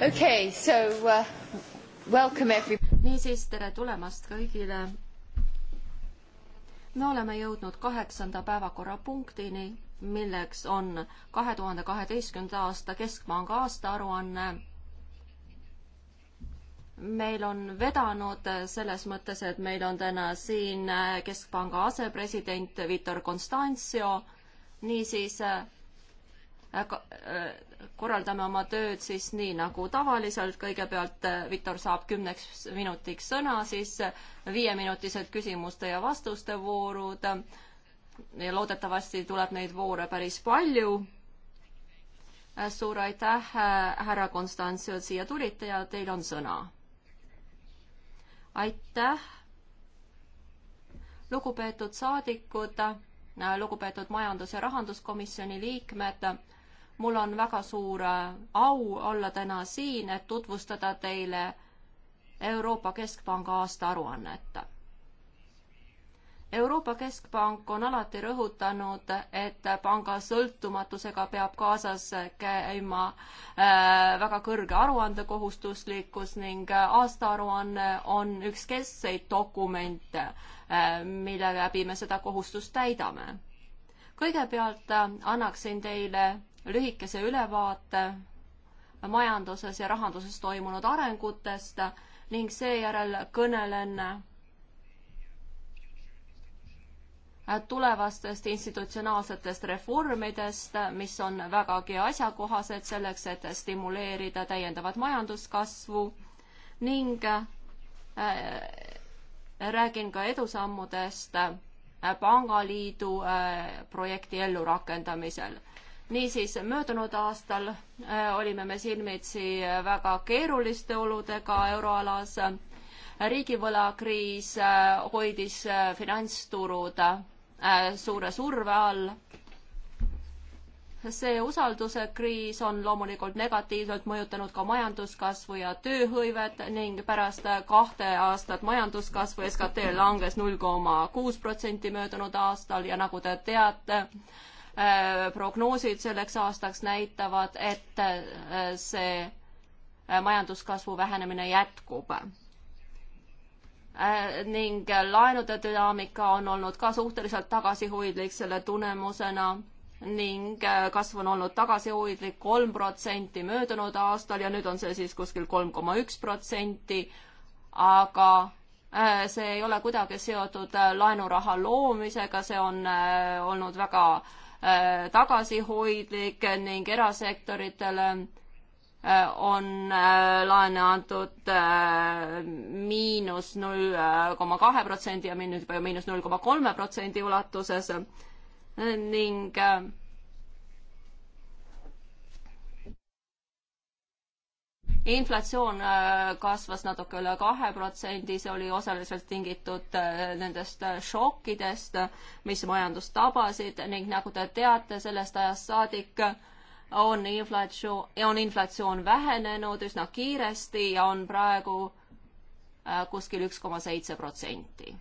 Okay, so uh, welcome every-. niisiis, tere tulemast kõigile. me oleme jõudnud kaheksanda päevakorrapunktini, milleks on kahe tuhande kaheteistkümnenda aasta Keskpanga aastaaruanne. meil on vedanud selles mõttes, et meil on täna siin Keskpanga asepresident Vitor Constancio, niisiis äh, äh, korraldame oma tööd siis nii nagu tavaliselt, kõigepealt äh, Viktor saab kümneks minutiks sõna, siis äh, viieminutilised küsimuste ja vastuste voorud ja loodetavasti tuleb neid voore päris palju. Äh, suur aitäh, härra Konstantsi, et siia tulite ja teil on sõna. aitäh, lugupeetud saadikud, lugupeetud majandus- ja rahanduskomisjoni liikmed mul on väga suur äh, au olla täna siin, et tutvustada teile Euroopa Keskpanga aastaaruannet. Euroopa Keskpank on alati rõhutanud, et panga sõltumatusega peab kaasas käima äh, väga kõrge aruandekohustuslikkus ning aastaaruanne on üks keskseid dokumente, äh, mille läbi me seda kohustust täidame. kõigepealt annaksin teile lühikese ülevaate majanduses ja rahanduses toimunud arengutest ning seejärel kõnelen tulevastest institutsionaalsetest reformidest, mis on vägagi asjakohased selleks, et stimuleerida täiendavat majanduskasvu ning äh, räägin ka edusammudest äh, pangaliidu äh, projekti ellurakendamisel niisiis, möödunud aastal äh, olime me silmitsi väga keeruliste oludega euroalas. riigivõlakriis äh, hoidis äh, finantsturud suure surve all. see usalduse kriis on loomulikult negatiivselt mõjutanud ka majanduskasvu ja tööhõivet ning pärast kahte aastat majanduskasvu SKT langes null koma kuus protsenti möödunud aastal ja nagu te teate, Äh, prognoosid selleks aastaks näitavad, et äh, see äh, majanduskasvu vähenemine jätkub. ning laenude dünaamika on olnud ka suhteliselt tagasihoidlik selle tulemusena ning kasv on olnud tagasihoidlik kolm protsenti möödunud aastal ja nüüd on see siis kuskil kolm koma üks protsenti, aga see ei ole kuidagi seotud laenuraha loomisega, see on olnud väga äh, Äh, tagasihoidlik ning erasektoritele äh, on äh, laene antud miinus null koma kahe protsendi ja miinus, miinus null koma kolme protsendi ulatuses ning inflatsioon äh, kasvas natuke üle kahe protsendi, see oli osaliselt tingitud äh, nendest äh, šokkidest, mis majandust tabasid ning nagu te teate, sellest ajast saadik on inflatsioon, on inflatsioon vähenenud üsna kiiresti ja on praegu kuskil üks koma seitse protsenti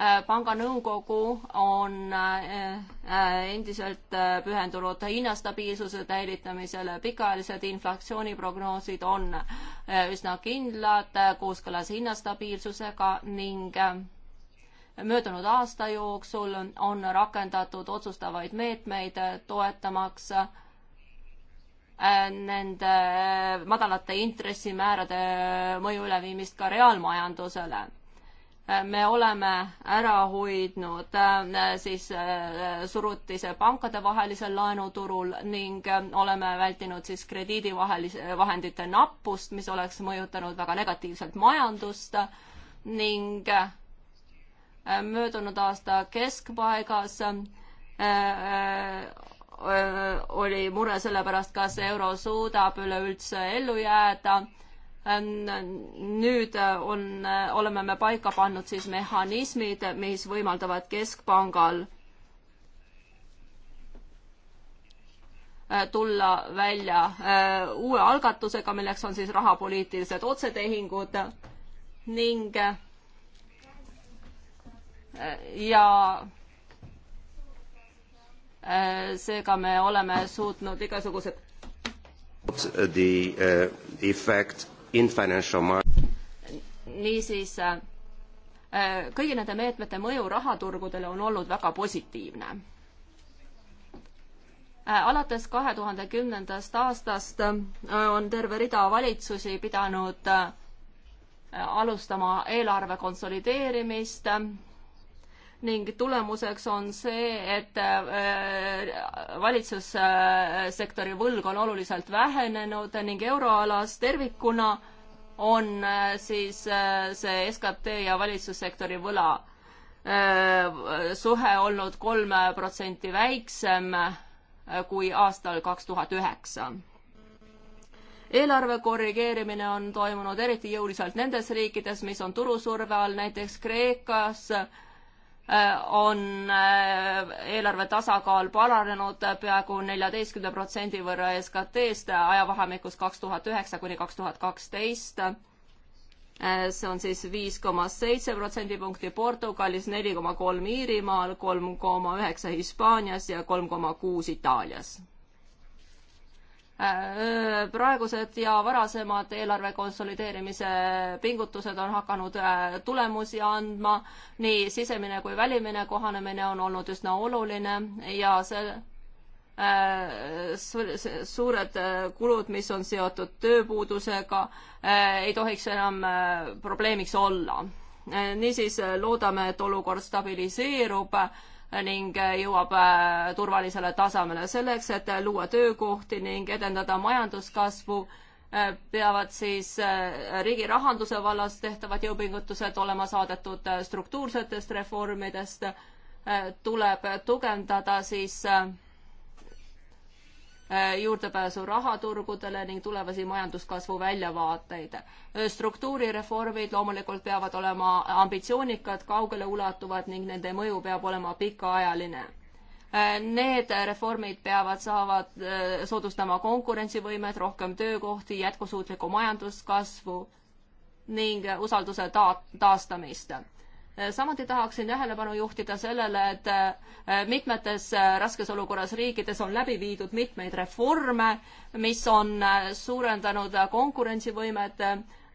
Äh, panga nõukogu on äh, äh, endiselt pühendunud hinnastabiilsuse säilitamisele, pikaajalised inflatsiooniprognoosid on üsna kindlad, kooskõlas hinnastabiilsusega ning möödunud aasta jooksul on rakendatud otsustavaid meetmeid toetamaks nende madalate intressimäärade mõju üleviimist ka reaalmajandusele me oleme ära hoidnud äh, siis äh, surutise pankadevahelisel laenuturul ning äh, oleme vältinud siis krediidivahelise, vahendite nappust, mis oleks mõjutanud väga negatiivselt majandust ning möödunud aasta keskpaigas oli mure selle pärast, kas euro suudab üleüldse ellu jääda Ähm, nüüd äh, on, äh, oleme me paika pannud siis mehhanismid, mis võimaldavad keskpangal äh, tulla välja uue algatusega, milleks on siis rahapoliitilised otsetehingud ning ja seega me oleme suutnud igasugused the uh, effect in financial market. niisiis, äh, kõigi nende meetmete mõju rahaturgudele on olnud väga positiivne. Äh, alates kahe tuhande kümnendast aastast äh, on terve rida valitsusi pidanud alustama eelarve konsolideerimist ning tulemuseks on see, et äh, valitsussektori võlg on oluliselt vähenenud ning euroalas tervikuna on äh, siis äh, see SKT ja valitsussektori võla suhe olnud kolm protsenti väiksem kui aastal kaks tuhat üheksa. eelarve korrigeerimine on toimunud eriti jõuliselt nendes riikides, mis on turusurve all, näiteks Kreekas äh, Äh, on äh, eelarve tasakaal paranenud peaaegu neljateistkümne protsendi võrra SKT-st ajavahemikus kaks tuhat üheksa kuni kaks tuhat kaksteist. Äh, see on siis viis koma seitse protsendipunkti Portugalis, neli koma kolm Iirimaal, kolm koma üheksa Hispaanias ja kolm koma kuus Itaalias Äh, praegused ja varasemad eelarve konsolideerimise pingutused on hakanud äh, tulemusi andma, nii sisemine kui välimine kohanemine on olnud üsna oluline ja see äh, suured kulud, mis on seotud tööpuudusega, ei tohiks enam probleemiks olla. niisiis loodame, et olukord stabiliseerub ning äh, jõuab äh, turvalisele tasemele. selleks, et äh, luua töökohti ning edendada majanduskasvu, peavad siis riigi rahanduse vallas tehtavad jõupingutused olema saadetud struktuursetest reformidest, tuleb tugevdada siis Äh, juurdepääsu rahaturgudele ning tulevasi majanduskasvu väljavaateid. Äh, struktuurireformid loomulikult peavad olema ambitsioonikad, kaugeleulatuvad ning nende mõju peab olema pikaajaline äh, Need reformid peavad, saavad soodustama konkurentsivõimet, rohkem töökohti, jätkusuutlikku majanduskasvu ning usalduse ta-, taastamist samuti tahaksin tähelepanu juhtida sellele, et äh, mitmetes äh, raskes olukorras riikides on läbi viidud mitmeid reforme, mis on äh, suurendanud konkurentsivõimet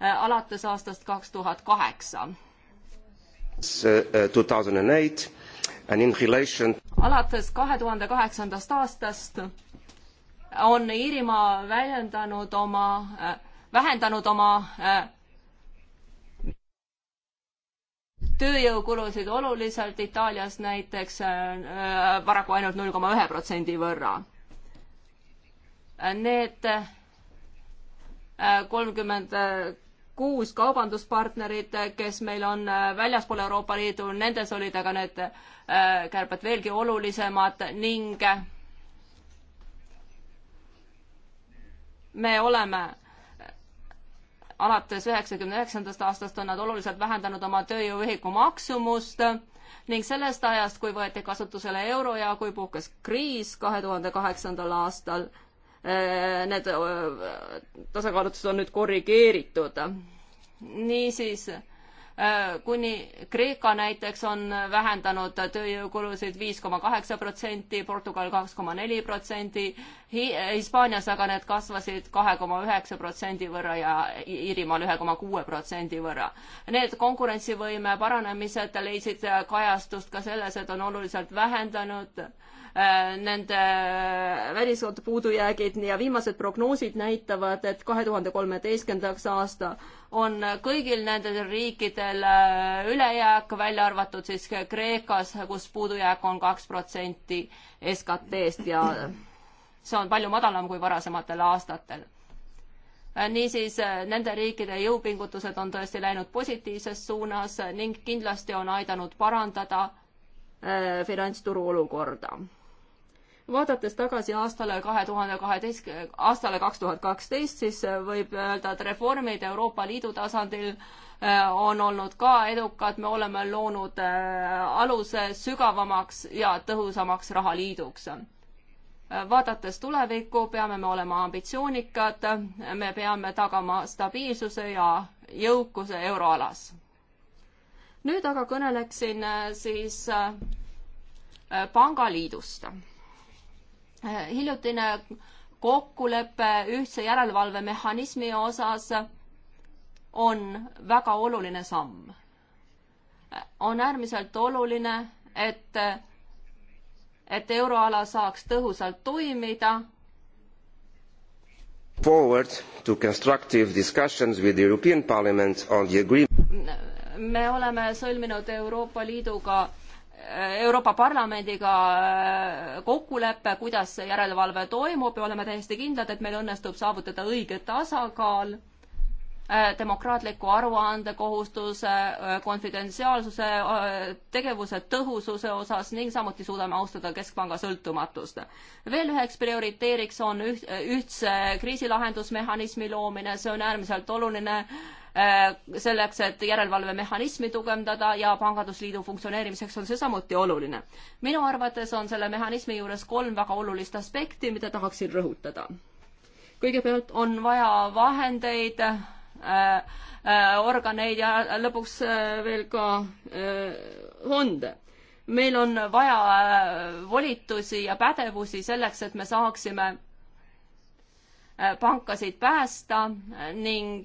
alates aastast kaks tuhat kaheksa. Uh, alates kahe tuhande kaheksandast aastast on Iirimaa väljendanud oma, vähendanud oma tööjõukulusid oluliselt, Itaalias näiteks äh, äh, paraku ainult null koma ühe protsendi võrra. Need äh, kolmkümmend kuus kaubanduspartnerit, kes meil on väljaspool Euroopa Liidu, nendes olid aga need kärbed veelgi olulisemad ning me oleme alates üheksakümne üheksandast aastast on nad oluliselt vähendanud oma tööjõuühiku maksumust ning sellest ajast, kui võeti kasutusele euro ja kui puhkes kriis kahe tuhande kaheksandal aastal, eh, need eh, tasakaalutused on nüüd korrigeeritud. niisiis Äh, kuni Kreeka näiteks on vähendanud tööjõukulusid viis koma kaheksa protsenti, Portugal kaks koma neli protsendi, Hispaanias aga need kasvasid kahe koma üheksa protsendi võrra ja Iirimaal ühe koma kuue protsendi võrra. Need konkurentsivõime paranemised leidsid kajastust ka selles, et on oluliselt vähendanud äh, Äh, nende väliskonto puudujäägid ja viimased prognoosid näitavad, et kahe tuhande kolmeteistkümnendaks aasta on kõigil nendel riikidel äh, ülejääk, välja arvatud siis Kreekas, kus puudujääk on kaks protsenti SKT-st ja see on palju madalam kui varasematel aastatel äh, niisiis nende riikide jõupingutused on tõesti läinud positiivses suunas ning kindlasti on aidanud parandada finantsturu olukorda vaadates tagasi aastale kahe tuhande kaheteist, aastale kaks tuhat kaksteist, siis äh, võib öelda, et reformid Euroopa Liidu tasandil äh, on olnud ka edukad, me oleme loonud äh, aluse sügavamaks ja tõhusamaks rahaliiduks. vaadates tulevikku, peame me olema ambitsioonikad, me peame tagama stabiilsuse ja jõukuse euroalas. nüüd aga kõneleksin siis pangaliidust hiljutine kokkulepe ühtse järelevalvemehhanismi osas on väga oluline samm. on äärmiselt oluline, et, et euroala saaks tõhusalt toimida forward to constructive discussions with the European Parliament on the agreement. me oleme sõlminud Euroopa Liiduga Euroopa Parlamendiga äh, kokkulepe, kuidas see järelevalve toimub ja oleme täiesti kindlad, et meil õnnestub saavutada õige tasakaal äh, demokraatliku aruandekohustuse, äh, konfidentsiaalsuse, tegevuse tõhususe osas ning samuti suudame austada Keskpanga sõltumatust. veel üheks prioriteeriks on üht, ühtse kriisilahendusmehhanismi loomine, see on äärmiselt oluline äh, Äh, selleks, et järelevalvemehhanismi tugevdada ja pangandusliidu funktsioneerimiseks on see samuti oluline. minu arvates on selle mehhanismi juures kolm väga olulist aspekti, mida tahaksin rõhutada. kõigepealt on vaja vahendeid äh, äh, organeid ja lõpuks äh, veel ka äh, fonde meil on vaja äh, volitusi ja pädevusi selleks, et me saaksime pankasid päästa ning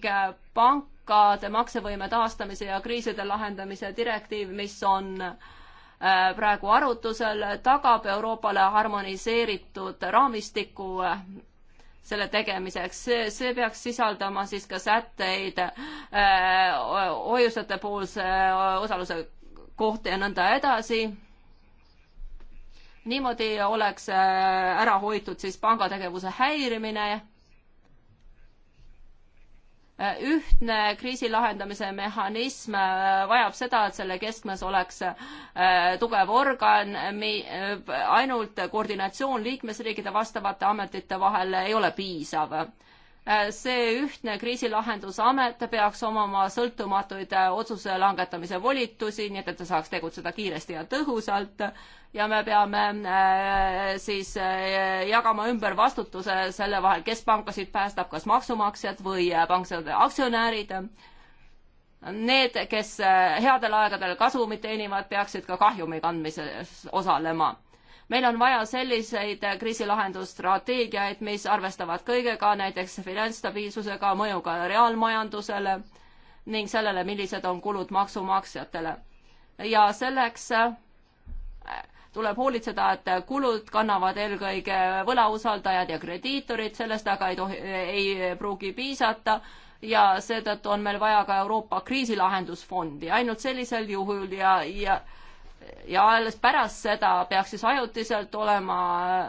pank ka maksevõime taastamise ja kriiside lahendamise direktiiv, mis on äh, praegu arutusel, tagab Euroopale harmoniseeritud raamistiku äh, selle tegemiseks, see, see peaks sisaldama siis ka sätteid äh, hoiustajate poolse osaluse kohta ja nõnda edasi niimoodi oleks ära hoitud siis pangategevuse häirimine ühtne kriisi lahendamise mehhanism äh, vajab seda, et selle keskmes oleks äh, tugev organ, äh, ainult koordinatsioon liikmesriikide vastavate ametite vahel ei ole piisav Äh, see ühtne kriisilahendusamet peaks omama sõltumatuid äh, otsuse langetamise volitusi, nii et, et ta saaks tegutseda kiiresti ja tõhusalt ja me peame äh, siis jagama ümber vastutuse selle vahel, kes pankasid päästab, kas maksumaksjad või pankade aktsionärid. Need, kes headel aegadel kasumit teenivad, peaksid ka kahjumi kandmises osalema meil on vaja selliseid kriisilahendusstrateegiaid, mis arvestavad kõigega, näiteks finantsstabiilsusega, mõjuga reaalmajandusele ning sellele, millised on kulud maksumaksjatele. ja selleks äh, tuleb hoolitseda, et kulud kannavad eelkõige võlausaldajad ja krediitorid, sellest aga ei tohi, ei pruugi piisata ja seetõttu on meil vaja ka Euroopa kriisilahendusfondi, ainult sellisel juhul ja, ja ja alles pärast seda peaks siis ajutiselt olema äh,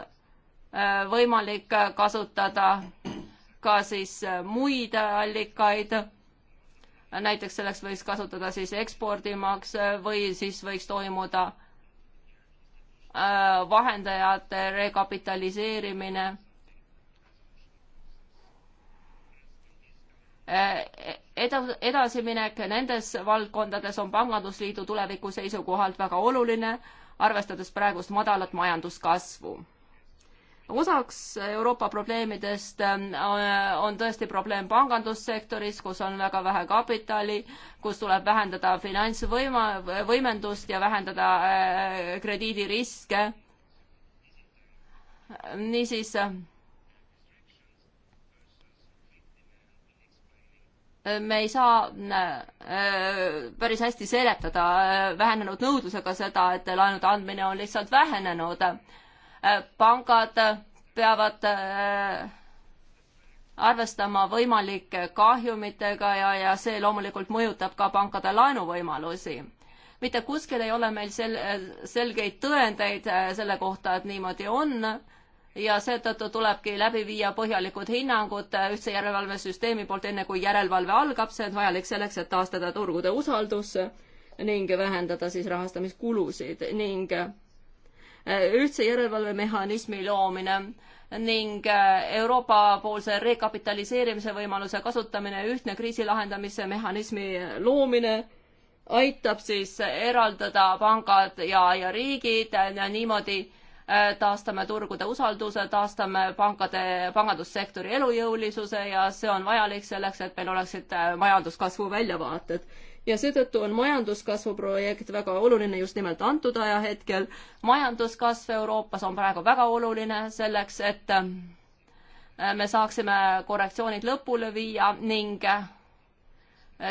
võimalik kasutada ka siis äh, muid allikaid. näiteks selleks võiks kasutada siis ekspordimakse või siis võiks toimuda äh, vahendajate rekapitaliseerimine eda-, edasiminek nendes valdkondades on Pangandusliidu tuleviku seisukohalt väga oluline, arvestades praegust madalat majanduskasvu. osaks Euroopa probleemidest äh, on tõesti probleem pangandussektoris, kus on väga vähe kapitali, kus tuleb vähendada finantsvõima-, võimendust ja vähendada äh, krediidiriske. niisiis äh, me ei saa äh, äh, päris hästi seletada äh, vähenenud nõudlusega seda, et laenude andmine on lihtsalt vähenenud. pangad peavad arvestama võimalike kahjumitega ja, ja see loomulikult mõjutab ka pankade laenuvõimalusi. mitte kuskil ei ole meil sel-, selgeid tõendeid selle kohta, et niimoodi on ja seetõttu tulebki läbi viia põhjalikud hinnangud ühtse järelevalvesüsteemi poolt, enne kui järelevalve algab, see on vajalik selleks, et taastada turgude usaldus ning vähendada siis rahastamiskulusid ning äh, ühtse järelevalvemehhanismi loomine ning äh, Euroopa-poolse rekapitaliseerimise võimaluse kasutamine, ühtne kriisi lahendamise mehhanismi loomine aitab siis eraldada pangad ja, ja riigid ja äh, niimoodi taastame turgude usalduse, taastame pankade, pangandussektori elujõulisuse ja see on vajalik selleks, et meil oleksid äh, majanduskasvu väljavaated ja seetõttu on majanduskasvu projekt väga oluline just nimelt antud ajahetkel. majanduskasv Euroopas on praegu väga oluline selleks, et äh, me saaksime korrektsioonid lõpule viia ning äh,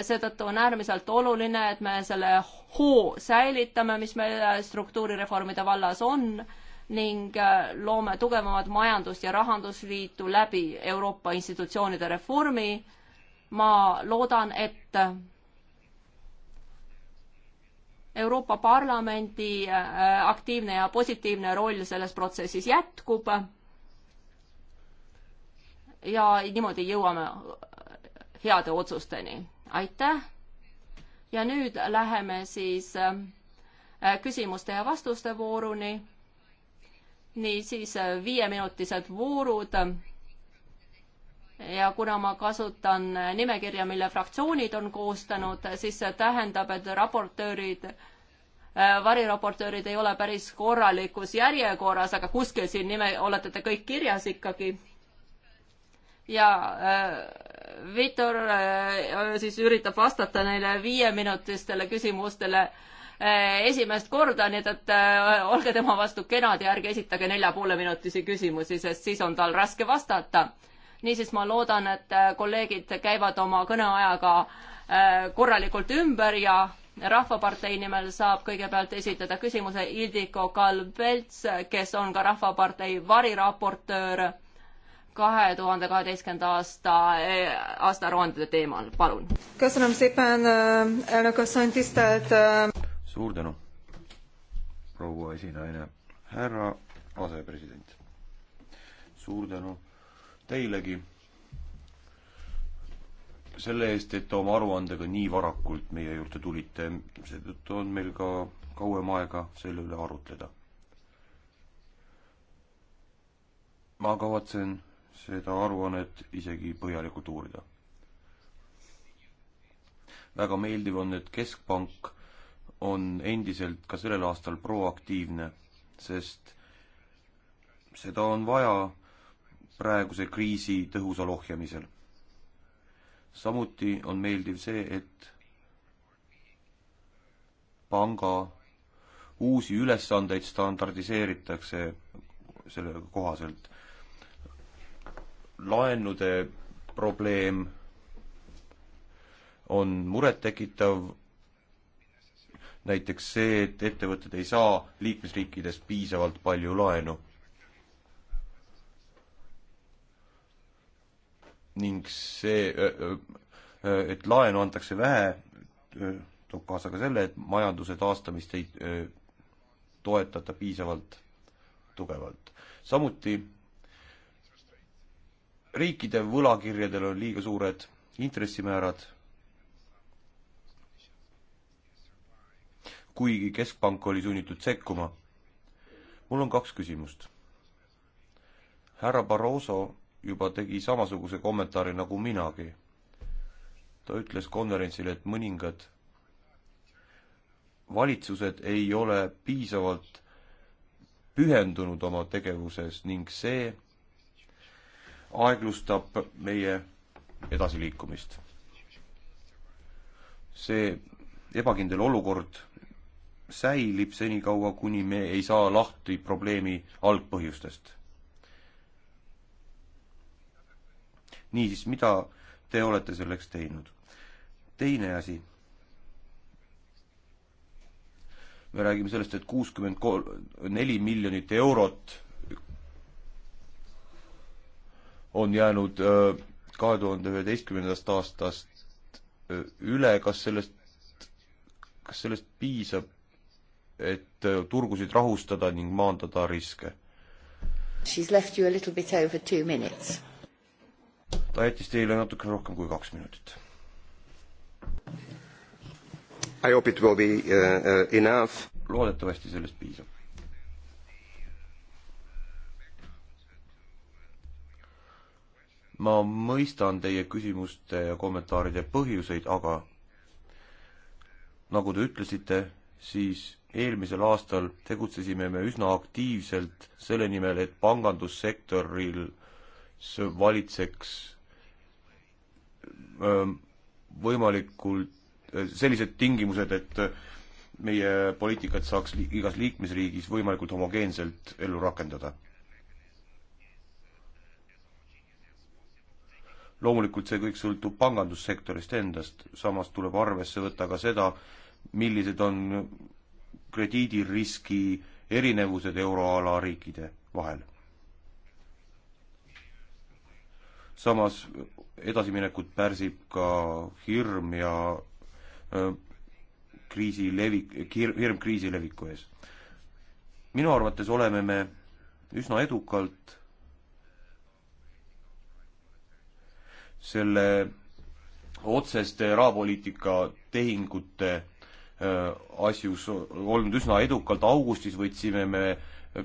seetõttu on äärmiselt oluline, et me selle hoo säilitame, mis meil struktuurireformide vallas on ning äh, loome tugevamat majandus- ja rahandusliitu läbi Euroopa institutsioonide reformi. ma loodan, et Euroopa Parlamendi äh, aktiivne ja positiivne roll selles protsessis jätkub. ja niimoodi jõuame äh, heade otsusteni. aitäh! ja nüüd läheme siis küsimuste ja vastuste vooruni niisiis äh, viieminutilised voorud. ja kuna ma kasutan äh, nimekirja, mille fraktsioonid on koostanud, siis see tähendab, et raportöörid äh, variraportöörid ei ole päris korralikus järjekorras, aga kuskil siin nime, olete te kõik kirjas ikkagi. ja äh, Vitor äh, siis üritab vastata neile viieminutistele küsimustele äh, Eh, esimest korda, nii et, et eh, olge tema vastu kenad ja ärge esitage nelja poole minutisi küsimusi, sest siis on tal raske vastata. niisiis ma loodan, et eh, kolleegid käivad oma kõneajaga korralikult ümber ja Rahvapartei nimel saab kõigepealt esitada küsimuse Ildiko Kalvelts, kes on ka Rahvapartei variraportöör kahe tuhande kaheteistkümnenda aasta aastaaruandede teemal, palun. köszönöm szépen, elnök asszony, tisztelt suur tänu, proua esinaine, härra asepresident. suur tänu teilegi selle eest, et te oma aruandega nii varakult meie juurde tulite, seetõttu on meil ka kauem aega selle üle arutleda. ma kavatsen seda aruannet isegi põhjalikult uurida. väga meeldiv on, et Keskpank on endiselt ka sellel aastal proaktiivne, sest seda on vaja praeguse kriisi tõhusal ohjamisel. samuti on meeldiv see, et panga uusi ülesandeid standardiseeritakse selle kohaselt. laenude probleem on murettekitav näiteks see, et ettevõtted ei saa liikmesriikides piisavalt palju laenu. ning see, et laenu antakse vähe, toob kaasa ka selle, et majanduse taastamist ei toetata piisavalt tugevalt. samuti riikide võlakirjadel on liiga suured intressimäärad kuigi Keskpank oli sunnitud sekkuma. mul on kaks küsimust. härra Barroso juba tegi samasuguse kommentaari nagu minagi. ta ütles konverentsil, et mõningad valitsused ei ole piisavalt pühendunud oma tegevuses ning see aeglustab meie edasiliikumist. see ebakindel olukord säilib senikaua, kuni me ei saa lahti probleemi algpõhjustest. niisiis, mida te olete selleks teinud? teine asi. me räägime sellest, et kuuskümmend kolm, neli miljonit eurot on jäänud äh, kahe tuhande üheteistkümnendast aastast äh, üle, kas sellest, kas sellest piisab et äh, turgusid rahustada ning maandada riske. She's left you a little bit over two minutes. ta jättis teile natuke rohkem kui kaks minutit. I hope it will be uh, uh, enough. loodetavasti sellest piisab. ma mõistan teie küsimuste ja kommentaaride põhjuseid, aga nagu te ütlesite, siis eelmisel aastal tegutsesime me üsna aktiivselt selle nimel, et pangandussektoril valitseks võimalikult sellised tingimused, et meie poliitikat saaks igas liikmesriigis võimalikult homogeenselt ellu rakendada. loomulikult see kõik sõltub pangandussektorist endast, samas tuleb arvesse võtta ka seda, millised on krediidiriski erinevused euroala riikide vahel. samas edasiminekut pärsib ka hirm ja öö, kriisi levik, hirm kriisi leviku ees. minu arvates oleme me üsna edukalt selle otseste rahapoliitika tehingute Äh, asjus olnud üsna edukalt, augustis võtsime me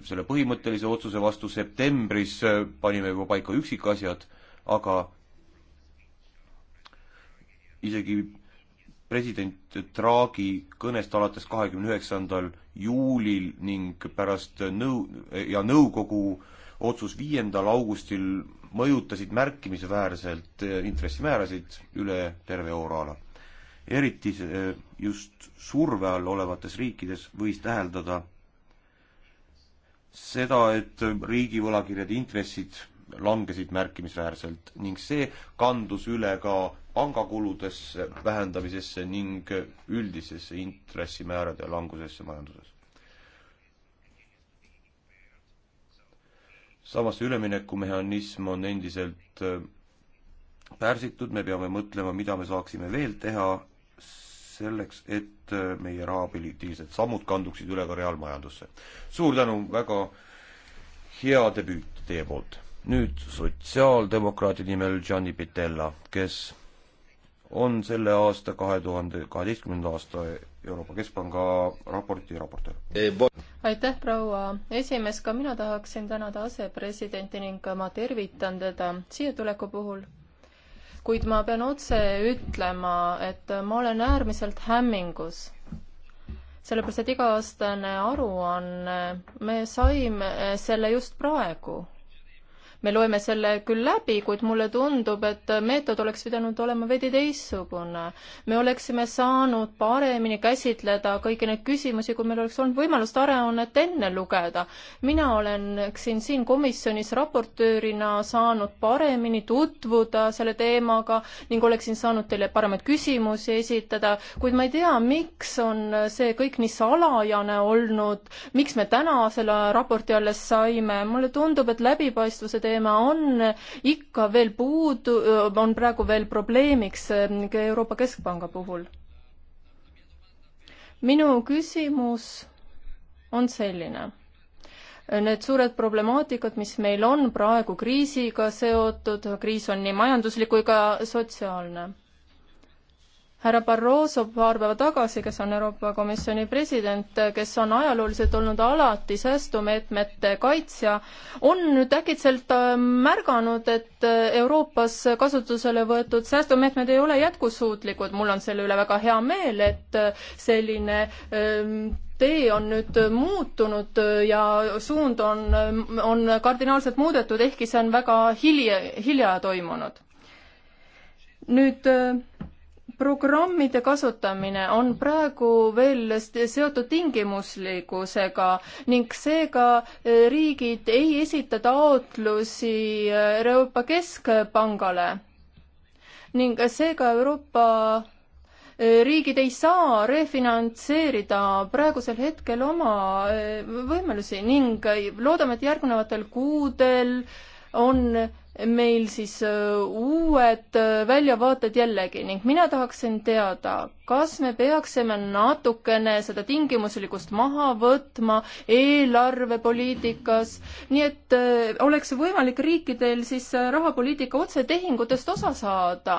selle põhimõttelise otsuse vastu, septembris äh, panime juba paika üksikasjad, aga isegi president Draghi kõnest alates kahekümne üheksandal juulil ning pärast nõu- ja nõukogu otsus viiendal augustil mõjutasid märkimisväärselt äh, intressimäärasid üle terve euroala eriti just surve all olevates riikides võis täheldada seda, et riigivõlakirjade intressid langesid märkimisväärselt ning see kandus üle ka pangakuludesse vähendamisesse ning üldisesse intressimäärade langusesse majanduses. samas see üleminekumehhanism on endiselt pärsitud, me peame mõtlema, mida me saaksime veel teha selleks, et äh, meie rahapoliitilised sammud kanduksid üle ka reaalmajandusse. suur tänu, väga hea debüüt teie poolt. nüüd sotsiaaldemokraadi nimel Gianni Pitella, kes on selle aasta, kahe tuhande kaheteistkümnenda aasta Euroopa Keskpanga raporti raportöör. aitäh, proua esimees, ka mina tahaksin tänada asepresidenti ning ma tervitan teda siia tuleku puhul kuid ma pean otse ütlema, et ma olen äärmiselt hämmingus. sellepärast, et iga-aastane aruanne, me saime selle just praegu me loeme selle küll läbi, kuid mulle tundub, et meetod oleks pidanud olema veidi teistsugune. me oleksime saanud paremini käsitleda kõiki neid küsimusi, kui meil oleks olnud võimalust aruannet enne lugeda. mina olen siin, siin komisjonis raportöörina saanud paremini tutvuda selle teemaga ning oleksin saanud teile paremaid küsimusi esitada, kuid ma ei tea, miks on see kõik nii salajane olnud, miks me täna selle raporti alles saime, mulle tundub, et läbipaistvuse teema teema on ikka veel puudu, on praegu veel probleemiks mm, ka Euroopa Keskpanga puhul. minu küsimus on selline need suured problemaatikad, mis meil on praegu kriisiga seotud, kriis on nii majanduslik kui ka sotsiaalne härra Barroso paar päeva tagasi, kes on Euroopa Komisjoni president, kes on ajalooliselt olnud alati säästumeetmete kaitsja, on nüüd äkitselt äh, märganud, et äh, Euroopas kasutusele võetud säästumeetmed ei ole jätkusuutlikud. mul on selle üle väga hea meel, et äh, selline ähm, tee on nüüd muutunud ja suund on, on kardinaalselt muudetud, ehkki see on väga hilja, hilja toimunud. nüüd programmide kasutamine on praegu veel seotud tingimuslikkusega ning seega eh, riigid ei esita taotlusi eh, Euroopa Keskpangale. ning seega Euroopa eh, riigid ei saa refinantseerida praegusel hetkel oma võimalusi ning loodame, et järgnevatel kuudel on meil siis äh, uued äh, väljavaated jällegi ning mina tahaksin teada, kas me peaksime natukene seda tingimuslikkust maha võtma eelarvepoliitikas, nii et äh, oleks võimalik riikidel siis rahapoliitika otsetehingutest osa saada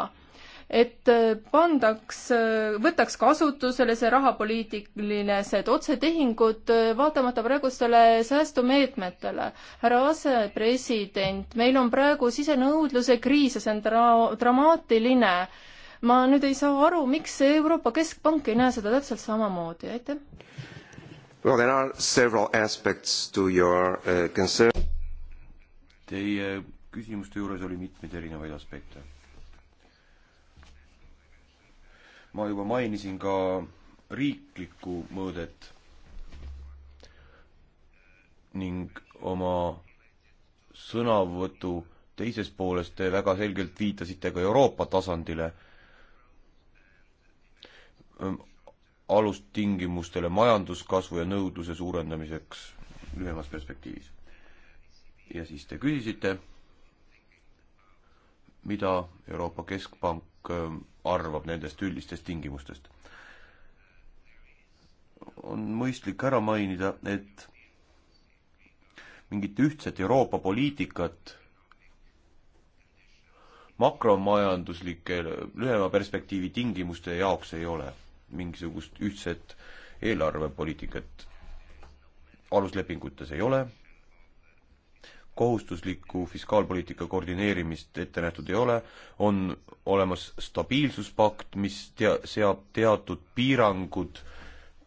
et äh, pandaks, äh, võtaks kasutusele see rahapoliitilised otsetehingud, äh, vaatamata praegustele säästumeetmetele. härra asepresident, meil on praegu sisenõudluse kriis ja see on dra-, dramaatiline. ma nüüd ei saa aru, miks Euroopa Keskpank ei näe seda täpselt samamoodi, aitäh. Well, there are several aspects to your uh, concern. Teie küsimuste juures oli mitmeid erinevaid aspekte ma juba mainisin ka riiklikku mõõdet ning oma sõnavõtu teises pooles te väga selgelt viitasite ka Euroopa tasandile, ehm, alustingimustele majanduskasvu ja nõudluse suurendamiseks lühemas perspektiivis. ja siis te küsisite, mida Euroopa Keskpank ehm, arvab nendest üldistest tingimustest. on mõistlik ära mainida, et mingit ühtset Euroopa poliitikat makromajanduslike lühema perspektiivi tingimuste jaoks ei ole mingisugust ühtset eelarvepoliitikat aluslepingutes ei ole kohustuslikku fiskaalpoliitika koordineerimist ette nähtud ei ole, on olemas stabiilsuspakt, mis tea-, seab teatud piirangud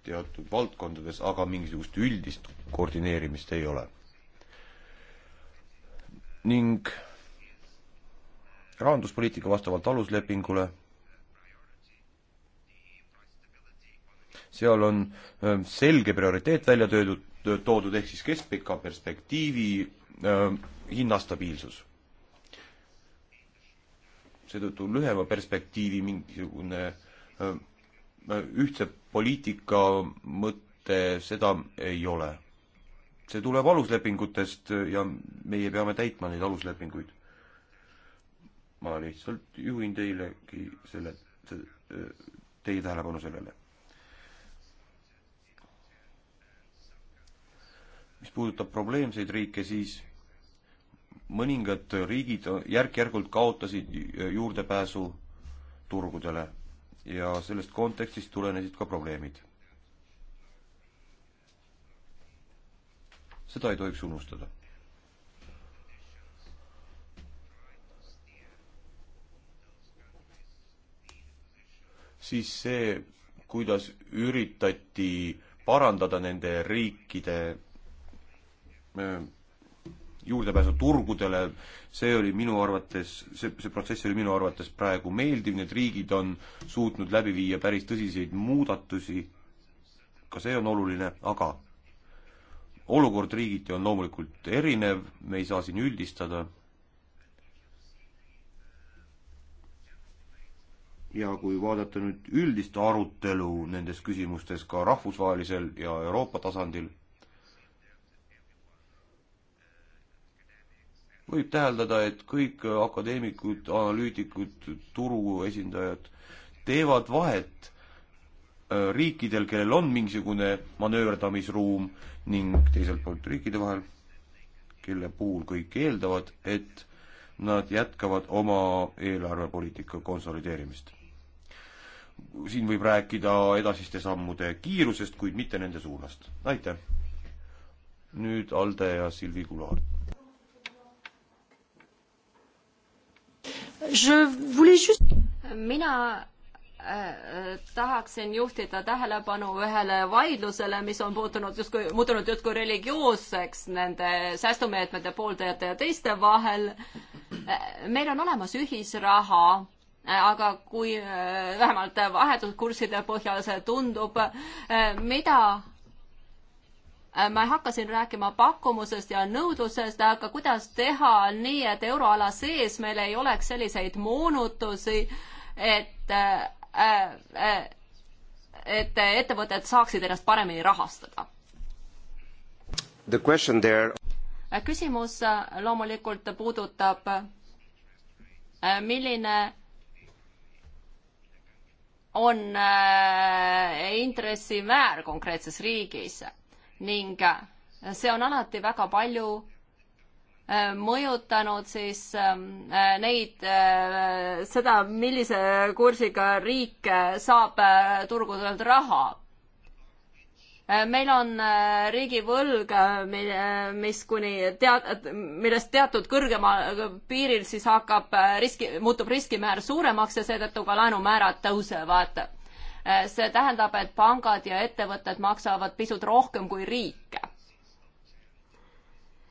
teatud valdkondades, aga mingisugust üldist koordineerimist ei ole. ning rahanduspoliitika vastavalt aluslepingule seal on selge prioriteet välja töödud, toodud, ehk siis keskpika perspektiivi hinnastabiilsus. seetõttu lühema perspektiivi mingisugune öö, ühtse poliitika mõte, seda ei ole. see tuleb aluslepingutest ja meie peame täitma neid aluslepinguid. ma lihtsalt juhin teilegi selle, teie tähelepanu sellele. mis puudutab probleemseid riike, siis mõningad riigid järk-järgult kaotasid juurdepääsu turgudele ja sellest kontekstist tulenesid ka probleemid. seda ei tohiks unustada. siis see, kuidas üritati parandada nende riikide äh, juurdepääsu turgudele, see oli minu arvates, see, see protsess oli minu arvates praegu meeldiv, need riigid on suutnud läbi viia päris tõsiseid muudatusi, ka see on oluline, aga olukord riigiti on loomulikult erinev, me ei saa siin üldistada. ja kui vaadata nüüd üldist arutelu nendes küsimustes ka rahvusvahelisel ja Euroopa tasandil võib täheldada, et kõik akadeemikud, analüütikud, turu esindajad teevad vahet äh, riikidel, kellel on mingisugune manööverdamisruum ning teiselt poolt riikide vahel, kelle puhul kõik eeldavad, et nad jätkavad oma eelarvepoliitika konsolideerimist. siin võib rääkida edasiste sammude kiirusest, kuid mitte nende suunast. aitäh! nüüd Alde ja Silvi Kulaart. mina äh, tahaksin juhtida tähelepanu ühele vaidlusele, mis on puutunud justkui, muutunud justkui religioosseks nende säästumeetmete pooldajate ja teiste vahel. Äh, meil on olemas ühisraha, äh, aga kui vähemalt vahetuskursside põhjal see tundub, mida Äh, ma ei hakka siin rääkima pakkumusest ja nõudlusest, aga kuidas teha nii, et euroala sees meil ei oleks selliseid moonutusi, et äh, äh, et ettevõtted saaksid ennast paremini rahastada. There... küsimus loomulikult puudutab, milline on intressimäär konkreetses riigis ning äh, see on alati väga palju äh, mõjutanud siis ähm, äh, neid, seda, millise kursiga riik saab turgudelt raha. meil on riigivõlg, mis kuni tead-, millest teatud kõrgema piiril siis hakkab riski, muutub riskimäär suuremaks ja seetõttu ka laenumäärad tõusevad Eh, see tähendab, et pangad ja ettevõtted maksavad pisut rohkem kui riik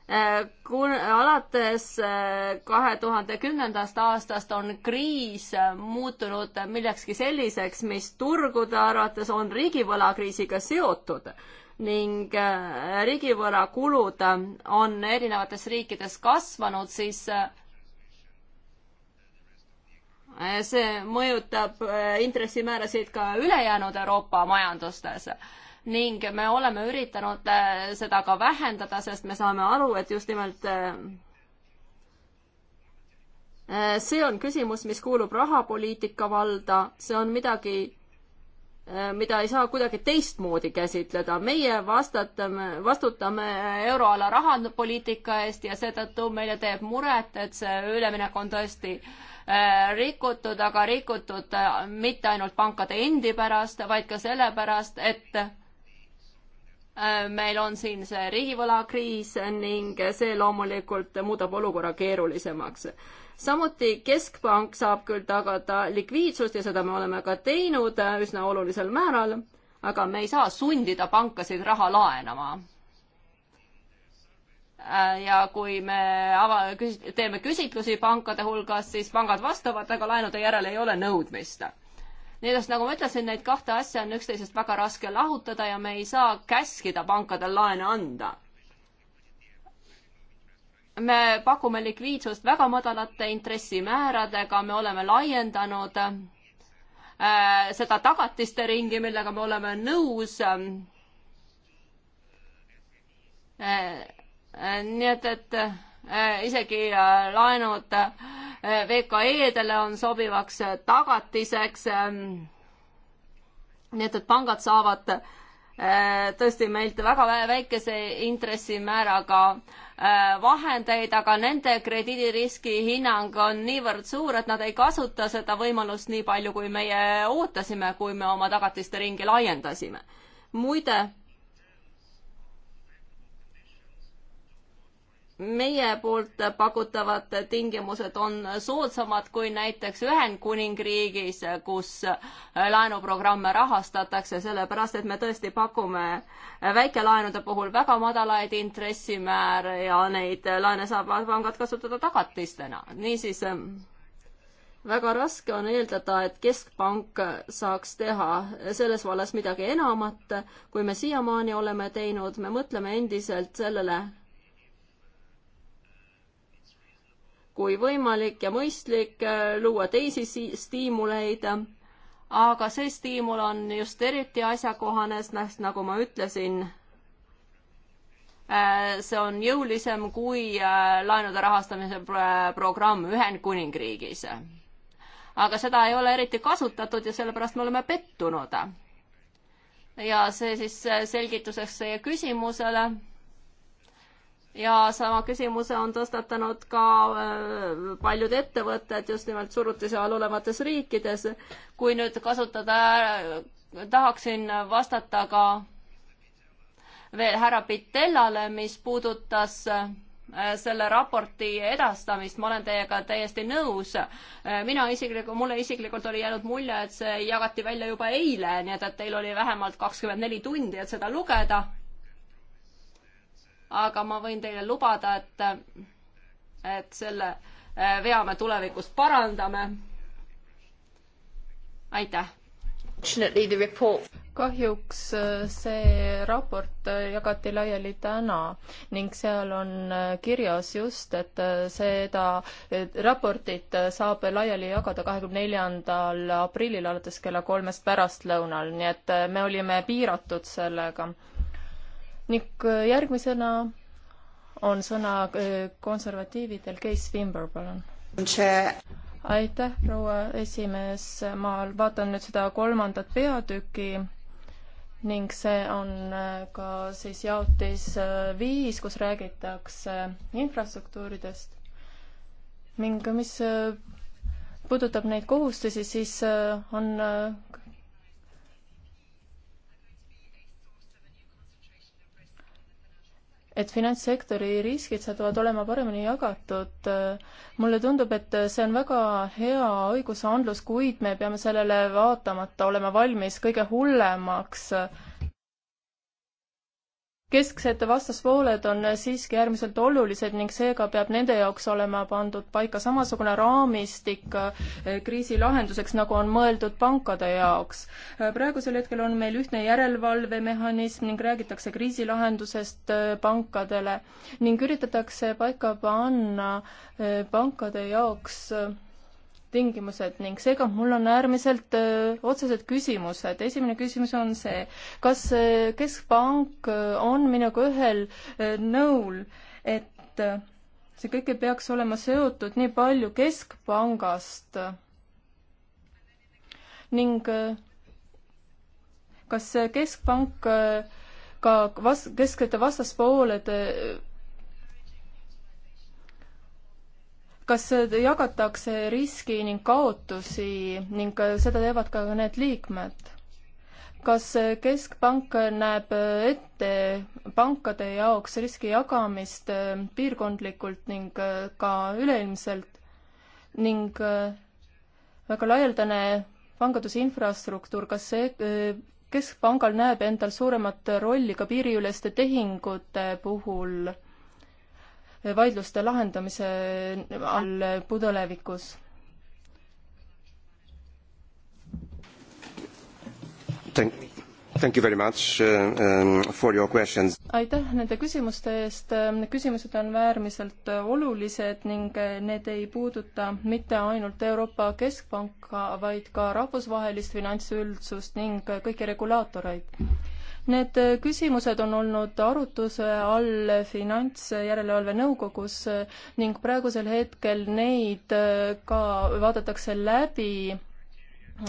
eh, kun-, alates eh, kahe tuhande kümnendast aastast on kriis muutunud millekski selliseks, mis turgude arvates on riigivõlakriisiga seotud ning riigivõlakulud on erinevates riikides kasvanud, siis Eh, see mõjutab eh, intressimäärasid ka ülejäänud Euroopa majandustes ning me oleme üritanud eh, seda ka vähendada, sest me saame aru, et just nimelt see on küsimus, mis kuulub rahapoliitika valda, see on midagi, mida ei saa kuidagi teistmoodi käsitleda. meie vastatame, vastutame euroala rahanduspoliitika eest ja seetõttu meile teeb muret, et see üleminek on tõesti äh, Äh, rikutud, aga rikutud äh, mitte ainult pankade endi pärast, vaid ka sellepärast, et äh, meil on siin see riigivõlakriis ning see loomulikult muudab olukorra keerulisemaks. samuti Keskpank saab küll tagada likviidsust ja seda me oleme ka teinud üsna olulisel määral, aga me ei saa sundida pankasid raha laenama Äh, ja kui me ava-, küs-, teeme küsitlusi pankade hulgas, siis pangad vastavad, aga laenude järele ei ole nõudmist. nii et nagu ma ütlesin, neid kahte asja on üksteisest väga raske lahutada ja me ei saa käskida pankadel laene anda. me pakume likviidsust väga madalate intressimääradega, me oleme laiendanud äh, seda tagatiste ringi, millega me oleme nõus äh, nii et, et äh, isegi äh, laenud äh, VKE-dele on sobivaks tagatiseks. Ähm, nii et, et pangad saavad tõesti meilt väga väikese intressimääraga vahendeid, aga nende krediidiriski hinnang on niivõrd suur, et nad ei kasuta seda võimalust nii palju, kui meie ootasime, kui me oma tagatiste ringi laiendasime. muide meie poolt pakutavad tingimused on soodsamad kui näiteks Ühendkuningriigis, kus laenuprogramme rahastatakse, sellepärast et me tõesti pakume väikelaenude puhul väga madalaid intressimääre ja neid laene saavad pangad kasutada tagatistena. niisiis väga raske on eeldada, et keskpank saaks teha selles vallas midagi enamat, kui me siiamaani oleme teinud, me mõtleme endiselt sellele, kui võimalik ja mõistlik äh, luua teisi stiimuleid, aga see stiimul on just eriti asjakohane, sest nagu ma ütlesin, äh, see on jõulisem kui äh, laenude rahastamise programm Ühendkuningriigis. aga seda ei ole eriti kasutatud ja sellepärast me oleme pettunud. ja see siis selgituseks teie küsimusele ja sama küsimuse on tõstatanud ka äh, paljud ettevõtted just nimelt surutise all olevates riikides. kui nüüd kasutada, äh, tahaksin vastata ka veel härra Pitellale, mis puudutas äh, selle raporti edastamist, ma olen teiega täiesti nõus. mina isiklikult, mulle isiklikult oli jäänud mulje, et see jagati välja juba eile, nii et, et teil oli vähemalt kakskümmend neli tundi, et seda lugeda aga ma võin teile lubada, et, et selle äh, vea me tulevikus parandame. aitäh! kahjuks äh, see raport äh, jagati laiali täna ning seal on kirjas just, et seda raportit saab laiali jagada kahekümne neljandal aprillil alates kella kolmest pärastlõunal, nii et me olime piiratud sellega ning äh, järgmisena on sõna äh, konservatiividel, Keis Vimber, palun. aitäh, proua esimees, ma vaatan nüüd seda kolmandat peatükki ning see on äh, ka siis jaotis viis, kus räägitakse infrastruktuuridest ning mis puudutab neid kohustusi, siis on et finantssektori riskid saavad olema paremini jagatud. mulle tundub, et see on väga hea õigusandlus, kuid me peame sellele vaatamata olema valmis kõige hullemaks äh, kesksed vastasvooled on siiski äärmiselt olulised ning seega peab nende jaoks olema pandud paika samasugune raamistik eh, kriisi lahenduseks, nagu on mõeldud pankade jaoks. Eh, praegusel hetkel on meil ühtne järelevalvemehhanism ning räägitakse kriisilahendusest eh, pankadele ning üritatakse paika panna pankade jaoks tingimused ning seega mul on äärmiselt öö, otsesed küsimused. esimene küsimus on see, kas öö, Keskpank öö, on minuga ühel öö, nõul, et öö, see kõik ei peaks olema seotud nii palju Keskpangast ning öö, kas Keskpank öö, ka vas-, keskete vastaspooled öö, kas jagatakse riski ning kaotusi ning seda teevad ka need liikmed? kas Keskpank näeb ette pankade jaoks riski jagamist piirkondlikult ning ka üleilmselt ning väga laialdane panganduse infrastruktuur, kas see, Keskpangal näeb endal suuremat rolli ka piiriüleste tehingute puhul? vaidluste lahendamise all pudelevikus. Thank, thank you very much uh, um, for your questions. aitäh nende küsimuste eest, küsimused on äärmiselt olulised ning need ei puuduta mitte ainult Euroopa Keskpanka, vaid ka rahvusvahelist finantsüldsust ning kõiki regulaatoreid Need äh, küsimused on olnud arutuse all Finantsjärelevalve Nõukogus äh, ning praegusel hetkel neid äh, ka vaadatakse läbi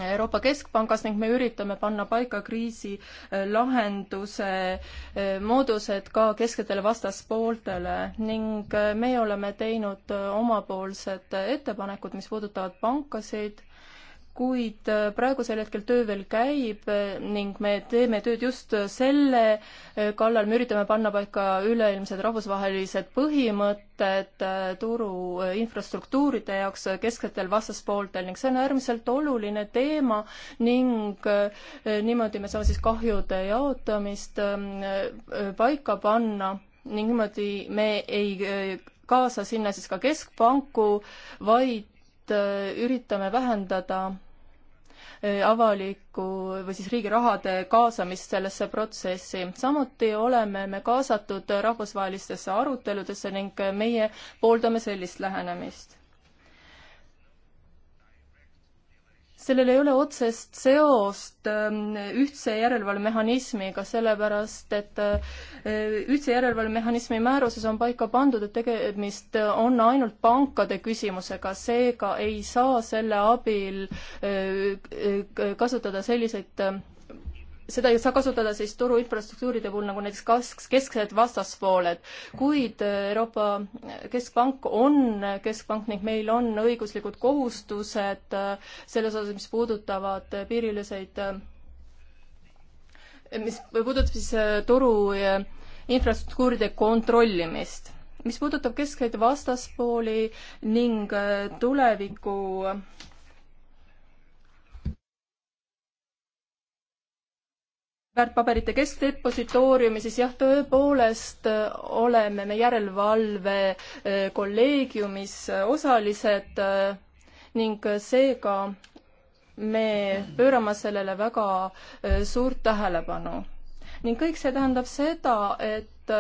Euroopa Keskpangas ning me üritame panna paika kriisi lahenduse moodused ka kesksetele vastaspooltele ning meie oleme teinud omapoolsed ettepanekud, mis puudutavad pankasid kuid äh, praegusel hetkel töö veel käib äh, ning me teeme tööd just selle äh, kallal, me üritame panna paika üleilmsed rahvusvahelised põhimõtted turu infrastruktuuride jaoks kesksetel vastaspooltel ning see on äärmiselt oluline teema ning niimoodi me saame siis kahjude jaotamist ähm, paika panna ning niimoodi me ei kaasa sinna siis ka keskpanku, vaid üritame vähendada Äh, avaliku või siis riigi rahade kaasamist sellesse protsessi. samuti oleme me kaasatud rahvusvahelistesse aruteludesse ning meie pooldame sellist lähenemist sellel ei ole otsest seost ähm, ühtse järelevalvemehhanismiga, sellepärast et äh, ühtse järelevalvemehhanismi määruses on paika pandud, et tegemist on ainult pankade küsimusega, seega ei saa selle abil äh, äh, kasutada selliseid seda ei saa kasutada siis turu infrastruktuuride puhul, nagu näiteks kask, kesksed vastaspooled. kuid äh, Euroopa Keskpank on keskpank ning meil on õiguslikud kohustused äh, selles osas, mis puudutavad äh, piiriüleseid, mis puudutab siis turu infrastruktuuride kontrollimist. mis puudutab keskseid vastaspooli ning tuleviku väärtpaberite keskdepositooriumi, siis jah, tõepoolest äh, oleme me järelevalve äh, kolleegiumis äh, osalised ning seega me pöörame sellele väga suurt tähelepanu. ning kõik see tähendab seda, et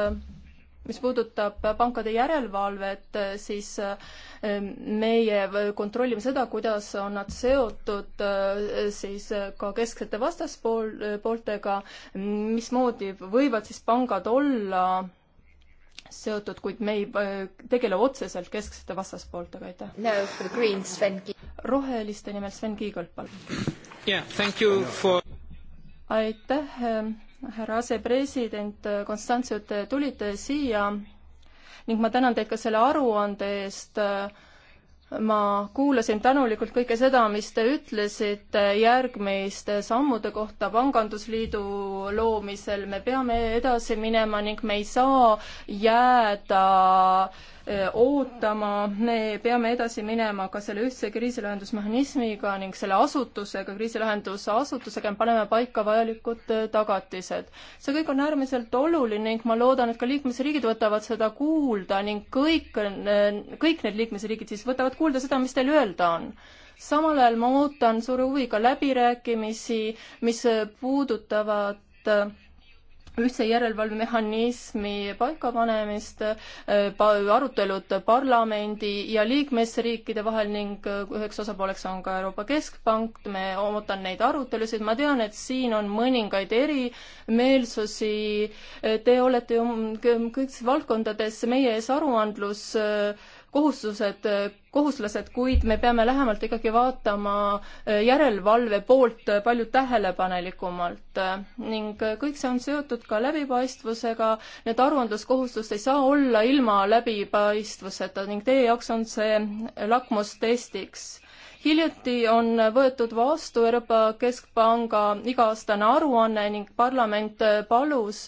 mis puudutab pankade järelevalvet, siis ehm, meie kontrollime seda, kuidas on nad seotud ehm, siis ka kesksete vastaspool, pooltega, mismoodi võivad siis pangad olla seotud, kuid me ei ehm, tegele otseselt kesksete vastaspooltega, aitäh no,. roheliste nimel Sven Kiigolt, palun yeah,. For... aitäh härra asepresident äh, Konstantsi, et te tulite siia ning ma tänan teid ka selle aruande eest. Äh, ma kuulasin tänulikult kõike seda, mis te ütlesite järgmiste sammude kohta Pangandusliidu loomisel. me peame edasi minema ning me ei saa jääda äh, Eh, ootama, me peame edasi minema ka selle ühtse kriisilahendusmehhanismiga ning selle asutusega, kriisilahenduse asutusega, me paneme paika vajalikud eh, tagatised. see kõik on äärmiselt oluline ning ma loodan, et ka liikmesriigid võtavad seda kuulda ning kõik, eh, kõik need liikmesriigid siis võtavad kuulda seda, mis teil öelda on samal ajal ma ootan suure huviga läbirääkimisi, mis puudutavad ühtse järelevalvemehhanismi paikapanemist, arutelud parlamendi ja liikmesriikide vahel ning äh, üheks osapooleks on ka Euroopa Keskpank, me ootan neid arutelusid, ma tean, et siin on mõningaid erimeelsusi, te olete ju kõigis valdkondades meie ees aruandlus äh, kohustused, kohustuslased, kuid me peame lähemalt ikkagi vaatama äh, järelevalve poolt palju tähelepanelikumalt. ning äh, kõik see on seotud ka läbipaistvusega, need aruandluskohustust ei saa olla ilma läbipaistvuseta ning teie jaoks on see lakmustestiks hiljuti on võetud vastu Euroopa Keskpanga iga-aastane aruanne ning parlament palus,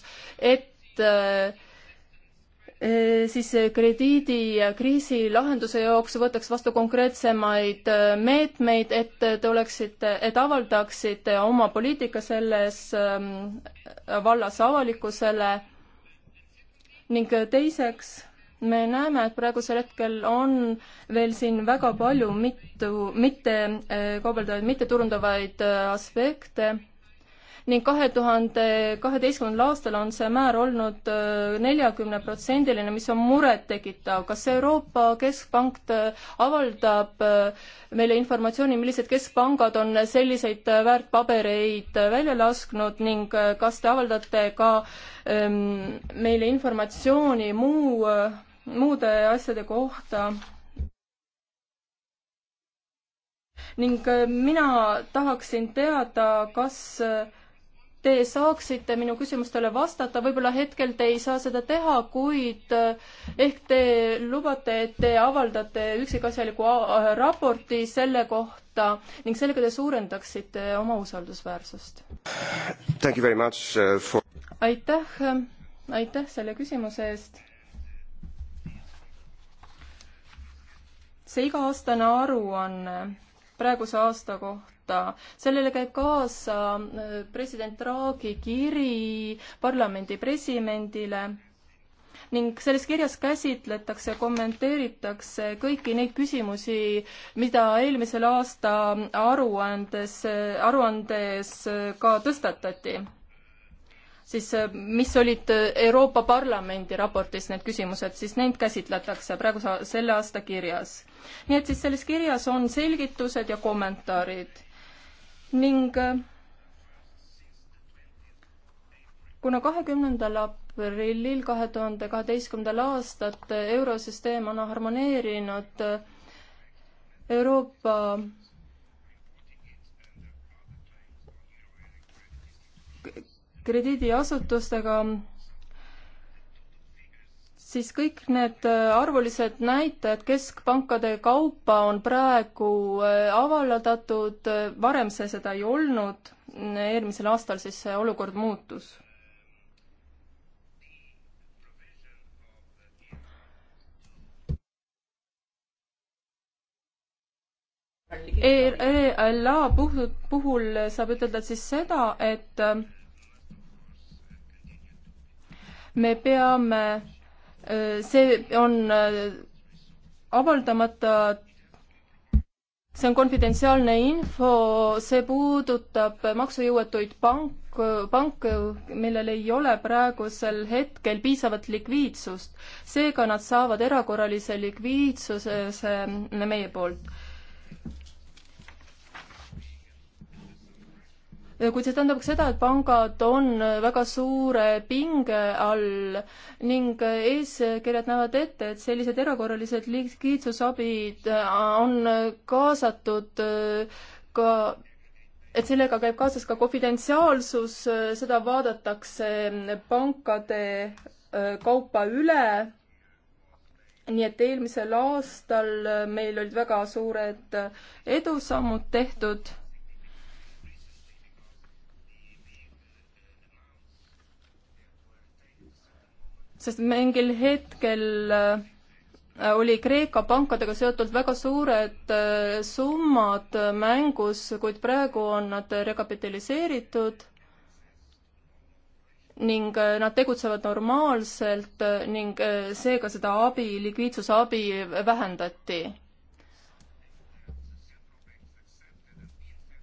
et äh, Äh, siis krediidikriisi lahenduse jaoks võtaks vastu konkreetsemaid äh, meetmeid, et te oleksite, et avaldaksite oma poliitika selles ähm, vallas avalikkusele ning teiseks me näeme, et praegusel hetkel on veel siin väga palju mitu, mitte äh, kaubeldajaid, mitte turundavaid aspekte ning kahe tuhande kaheteistkümnendal aastal on see määr olnud äh, neljakümneprotsendiline, mis on murettekitav. kas Euroopa Keskpank äh, avaldab äh, meile informatsiooni, millised keskpangad on selliseid väärtpabereid välja lasknud ning kas te avaldate ka ähm, meile informatsiooni muu, muude asjade kohta? ning mina tahaksin teada, kas äh, te saaksite minu küsimustele vastata, võib-olla hetkel te ei saa seda teha, kuid eh, ehk te lubate, et te avaldate üksikasjaliku raporti selle kohta ning sellega te suurendaksite oma usaldusväärsust. Eh, for... aitäh, aitäh selle küsimuse eest. see iga-aastane aruanne praeguse aasta kohta võtta. sellele käib kaasa äh, president Draghi kiri parlamendi presidendile ning selles kirjas käsitletakse, kommenteeritakse kõiki neid küsimusi, mida eelmisel aasta aruandes, äh, aruandes äh, ka tõstatati. siis mis olid Euroopa Parlamendi raportis need küsimused, siis neid käsitletakse praegu selle aasta kirjas. nii et siis selles kirjas on selgitused ja kommentaarid ning äh, kuna kahekümnendal aprillil kahe tuhande kaheteistkümnendal aastat eurosüsteem on harmoneerinud äh, Euroopa krediidiasutustega siis kõik need äh, arvulised näitajad keskpankade kaupa on praegu äh, avaldatud, äh, varem see seda ei olnud, eelmisel aastal siis see olukord muutus. ELA puhul, puhul saab ütelda siis seda, et me peame see on äh, avaldamata see on konfidentsiaalne info, see puudutab maksujõuetuid pank, panku, millel ei ole praegusel hetkel piisavat likviidsust. seega nad saavad erakorralise likviidsuse meie poolt. kuid see tähendab ka seda, et pangad on väga suure pinge all ning eeskirjad näevad ette, et sellised erakorralised likviidsusabid äh, on kaasatud äh, ka et sellega käib kaasas ka konfidentsiaalsus, äh, seda vaadatakse pankade kaupa üle. nii et eelmisel aastal meil olid väga suured edusammud tehtud sest mingil hetkel äh, oli Kreeka pankadega seotud väga suured äh, summad mängus, kuid praegu on nad rekapitaliseeritud ning äh, nad tegutsevad normaalselt ning seega seda abi, likviidsusabi vähendati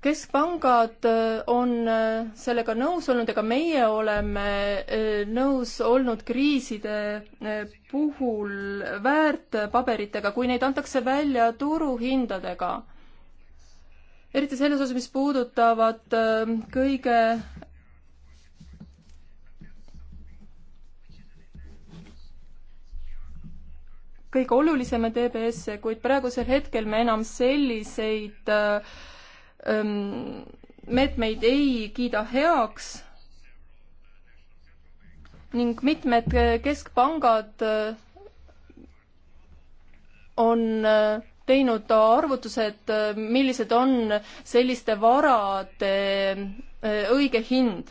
keskpangad äh, on äh, sellega nõus olnud ja ka meie oleme äh, nõus olnud kriiside puhul väärtpaberitega, kui neid antakse välja turuhindadega. eriti selles osas, mis puudutavad kõige kõige olulisemaid EBS-e, kuid praegusel hetkel me enam selliseid äh, meetmeid ei kiida heaks ning mitmed äh, keskpangad äh, on äh, teinud arvutused, millised on selliste varade õige hind.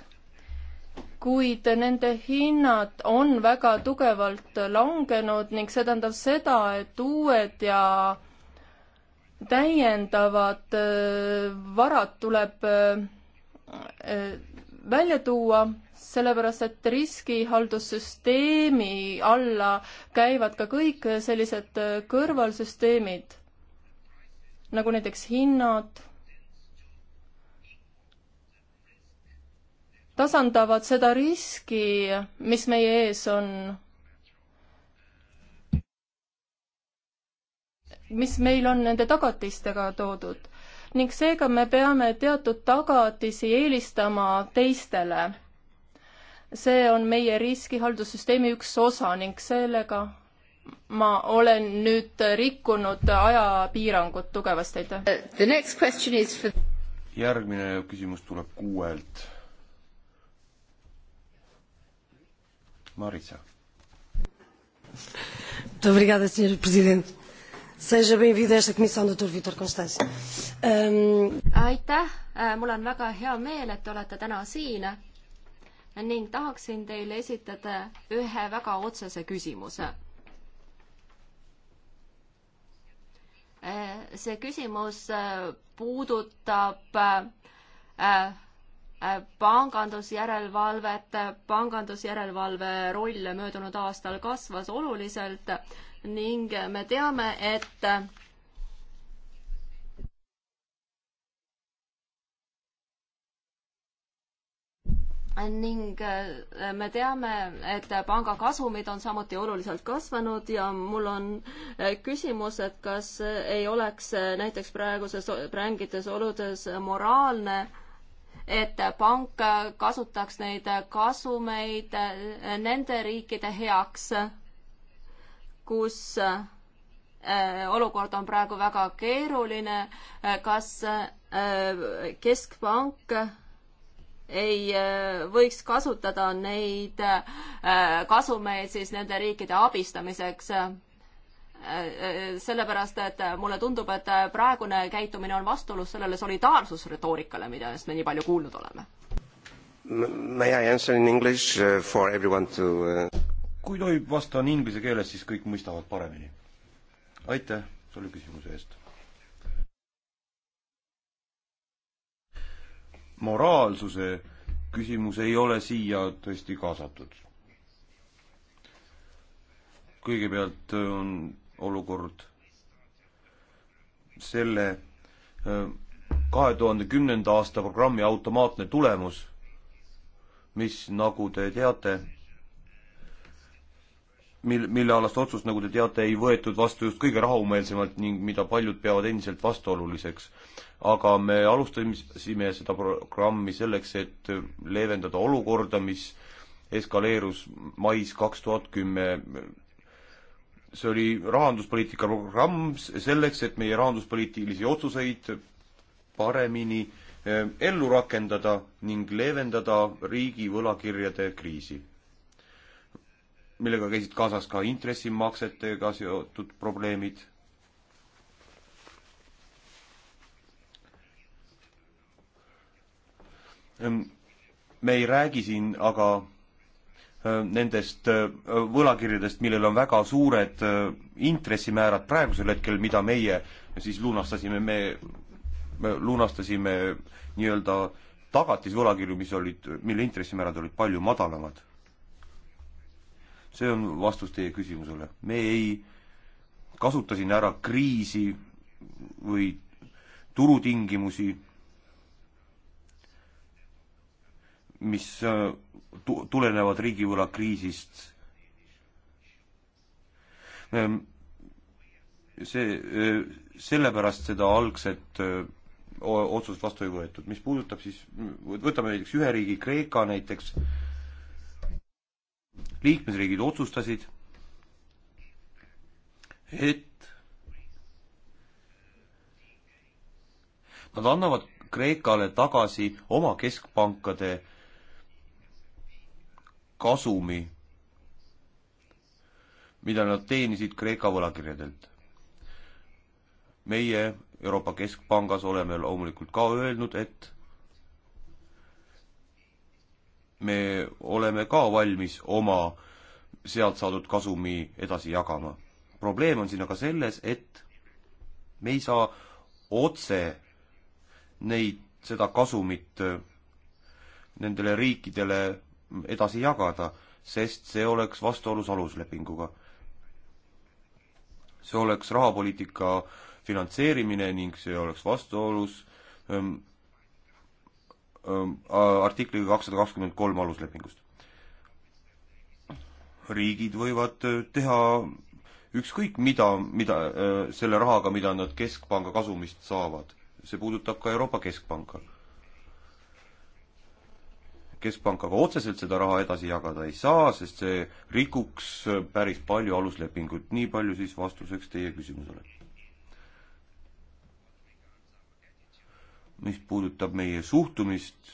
kuid nende hinnad on väga tugevalt langenud ning see tähendab seda, et uued ja täiendavad äh, varad tuleb äh, äh, välja tuua, sellepärast et riskihaldussüsteemi alla käivad ka kõik sellised kõrvalsüsteemid, nagu näiteks hinnad, tasandavad seda riski, mis meie ees on mis meil on nende tagatistega toodud. ning seega me peame teatud tagatisi eelistama teistele. see on meie riskihaldussüsteemi üks osa ning sellega ma olen nüüd rikkunud ajapiirangut tugevasti, aitäh. For... järgmine küsimus tuleb kuuelt. Marisa. Muito obrigada, Sr. Presidente. Seja bem-vindo a esta comissão, Dr. Vítor Constância. Um... aitäh, äh, mul on väga hea meel, et te olete täna siin ning tahaksin teile esitada ühe väga otsese küsimuse. Äh, see küsimus äh, puudutab pangandusjärelevalvet, pangandusjärelevalve roll möödunud aastal kasvas oluliselt ning me teame, et ning me teame, et panga kasumid on samuti oluliselt kasvanud ja mul on küsimus, et kas ei oleks näiteks praeguses, prängites oludes moraalne et pank kasutaks neid kasumeid nende riikide heaks, kus äh, olukord on praegu väga keeruline, äh, kas äh, keskpank ei võiks kasutada neid kasumeid siis nende riikide abistamiseks. sellepärast, et mulle tundub, et praegune käitumine on vastuolus sellele solidaarsusretoorikale, mida me nii palju kuulnud oleme. May I answer in english uh, for everyone to uh...? kui tohib, vastan inglise keeles, siis kõik mõistavad paremini. aitäh selle küsimuse eest. moraalsuse küsimus ei ole siia tõesti kaasatud. kõigepealt on olukord selle äh, kahe tuhande kümnenda aasta programmi automaatne tulemus, mis, nagu te teate, mil-, millealast otsust, nagu te teate, ei võetud vastu just kõige rahumeelsemalt ning mida paljud peavad endiselt vastuoluliseks. aga me alustasime seda programmi selleks, et leevendada olukorda, mis eskaleerus mais kaks tuhat kümme. see oli rahanduspoliitika programm selleks, et meie rahanduspoliitilisi otsuseid paremini eh, ellu rakendada ning leevendada riigi võlakirjade kriisi millega käisid kaasas ka intressimaksetega seotud probleemid. Ehm, me ei räägi siin aga ehm, nendest ehm, võlakirjadest, millel on väga suured intressimäärad praegusel hetkel, mida meie siis lunastasime, me, me lunastasime nii-öelda tagatisvõlakirju, mis olid, mille intressimäärad olid palju madalamad see on vastus teie küsimusele. me ei kasuta siin ära kriisi või turutingimusi, mis äh, tu-, tulenevad riigivõlakriisist. see, äh, sellepärast seda algset äh, otsust vastu ei võetud. mis puudutab siis, võtame näiteks ühe riigi, Kreeka näiteks, liikmesriigid otsustasid, et nad annavad Kreekale tagasi oma keskpankade kasumi, mida nad teenisid Kreeka võlakirjadelt. meie Euroopa Keskpangas oleme loomulikult ka öelnud, et me oleme ka valmis oma sealt saadud kasumi edasi jagama. probleem on siin aga selles, et me ei saa otse neid, seda kasumit äh, nendele riikidele edasi jagada, sest see oleks vastuolus aluslepinguga. see oleks rahapoliitika finantseerimine ning see oleks vastuolus ähm, artikliga kakssada kakskümmend kolm aluslepingust. riigid võivad teha ükskõik mida, mida, selle rahaga, mida nad keskpanga kasumist saavad. see puudutab ka Euroopa Keskpanka. keskpank aga otseselt seda raha edasi jagada ei saa, sest see rikuks päris palju aluslepingut. nii palju siis vastuseks teie küsimusele mis puudutab meie suhtumist,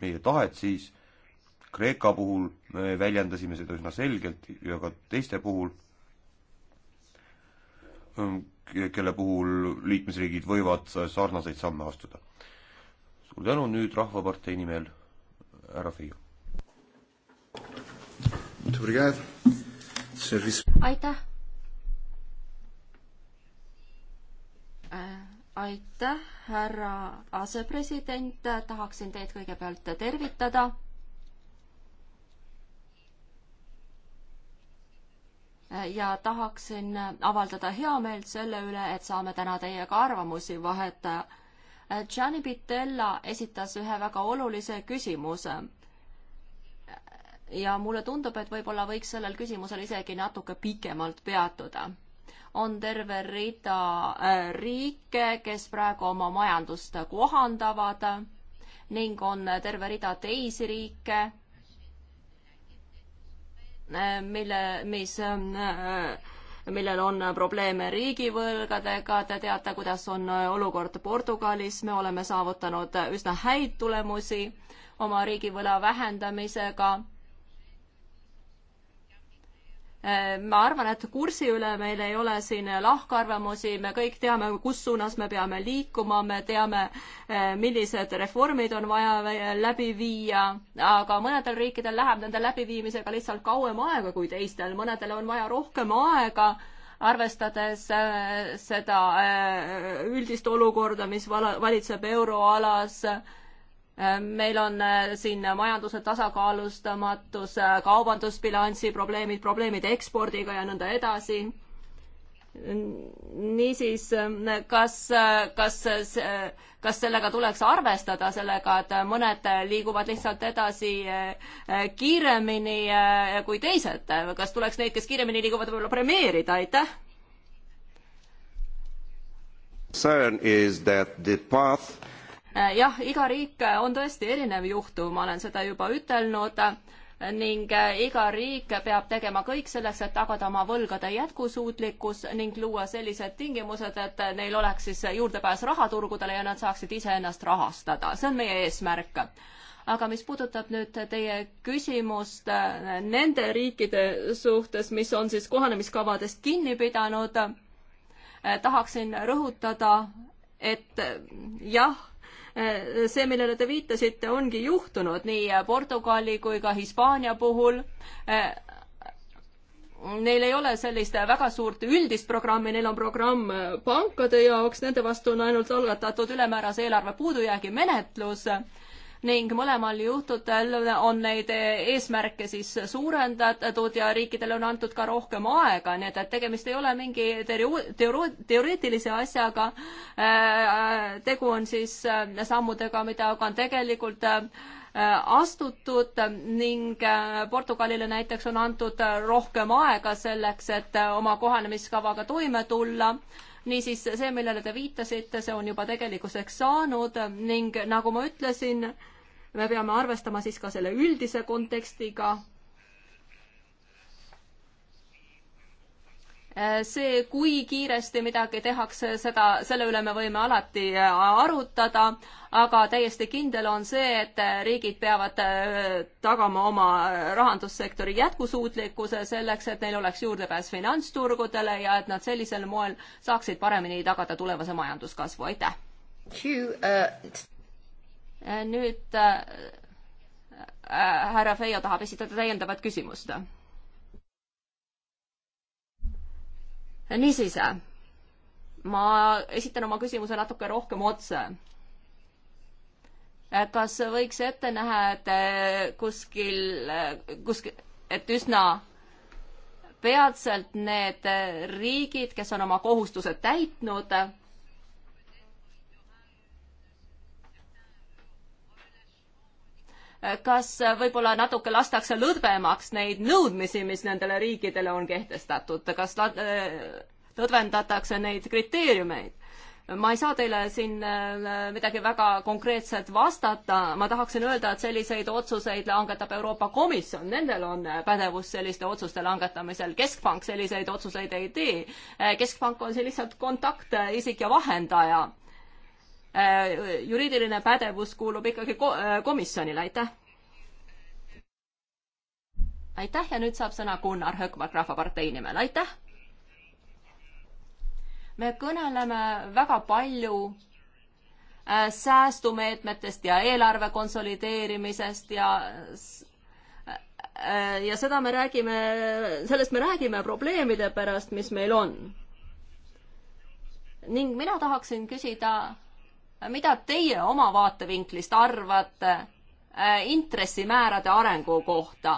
meie tahet, siis Kreeka puhul me väljendasime seda üsna selgelt ja ka teiste puhul, ähm, kelle puhul liikmesriigid võivad sarnaseid samme astuda. suur tänu, nüüd Rahvapartei nimel härra Feio. aitäh aitäh, härra asepresident, tahaksin teid kõigepealt tervitada. ja tahaksin avaldada heameelt selle üle, et saame täna teiega arvamusi vahetada. Gianni Pitella esitas ühe väga olulise küsimuse. ja mulle tundub, et võib-olla võiks sellel küsimusel isegi natuke pikemalt peatuda on terve rida äh, riike, kes praegu oma majandust kohandavad ning on terve rida teisi riike, äh, mille, mis äh, millel on probleeme riigivõlgadega, te teate, kuidas on olukord Portugalis, me oleme saavutanud üsna häid tulemusi oma riigivõla vähendamisega Äh, ma arvan, et kursi üle meil ei ole siin lahkarvamusi, me kõik teame, kus suunas me peame liikuma, me teame, äh, millised reformid on vaja läbi viia, aga mõnedel riikidel läheb nende läbiviimisega lihtsalt kauem aega kui teistel, mõnedel on vaja rohkem aega arvestades äh, seda üldist olukorda, mis valitseb euroalas, meil on äh, siin majanduse tasakaalustamatus, äh, kaubandusbilansi probleemid, probleemid ekspordiga ja nõnda edasi. niisiis, äh, kas, kas, kas sellega tuleks arvestada, sellega, et mõned liiguvad lihtsalt edasi kiiremini kui teised, kas tuleks neid, kes kiiremini liiguvad, võib-olla premeerida, aitäh? concern is that the path Äh, jah, iga riik äh, on tõesti erinev juhtum, ma olen seda juba ütelnud äh, ning iga riik peab tegema kõik selleks, et tagada oma võlgade jätkusuutlikkus ning luua sellised tingimused, et neil oleks siis juurdepääs rahaturgudele ja nad saaksid iseennast rahastada. see on meie eesmärk. aga mis puudutab nüüd teie küsimust nende riikide suhtes, mis on siis kohanemiskavadest kinni pidanud, tahaksin rõhutada, et jah Äh, see, millele te viitasite, ongi juhtunud nii äh, Portugali kui ka Hispaania puhul. Äh, neil ei ole sellist väga suurt üldist programmi, neil on programm pankade jaoks, nende vastu on ainult algatatud ülemäärase eelarve puudujäägi menetlus ning mõlemal juhtudel on neid eesmärke siis suurendatud ja riikidele on antud ka rohkem aega, nii et, et tegemist ei ole mingi teori-, teori-, teoreetilise asjaga, äh, tegu on siis äh, sammudega, mida on tegelikult äh, astutud ning Portugalile näiteks on antud rohkem aega selleks, et oma kohanemiskavaga toime tulla niisiis see, millele te viitasite, see on juba tegelikkuseks saanud ning nagu ma ütlesin, me peame arvestama siis ka selle üldise kontekstiga Äh, see, kui kiiresti midagi tehakse, seda, selle üle me võime alati äh, arutada, aga täiesti kindel on see, et äh, riigid peavad tagama oma rahandussektori jätkusuutlikkuse selleks, et neil oleks juurdepääs finantsturgudele ja et nad sellisel moel saaksid paremini tagada tulevase majanduskasvu, aitäh! Uh, nüüd äh, härra Feio tahab esitada täiendavat küsimust niisiis, ma esitan oma küsimuse natuke rohkem otse kas võiks ette näha, et eh, kuskil, eh, kuskil, et üsna peatselt need eh, riigid, kes on oma kohustused täitnud, kas võib-olla natuke lastakse lõdvemaks neid nõudmisi, mis nendele riikidele on kehtestatud, kas äh, lõdvendatakse neid kriteeriumeid? ma ei saa teile siin äh, midagi väga konkreetset vastata, ma tahaksin öelda, et selliseid otsuseid langetab Euroopa Komisjon, nendel on äh, pädevus selliste otsuste langetamisel, Keskpank selliseid otsuseid ei tee. keskpank on siin lihtsalt kontaktisik ja vahendaja Äh, juriidiline pädevus kuulub ikkagi äh, komisjonile, aitäh. aitäh ja nüüd saab sõna Gunnar Hökmark Rahvapartei nimel, aitäh. me kõneleme väga palju äh, säästumeetmetest ja eelarve konsolideerimisest ja ja seda me räägime, sellest me räägime probleemide pärast, mis meil on. ning mina tahaksin küsida mida teie oma vaatevinklist arvate äh, intressimäärade arengu kohta?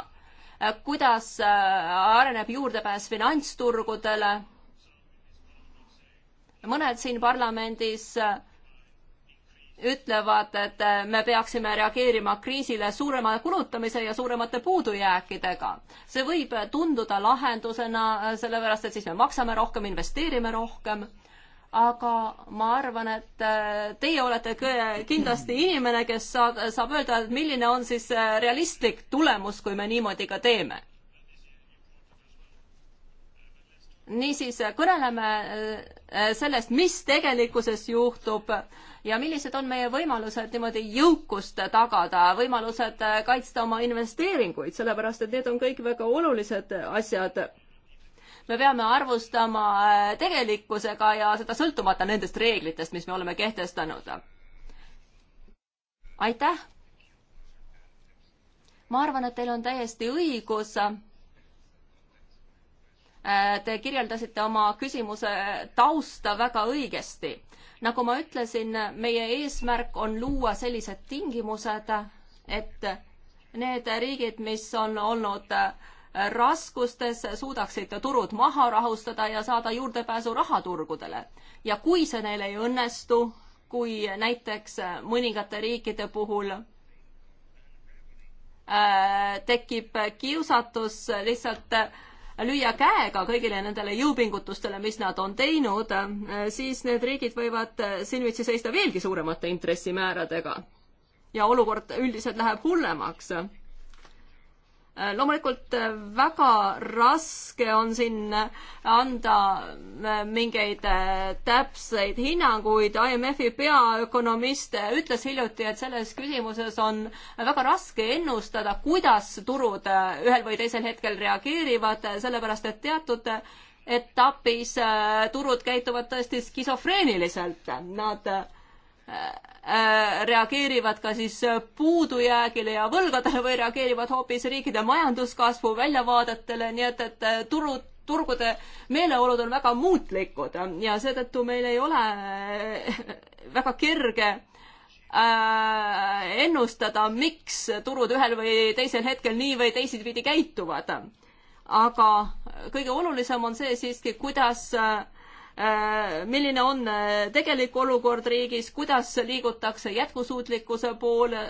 Äh, kuidas äh, areneb juurdepääs finantsturgudele? mõned siin parlamendis ütlevad, et me peaksime reageerima kriisile suurema kulutamise ja suuremate puudujääkidega. see võib tunduda lahendusena, sellepärast et siis me maksame rohkem, investeerime rohkem aga ma arvan, et äh, teie olete kindlasti inimene, kes saab, saab öelda, et milline on siis äh, realistlik tulemus, kui me niimoodi ka teeme. niisiis, äh, kõneleme sellest, mis tegelikkuses juhtub ja millised on meie võimalused niimoodi jõukust tagada, võimalused kaitsta oma investeeringuid, sellepärast et need on kõik väga olulised asjad me peame arvustama äh, tegelikkusega ja seda sõltumata nendest reeglitest, mis me oleme kehtestanud. aitäh! ma arvan, et teil on täiesti õigus. Äh, te kirjeldasite oma küsimuse tausta väga õigesti. nagu ma ütlesin, meie eesmärk on luua sellised tingimused, et need riigid, mis on olnud äh, raskustes, suudaksid turud maha rahustada ja saada juurdepääsu rahaturgudele. ja kui see neil ei õnnestu, kui näiteks mõningate riikide puhul äh, tekib kiusatus lihtsalt äh, lüüa käega kõigile nendele jõupingutustele, mis nad on teinud, äh, siis need riigid võivad silmitsi seista veelgi suuremate intressimääradega. ja olukord üldiselt läheb hullemaks Äh, loomulikult äh, väga raske on siin äh, anda mingeid täpseid hinnanguid. IMF-i peaökonomist ütles hiljuti, et selles küsimuses on väga raske ennustada, kuidas turud ühel või teisel hetkel reageerivad, sellepärast et teatud etapis turud käituvad tõesti skisofreeniliselt. Nad Äh, reageerivad ka siis äh, puudujäägile ja võlgadele või reageerivad hoopis riikide majanduskasvu väljavaadetele, nii et, et äh, turud turgude meeleolud on väga muutlikud ja seetõttu meil ei ole väga kerge äh, ennustada, miks turud ühel või teisel hetkel nii või teisipidi käituvad. aga kõige olulisem on see siiski, kuidas äh, Äh, milline on äh, tegelik olukord riigis, kuidas liigutakse jätkusuutlikkuse poole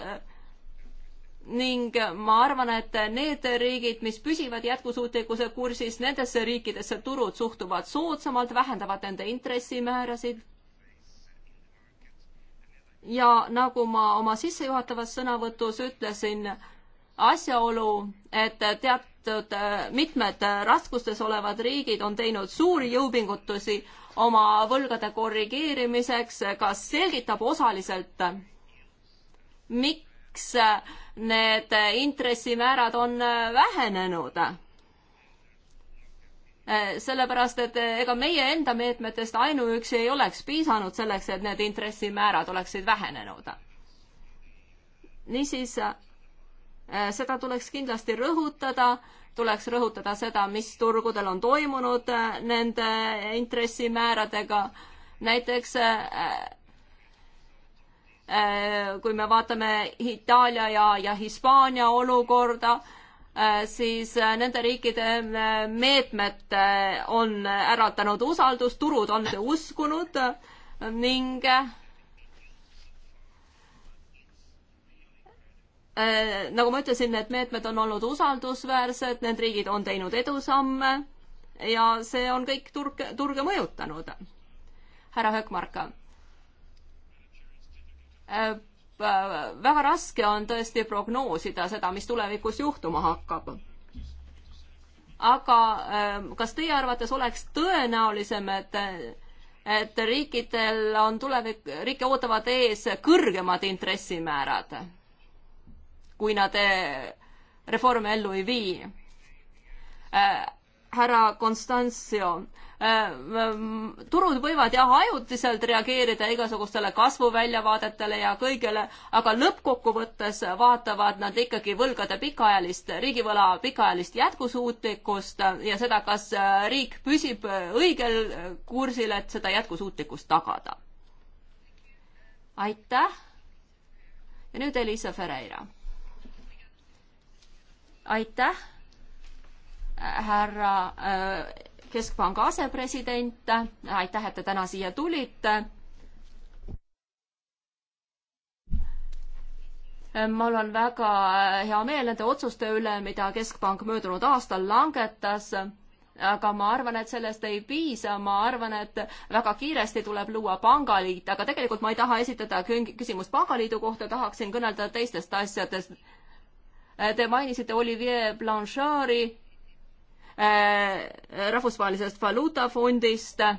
ning ma arvan, et need riigid, mis püsivad jätkusuutlikkuse kursis, nendesse riikidesse turud suhtuvad soodsamalt, vähendavad nende intressimäärasid. ja nagu ma oma sissejuhatavas sõnavõtus ütlesin, asjaolu, et teatud äh, mitmed raskustes olevad riigid on teinud suuri jõupingutusi oma võlgade korrigeerimiseks, kas selgitab osaliselt, miks need intressimäärad on vähenenud? Äh, sellepärast, et ega meie enda meetmetest ainuüksi ei oleks piisanud selleks, et need intressimäärad oleksid vähenenud. niisiis Äh, seda tuleks kindlasti rõhutada, tuleks rõhutada seda, mis turgudel on toimunud äh, nende intressimääradega. näiteks äh, kui me vaatame Itaalia ja, ja Hispaania olukorda, siis nende riikide meetmed on äratanud usaldust, turud on uskunud ning Äh, nagu ma ütlesin, need meetmed on olnud usaldusväärsed, need riigid on teinud edusamme ja see on kõik turg, turge mõjutanud. härra Höökmark. Äh, väga raske on tõesti prognoosida seda, mis tulevikus juhtuma hakkab. aga äh, kas teie arvates oleks tõenäolisem, et et riikidel on tulevik, riike ootavad ees kõrgemad intressimäärad? kui nad eh, reforme ellu ei vii. Eh, härra Konstantsio, eh, turud võivad jah, ajutiselt reageerida igasugustele kasvuväljavaadetele ja kõigele, aga lõppkokkuvõttes vaatavad nad ikkagi võlgade pikaajalist, riigivõla pikaajalist jätkusuutlikkust ja seda, kas riik püsib õigel kursil, et seda jätkusuutlikkust tagada. aitäh. ja nüüd Elisa Ferreira aitäh, härra äh, Keskpanga asepresident, aitäh, et te täna siia tulite. mul on väga hea meel nende otsuste üle, mida Keskpank möödunud aastal langetas aga ma arvan, et sellest ei piisa, ma arvan, et väga kiiresti tuleb luua pangaliit, aga tegelikult ma ei taha esitada küsimust pangaliidu kohta, tahaksin kõnelda teistest asjadest Äh, te mainisite Olivier Blanchard'i äh, rahvusvahelisest valuutafondist äh,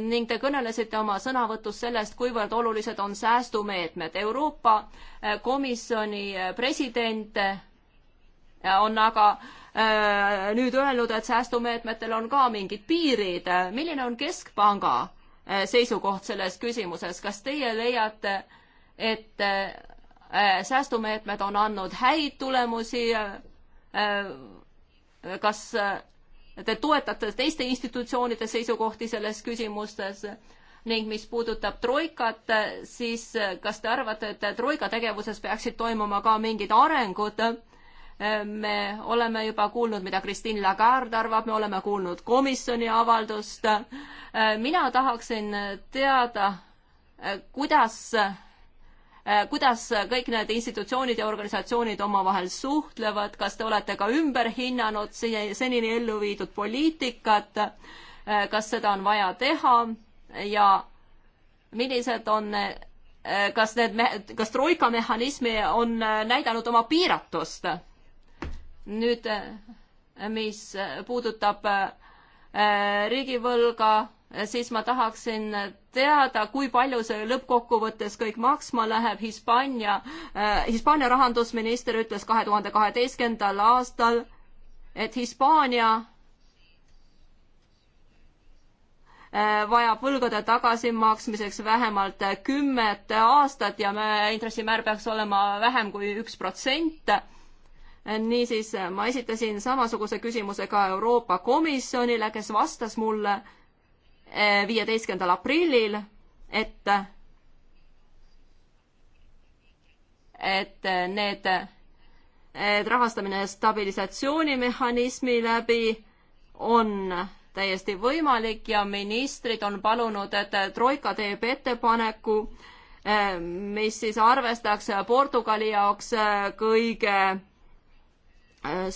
ning te kõnelesite oma sõnavõtus sellest, kuivõrd olulised on säästumeetmed. Euroopa Komisjoni president on aga nüüd öelnud, et säästumeetmetel on ka mingid piirid. milline on Keskpanga seisukoht selles küsimuses, kas teie leiate, et Äh, säästumeetmed on andnud häid tulemusi. Äh, äh, kas te toetate teiste institutsioonide seisukohti selles küsimustes? ning mis puudutab troikat, siis kas te arvate, et troika tegevuses peaksid toimuma ka mingid arengud? me oleme juba kuulnud, mida Christine Lagarde arvab, me oleme kuulnud komisjoni avaldust. mina tahaksin teada, kuidas Äh, kuidas kõik need institutsioonid ja organisatsioonid omavahel suhtlevad, kas te olete ka ümber hinnanud senini ellu viidud poliitikat, äh, kas seda on vaja teha ja millised on, äh, kas need, kas troika mehhanismi on näidanud oma piiratust? nüüd, mis puudutab riigivõlga, siis ma tahaksin teada, kui palju see lõppkokkuvõttes kõik maksma läheb. Hispaania äh,, Hispaania rahandusminister ütles kahe tuhande kaheteistkümnendal aastal, et Hispaania äh, vajab võlgade tagasimaksmiseks vähemalt kümmet aastat ja me, intressimäär peaks olema vähem kui üks protsent. niisiis ma esitasin samasuguse küsimuse ka Euroopa Komisjonile, kes vastas mulle, viieteistkümnendal aprillil, et, et need, et rahastamine stabilisatsioonimehhanismi läbi on täiesti võimalik ja ministrid on palunud, et Troika teeb ettepaneku, mis siis arvestaks Portugali jaoks kõige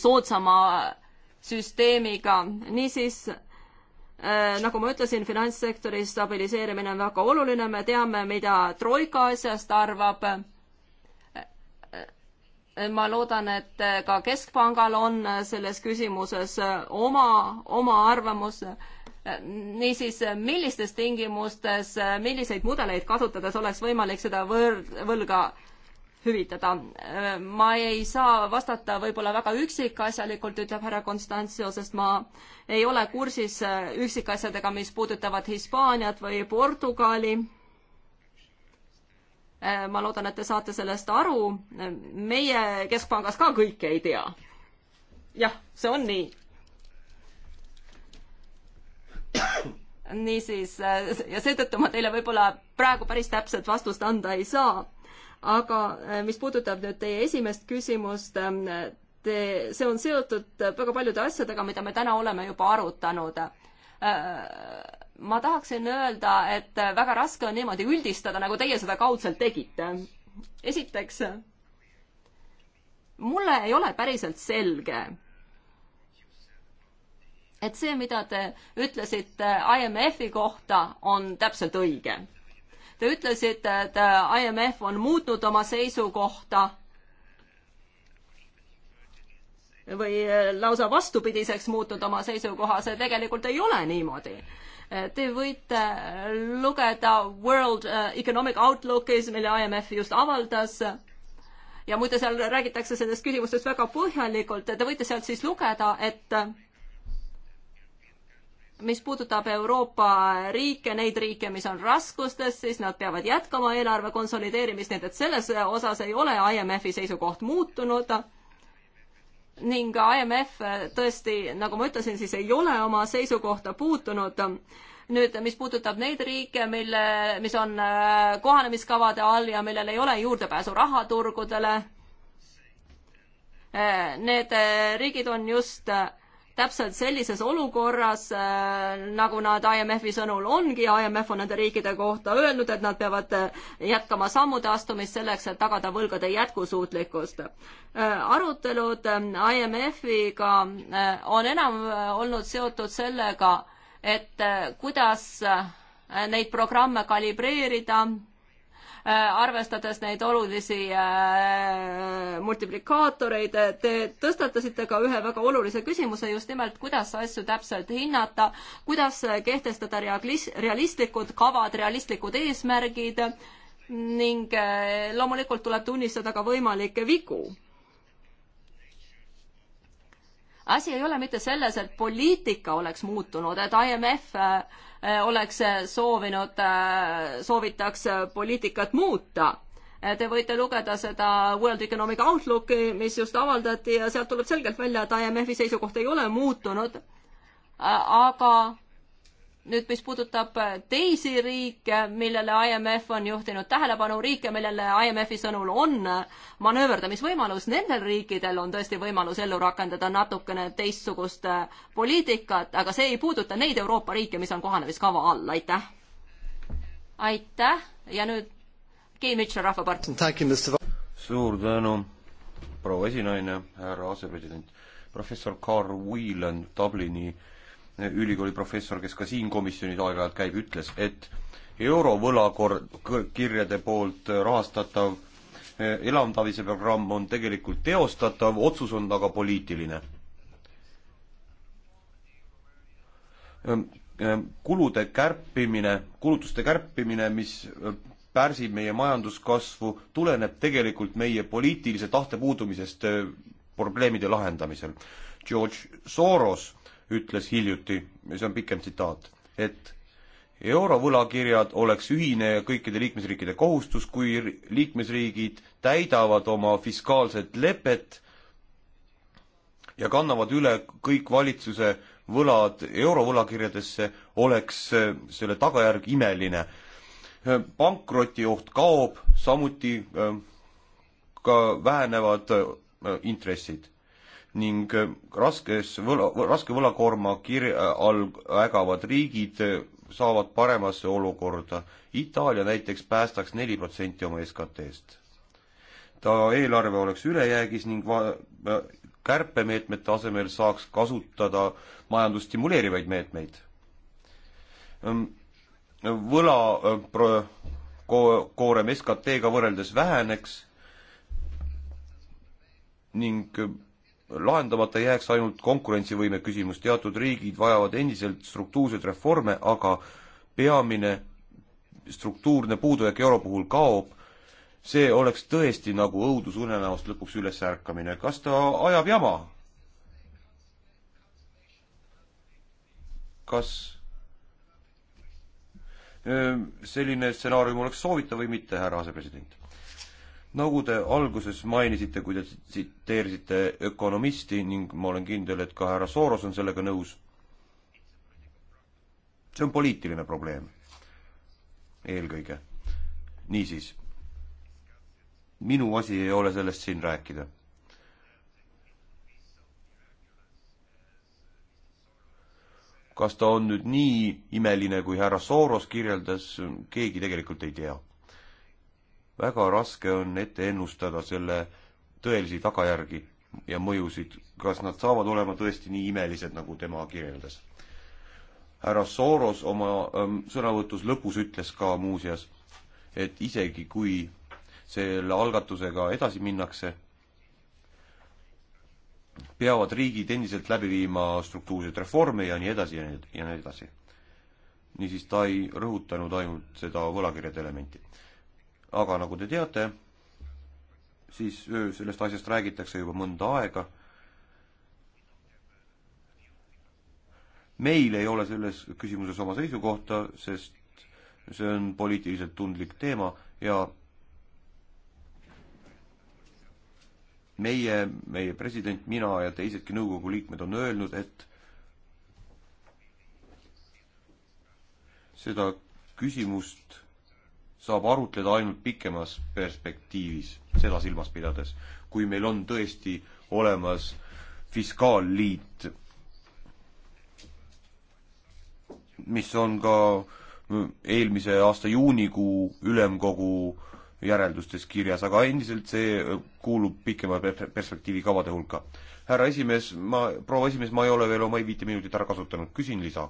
soodsama süsteemiga, niisiis Äh, nagu ma ütlesin, finantssektori stabiliseerimine on väga oluline, me teame, mida Troika asjast arvab. Äh, äh, ma loodan, et ka Keskpangal on selles küsimuses oma, oma arvamus. niisiis, millistes tingimustes, milliseid mudeleid kasutades oleks võimalik seda võr-, võlga hüvitada. Äh, ma ei saa vastata võib-olla väga üksikasjalikult, ütleb härra Konstantsio, sest ma ei ole kursis äh, üksikasjadega, mis puudutavad Hispaaniat või Portugali. Äh, ma loodan, et te saate sellest aru. meie Keskpangas ka kõike ei tea. jah, see on nii niisiis, ja seetõttu ma teile võib-olla praegu päris täpset vastust anda ei saa aga äh, mis puudutab nüüd teie esimest küsimust, ähm, te, see on seotud äh, väga paljude asjadega, mida me täna oleme juba arutanud äh, ma tahaksin öelda, et väga raske on niimoodi üldistada, nagu teie seda kaudselt tegite. esiteks, mulle ei ole päriselt selge, et see, mida te ütlesite IMF-i kohta, on täpselt õige Te ütlesite, et äh, IMF on muutnud oma seisukohta või äh, lausa vastupidiseks muutnud oma seisukoha, see tegelikult ei ole niimoodi. Äh, te võite lugeda World Economic Outlookis, mille IMF just avaldas, ja muide, seal räägitakse sellest küsimustest väga põhjalikult, te võite sealt siis lugeda, et mis puudutab Euroopa riike, neid riike, mis on raskustes, siis nad peavad jätkama eelarve konsolideerimist, nii et selles osas ei ole IMF-i seisukoht muutunud. ning IMF tõesti, nagu ma ütlesin, siis ei ole oma seisukohta puutunud. nüüd, mis puudutab neid riike, mille, mis on äh, kohanemiskavade all ja millel ei ole juurdepääsu rahaturgudele, äh, need äh, riigid on just täpselt sellises olukorras, äh, nagu nad IMF-i sõnul ongi, IMF on nende riikide kohta öelnud, et nad peavad äh, jätkama sammude astumist selleks, et tagada võlgade jätkusuutlikkust. Äh, arutelud IMF-iga on enam olnud seotud sellega, et kuidas neid programme kalibreerida Äh, arvestades neid olulisi äh, multiplikaatoreid. Äh, te tõstatasite ka ühe väga olulise küsimuse just nimelt, kuidas asju täpselt hinnata, kuidas kehtestada realis-, realistlikud kavad, realistlikud eesmärgid ning loomulikult tuleb tunnistada ka võimalikke vigu asi ei ole mitte selles, et poliitika oleks muutunud, et IMF Äh, oleks äh, soovinud, äh, soovitaks poliitikat muuta. Te võite lugeda seda World Economic Outlooki, mis just avaldati ja sealt tuleb selgelt välja, et IMF-i seisukoht ei ole muutunud, aga nüüd, mis puudutab äh, teisi riike, millele IMF on juhtinud tähelepanu, riike, millele IMF-i sõnul on äh, manööverdamisvõimalus, nendel riikidel on tõesti võimalus ellu rakendada natukene teistsugust äh, poliitikat, aga see ei puuduta neid Euroopa riike, mis on kohanemiskava all, aitäh. aitäh ja nüüd Kei Mitchell, Rahvapartei. suur tänu, proua esinaine, härra asepresident, professor Carl Whelan Dublini ülikooli professor, kes ka siin komisjonis aeg-ajalt käib, ütles, et eurovõlakirjade poolt äh, rahastatav äh, elamdamise programm on tegelikult teostatav, otsus on aga poliitiline. Ehm, ehm, kulude kärpimine, kulutuste kärpimine, mis äh, pärsib meie majanduskasvu, tuleneb tegelikult meie poliitilise tahte puudumisest probleemide lahendamisel. George Soros ütles hiljuti, see on pikem tsitaat, et eurovõlakirjad oleks ühine kõikide liikmesriikide kohustus, kui liikmesriigid täidavad oma fiskaalset lepet ja kannavad üle kõik valitsuse võlad eurovõlakirjadesse, oleks äh, selle tagajärg imeline. Äh, pankrotioht kaob, samuti äh, ka vähenevad intressid ning äh, raskes võla, raske võlakoorma kir-, äh, all ägavad riigid äh, saavad paremasse olukorda. Itaalia näiteks päästaks neli protsenti oma SKT-st. ta eelarve oleks ülejäägis ning va-, kärpemeetmete asemel saaks kasutada majandust stimuleerivaid meetmeid. Ähm, võla pro-, ko-, koorem SKT-ga võrreldes väheneks ning lahendamata ei jääks ainult konkurentsivõime küsimus, teatud riigid vajavad endiselt struktuurseid reforme, aga peamine struktuurne puudujääk euro puhul kaob, see oleks tõesti nagu õudusunenäost lõpuks ülesärkamine. kas ta ajab jama? kas selline stsenaarium oleks soovitav või mitte, härra asepresident? nagu te alguses mainisite, kui te tsiteerisite ökonomisti ning ma olen kindel, et ka härra Soros on sellega nõus, see on poliitiline probleem eelkõige. niisiis, minu asi ei ole sellest siin rääkida. kas ta on nüüd nii imeline, kui härra Soros kirjeldas, keegi tegelikult ei tea väga raske on ette ennustada selle tõelisi tagajärgi ja mõjusid, kas nad saavad olema tõesti nii imelised, nagu tema kirjeldas. härra Soros oma ähm, sõnavõtus lõpus ütles ka muuseas, et isegi kui selle algatusega edasi minnakse, peavad riigid endiselt läbi viima struktuurseid reforme ja nii edasi ja nii, ja nii edasi. niisiis ta ei rõhutanud ainult seda võlakirjade elementi aga nagu te teate, siis sellest asjast räägitakse juba mõnda aega. meil ei ole selles küsimuses oma seisukohta, sest see on poliitiliselt tundlik teema ja meie, meie president, mina ja teisedki nõukogu liikmed on öelnud, et seda küsimust saab arutleda ainult pikemas perspektiivis, seda silmas pidades. kui meil on tõesti olemas fiskaalliit, mis on ka eelmise aasta juunikuu ülemkogu järeldustes kirjas, aga endiselt see kuulub pikema perspektiivi kavade hulka. härra esimees, ma, proua esimees, ma ei ole veel oma viite minutit ära kasutanud, küsin lisa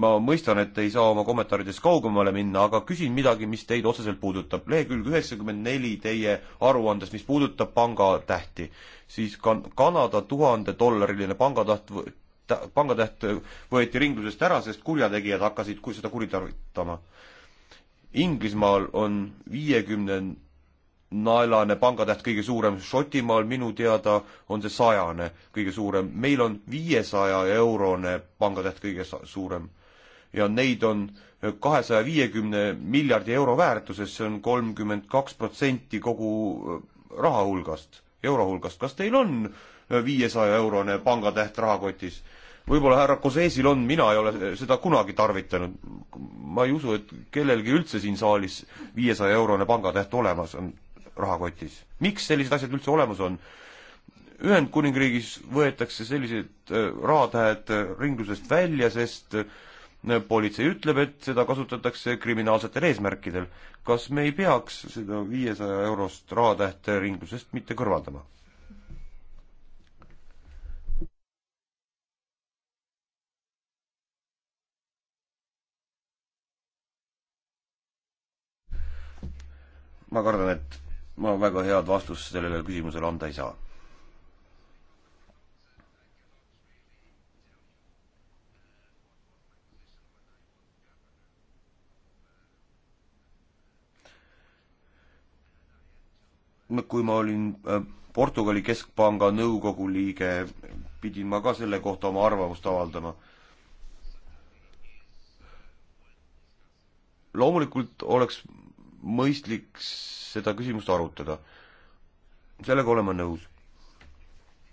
ma mõistan, et ei saa oma kommentaaridest kaugemale minna, aga küsin midagi, mis teid otseselt puudutab. lehekülg üheksakümmend neli teie aruandes, mis puudutab pangatähti, siis kan-, Kanada tuhandedollariline pangatäht ta-, pangatäht võeti ringlusest ära, sest kurjategijad hakkasid ku-, seda kuritarvitama. Inglismaal on viiekümne naelane pangatäht kõige suurem, Šotimaal minu teada on see sajane kõige suurem, meil on viiesaja eurone pangatäht kõige suurem ja neid on kahesaja viiekümne miljardi euro väärtuses, see on kolmkümmend kaks protsenti kogu äh, raha hulgast, euro hulgast. kas teil on viiesaja eurone pangatäht rahakotis? võib-olla härra Koseesil on, mina ei ole seda kunagi tarvitanud. ma ei usu, et kellelgi üldse siin saalis viiesaja eurone pangatäht olemas on rahakotis. miks sellised asjad üldse olemas on? Ühendkuningriigis võetakse sellised äh, rahatähed ringlusest välja, sest äh, politsei ütleb, et seda kasutatakse kriminaalsetel eesmärkidel. kas me ei peaks seda viiesaja eurost rahatähte ringlusest mitte kõrvaldama? ma kardan, et ma väga head vastust sellele küsimusele anda ei saa kui ma olin äh, Portugali Keskpanga nõukogu liige, pidin ma ka selle kohta oma arvamust avaldama. loomulikult oleks mõistlik seda küsimust arutada. sellega olen ma nõus.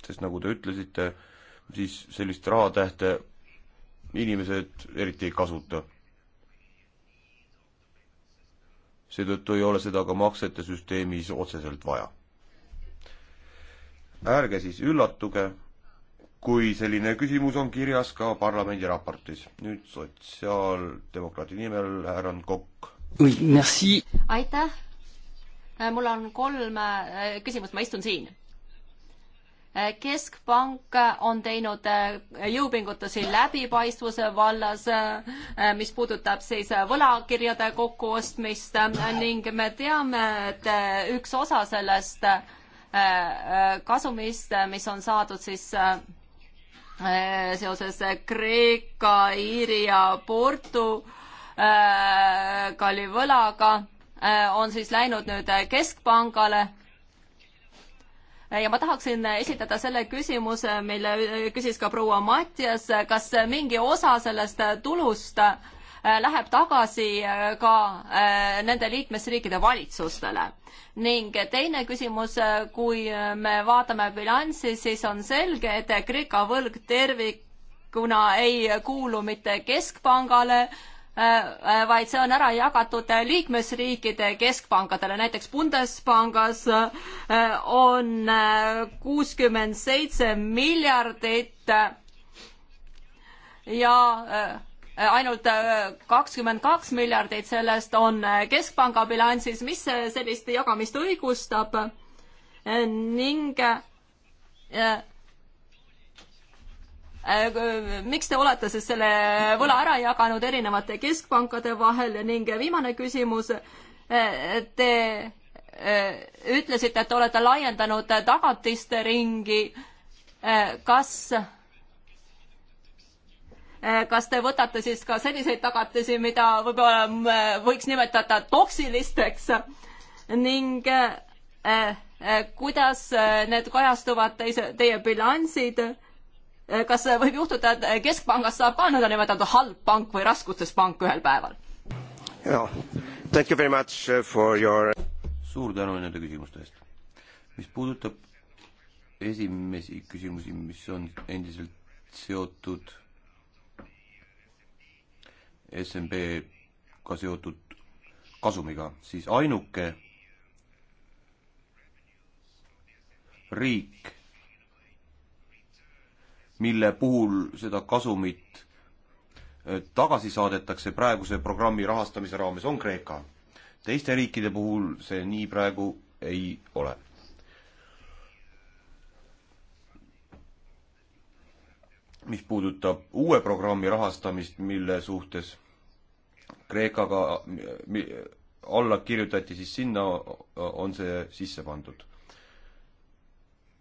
sest nagu te ütlesite, siis sellist rahatähte inimesed eriti ei kasuta seetõttu ei ole seda ka maksete süsteemis otseselt vaja. ärge siis üllatuge, kui selline küsimus on kirjas ka parlamendi raportis. nüüd sotsiaaldemokraadi nimel härra Kokk. aitäh, mul on kolm äh, küsimust, ma istun siin keskpank on teinud äh, jõupingutusi läbipaistvuse vallas, äh, mis puudutab siis võlakirjade kokkuostmist äh, ning me teame, et üks osa sellest kasumist, mis on saadud siis seoses Kreeka, Iiri ja Portu kalli võlaga, on siis läinud nüüd keskpangale Äh, ja ma tahaksin äh, esitada selle küsimuse, mille äh, küsis ka proua Mattias, kas mingi osa sellest tulust läheb tagasi ka nende liikmesriikide valitsustele. ning teine küsimus, kui me vaatame bilanssi, siis on selge, et Kreeka võlg tervikuna ei kuulu mitte keskpangale, Äh, äh, vaid see on ära jagatud liikmesriikide keskpankadele, näiteks Bundespangas äh, on kuuskümmend seitse miljardit ja ainult kakskümmend kaks miljardit sellest on keskpanga bilansis, mis sellist jagamist õigustab ning Äh, miks te olete siis selle võla ära jaganud erinevate keskpankade vahel ning viimane küsimus, äh, te äh, ütlesite, et te olete laiendanud tagatiste ringi, kas kas te võtate siis ka selliseid tagatisi, mida võib-olla võiks nimetada toksilisteks ning kuidas need kajastuvad teise, teie bilansid Eh, kas eh, võib juhtuda, et eh, keskpangast saab ka nõndanimetatud halb pank või raskustes pank ühel päeval? jaa, thank you very much for your suur tänu nende küsimuste eest. mis puudutab esimesi küsimusi, mis on endiselt seotud SMB-ga seotud kasumiga, siis ainuke riik, mille puhul seda kasumit äh, tagasi saadetakse praeguse programmi rahastamise raames, on Kreeka. teiste riikide puhul see nii praegu ei ole. mis puudutab uue programmi rahastamist, mille suhtes Kreekaga alla kirjutati, siis sinna äh, on see sisse pandud.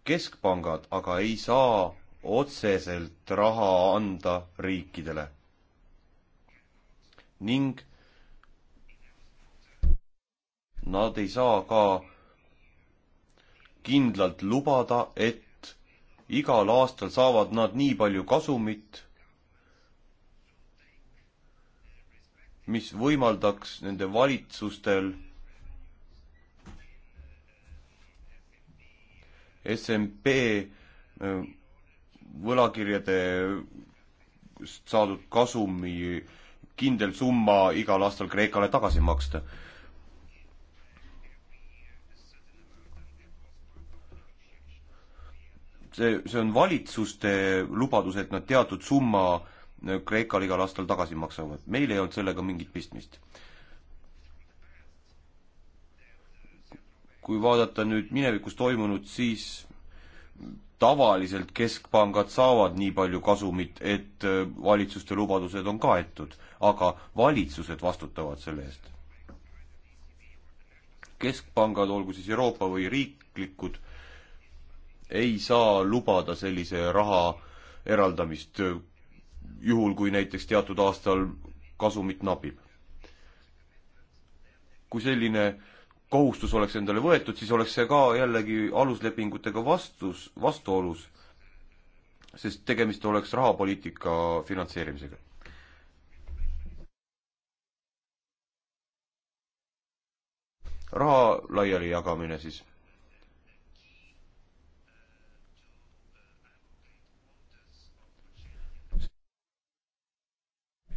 keskpangad aga ei saa otseselt raha anda riikidele. ning nad ei saa ka kindlalt lubada, et igal aastal saavad nad nii palju kasumit, mis võimaldaks nende valitsustel SMP võlakirjade saadud kasumi kindel summa igal aastal Kreekale tagasi maksta. see, see on valitsuste lubadus, et nad teatud summa Kreekale igal aastal tagasi maksavad. meil ei olnud sellega mingit pistmist. kui vaadata nüüd minevikus toimunut, siis tavaliselt keskpangad saavad nii palju kasumit, et äh, valitsuste lubadused on kaetud, aga valitsused vastutavad selle eest. keskpangad, olgu siis Euroopa või riiklikud, ei saa lubada sellise raha eraldamist, äh, juhul kui näiteks teatud aastal kasumit napib. kui selline äh, kohustus oleks endale võetud, siis oleks see ka jällegi aluslepingutega vastus, vastuolus, sest tegemist oleks rahapoliitika finantseerimisega. raha laialijagamine siis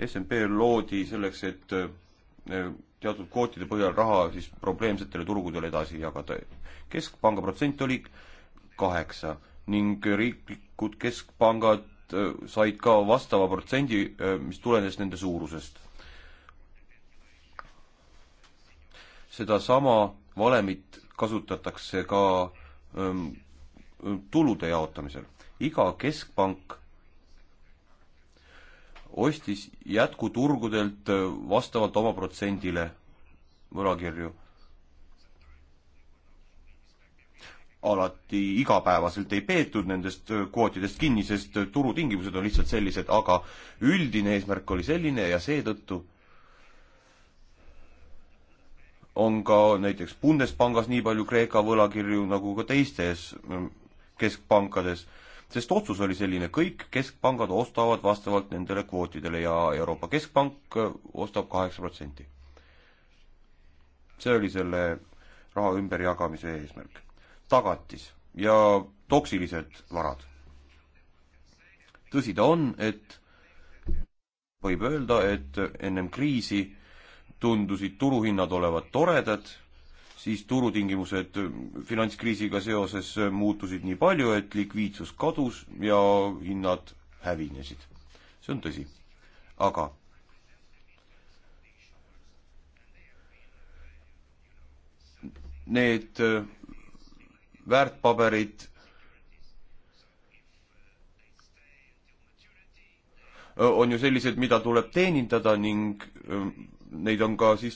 SMP loodi selleks, et eh, teatud kvootide põhjal raha siis probleemsetele turgudele edasi jagada. keskpanga protsent oli kaheksa ning riiklikud keskpangad äh, said ka vastava protsendi, äh, mis tulenes nende suurusest. sedasama valemit kasutatakse ka ähm, äh, tulude jaotamisel. iga keskpank ostis jätkuturgudelt äh, vastavalt oma protsendile võlakirju. alati igapäevaselt ei peetud nendest äh, kvootidest kinni, sest äh, turutingimused on lihtsalt sellised, aga üldine eesmärk oli selline ja seetõttu on ka näiteks Bundespangas nii palju Kreeka võlakirju nagu ka teistes mm, keskpankades sest otsus oli selline, kõik keskpangad ostavad vastavalt nendele kvootidele ja Euroopa Keskpank äh, ostab kaheksa protsenti. see oli selle raha ümberjagamise eesmärk. tagatis ja toksilised varad. tõsi ta on, et võib öelda, et ennem kriisi tundusid turuhinnad olevat toredad siis turutingimused äh, finantskriisiga seoses äh, muutusid nii palju, et likviidsus kadus ja hinnad hävinesid. see on tõsi. aga need äh, väärtpaberid on ju sellised, mida tuleb teenindada ning neid on ka siis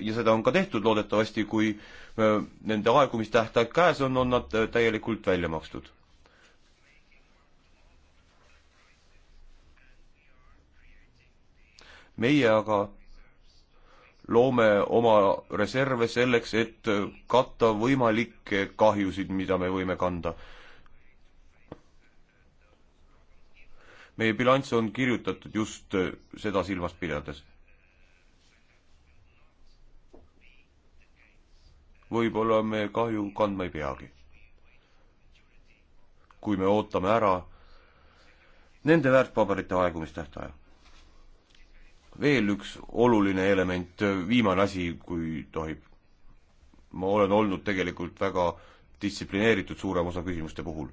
ja seda on ka tehtud loodetavasti, kui äh, nende aegumistähtaeg käes on, on nad äh, täielikult välja makstud. meie aga loome oma reserve selleks, et äh, katta võimalikke kahjusid, mida me võime kanda meie bilanss on kirjutatud just seda silmas pidades. võib-olla me kahju kandma ei peagi. kui me ootame ära nende väärtpaberite aegumistähtaja. veel üks oluline element, viimane asi, kui tohib. ma olen olnud tegelikult väga distsiplineeritud suurema osa küsimuste puhul.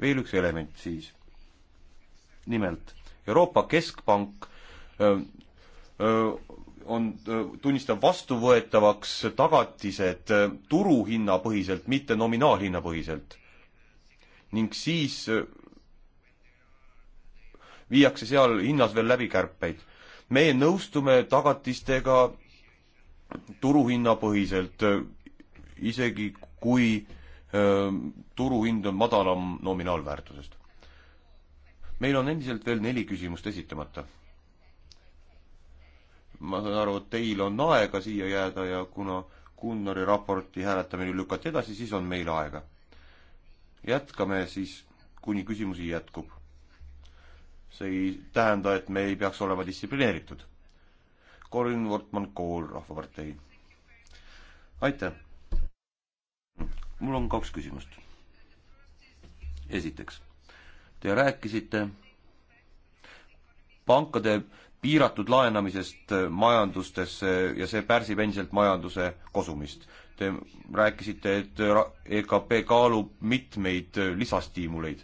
veel üks element siis. nimelt, Euroopa Keskpank öö, öö, on, äh, tunnistab vastuvõetavaks tagatised äh, turuhinnapõhiselt, mitte nominaalhinnapõhiselt. ning siis äh, viiakse seal hinnas veel läbi kärpeid. meie nõustume tagatistega turuhinnapõhiselt, isegi kui öö, turuhind on madalam nominaalväärtusest. meil on endiselt veel neli küsimust esitamata ma saan aru, et teil on aega siia jääda ja kuna Gunnari raporti hääletamine lükati edasi, siis on meil aega. jätkame siis, kuni küsimusi jätkub. see ei tähenda, et me ei peaks olema distsiplineeritud. Colin Wortmann-Kool, Rahvapartei. aitäh! mul on kaks küsimust. esiteks, te rääkisite pankade piiratud laenamisest majandustesse ja see pärsib endiselt majanduse kosumist. Te rääkisite, et EKP kaalub mitmeid lisastiimuleid.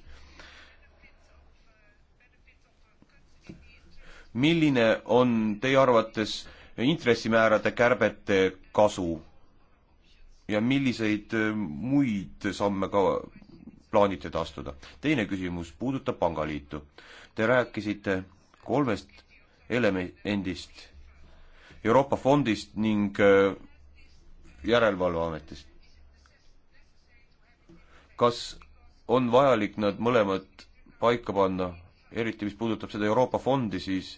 milline on teie arvates intressimäärade kärbete kasu ja milliseid äh, muid samme ka plaanite te astuda? teine küsimus puudutab Pangaliitu. Te rääkisite kolmest elemendist, Euroopa Fondist ning äh, Järelevalveametist. kas on vajalik nad mõlemad paika panna, eriti mis puudutab seda Euroopa Fondi, siis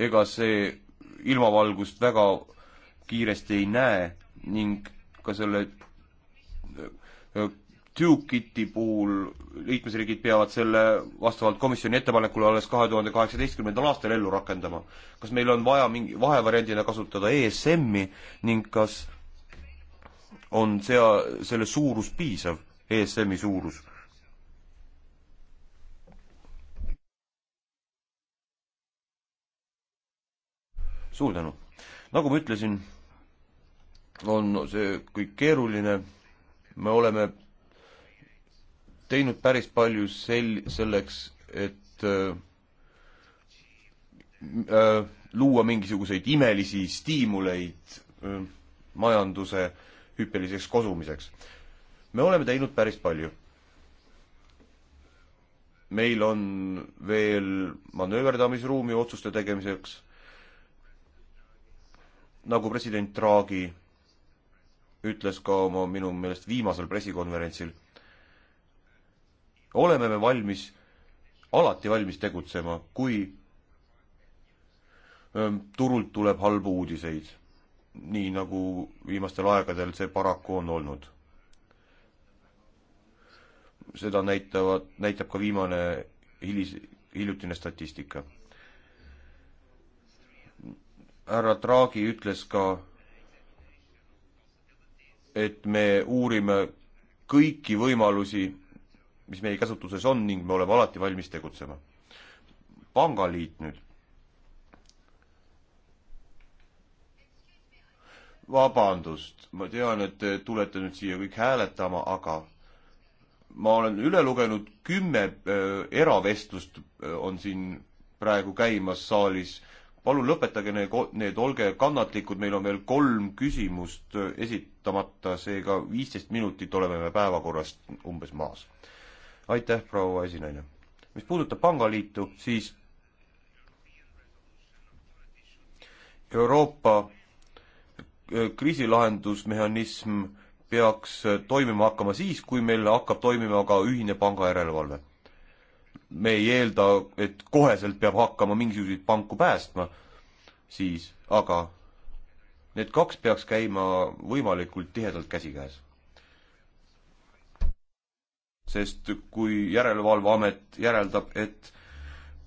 ega see ilmavalgust väga kiiresti ei näe ning ka selle äh, TÜKIT-i puhul liikmesriigid peavad selle vastavalt komisjoni ettepanekule alles kahe tuhande kaheksateistkümnendal aastal ellu rakendama. kas meil on vaja mingi vahevariandina kasutada ESM-i ning kas on sea-, selle suurus piisav, ESM-i suurus? suur tänu. nagu ma ütlesin, on see kõik keeruline, me oleme teinud päris palju sel-, selleks, et äh, äh, luua mingisuguseid imelisi stiimuleid äh, majanduse hüppeliseks kosumiseks. me oleme teinud päris palju. meil on veel manööverdamisruumi otsuste tegemiseks, nagu president Draghi ütles ka oma minu meelest viimasel pressikonverentsil oleme me valmis, alati valmis tegutsema, kui ähm, turult tuleb halbu uudiseid, nii nagu viimastel aegadel see paraku on olnud. seda näitavad, näitab ka viimane hilis, hiljutine statistika. härra Draghi ütles ka, et me uurime kõiki võimalusi mis meie käsutuses on ning me oleme alati valmis tegutsema. pangaliit nüüd. vabandust, ma tean, et te tulete nüüd siia kõik hääletama, aga ma olen üle lugenud, kümme äh, eravestlust äh, on siin praegu käimas saalis. palun lõpetage need, need, olge kannatlikud, meil on veel kolm küsimust äh, esitamata, seega viisteist minutit oleme me päevakorrast umbes maas aitäh, proua esinaine. mis puudutab pangaliitu, siis Euroopa e, kriisilahendusmehhanism peaks e, toimima hakkama siis, kui meil hakkab toimima ka ühine pangajärelevalve. me ei eelda, et koheselt peab hakkama mingisuguseid panku päästma, siis aga need kaks peaks käima võimalikult tihedalt käsikäes sest kui Järelevalveamet järeldab, et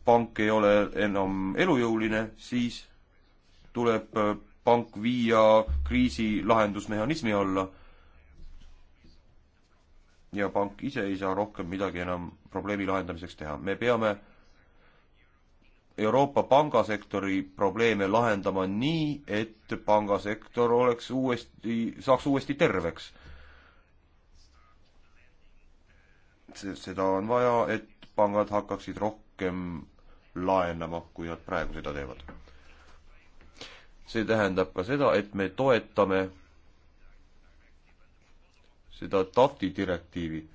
pank ei ole enam elujõuline, siis tuleb äh, pank viia kriisi lahendusmehhanismi alla. ja pank ise ei saa rohkem midagi enam probleemi lahendamiseks teha. me peame Euroopa pangasektori probleeme lahendama nii, et pangasektor oleks uuesti, saaks uuesti terveks seda on vaja, et pangad hakkaksid rohkem laenama, kui nad praegu seda teevad. see tähendab ka seda, et me toetame seda tahti direktiivi.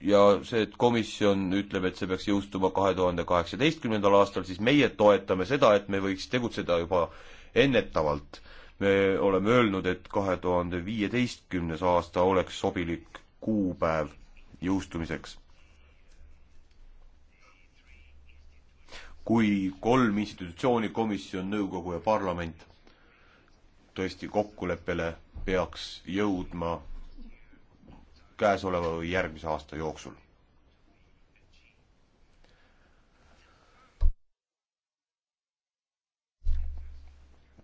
ja see, et komisjon ütleb, et see peaks jõustuma kahe tuhande kaheksateistkümnendal aastal, siis meie toetame seda, et me võiks tegutseda juba ennetavalt me oleme öelnud, et kahe tuhande viieteistkümnes aasta oleks sobilik kuupäev jõustumiseks. kui kolm institutsiooni, komisjon, nõukogu ja parlament tõesti kokkuleppele peaks jõudma käesoleva või järgmise aasta jooksul.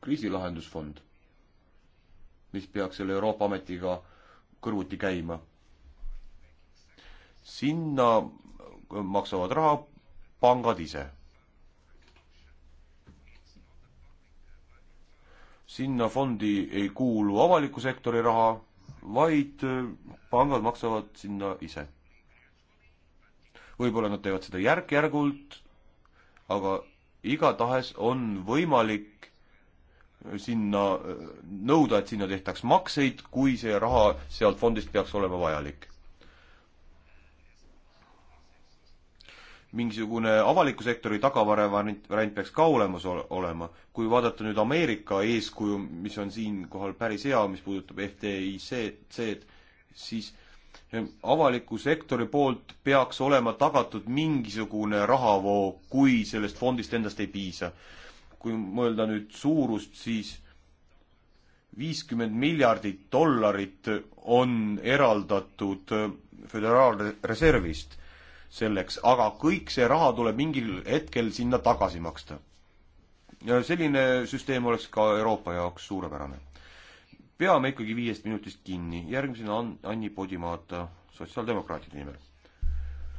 kriisilahendusfond mis peaks selle Euroopa Ametiga kõrvuti käima. sinna maksavad raha pangad ise. sinna fondi ei kuulu avaliku sektori raha, vaid äh, pangad maksavad sinna ise. võib-olla nad teevad seda järk-järgult, aga igatahes on võimalik sinna, nõuda, et sinna tehtaks makseid, kui see raha sealt fondist peaks olema vajalik. mingisugune avaliku sektori tagavarevariant peaks ka olemas olema. kui vaadata nüüd Ameerika eeskuju, mis on siinkohal päris hea, mis puudutab FDIC-d, siis eh, avaliku sektori poolt peaks olema tagatud mingisugune rahavoo, kui sellest fondist endast ei piisa kui mõelda nüüd suurust, siis viiskümmend miljardit dollarit on eraldatud föderaalreservist selleks, aga kõik see raha tuleb mingil hetkel sinna tagasi maksta. ja selline süsteem oleks ka Euroopa jaoks suurepärane. peame ikkagi viiest minutist kinni, järgmisena on Anni Podimata sotsiaaldemokraatide nimel.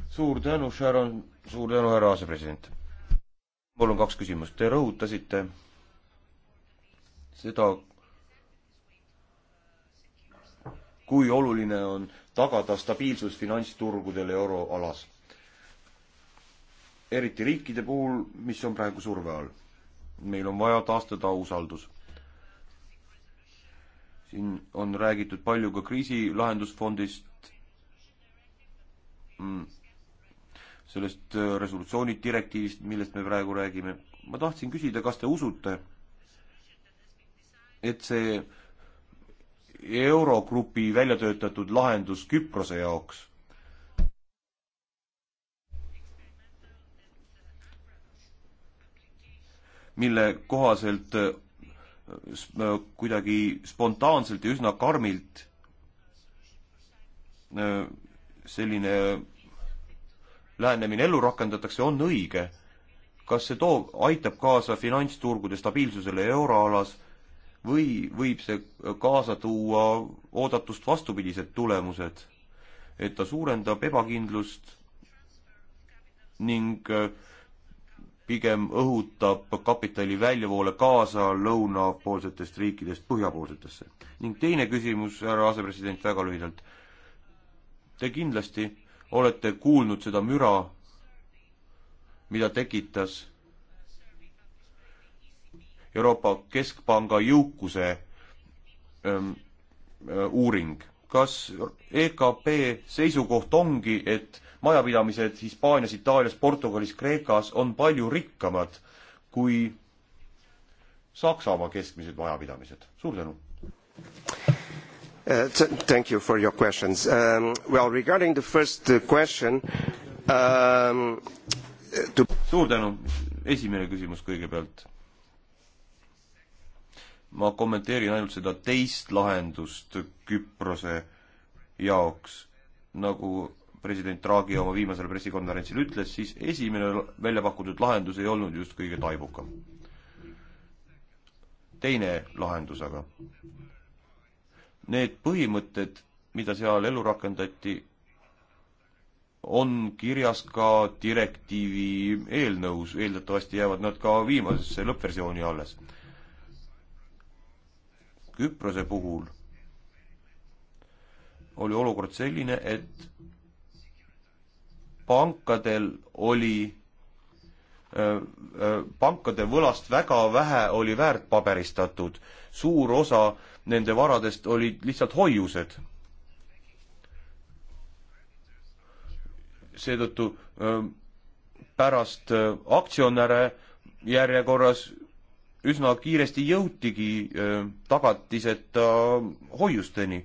suur tänu, Sharon, suur tänu, härra asepresident mul on kaks küsimust. Te rõhutasite seda, kui oluline on tagada stabiilsus finantsturgudel euroalas. eriti riikide puhul, mis on praegu surve all. meil on vaja taastada usaldus. siin on räägitud palju ka kriisilahendusfondist mm sellest äh, resolutsiooni direktiivist, millest me praegu räägime. ma tahtsin küsida, kas te usute, et see Eurogrupi välja töötatud lahendus Küprose jaoks mille kohaselt äh, äh, kuidagi spontaanselt ja üsna karmilt selline lähenemine ellu rakendatakse, on õige. kas see toob, aitab kaasa finantsturgude stabiilsusele euroalas või võib see kaasa tuua oodatust vastupidised tulemused, et ta suurendab ebakindlust ning äh, pigem õhutab kapitali väljavoole kaasa lõunapoolsetest riikidest põhjapoolsetesse. ning teine küsimus, härra asepresident, väga lühidalt. Te kindlasti olete kuulnud seda müra, mida tekitas Euroopa Keskpanga jõukuse öö, ähm, äh, uuring. kas EKP seisukoht ongi, et majapidamised Hispaanias, Itaalias, Portugalis, Kreekas on palju rikkamad kui Saksamaa keskmised majapidamised? suur tänu! Uh, thank you for your questions. Um, well, regarding the first uh, question um, to... suur tänu, esimene küsimus kõigepealt. ma kommenteerin ainult seda teist lahendust Küprose jaoks. nagu president Draghi oma viimasel pressikonverentsil ütles, siis esimene välja pakutud lahendus ei olnud just kõige taibukam. teine lahendus aga Need põhimõtted, mida seal elu rakendati, on kirjas ka direktiivi eelnõus, eeldatavasti jäävad nad ka viimasesse lõppversiooni alles. Küprose puhul oli olukord selline, et pankadel oli äh,, äh, pankade võlast väga vähe oli väärtpaberistatud, suur osa nende varadest olid lihtsalt hoiused. seetõttu ähm, pärast äh, aktsionäre järjekorras üsna kiiresti jõutigi ähm, tagatiseta hoiusteni.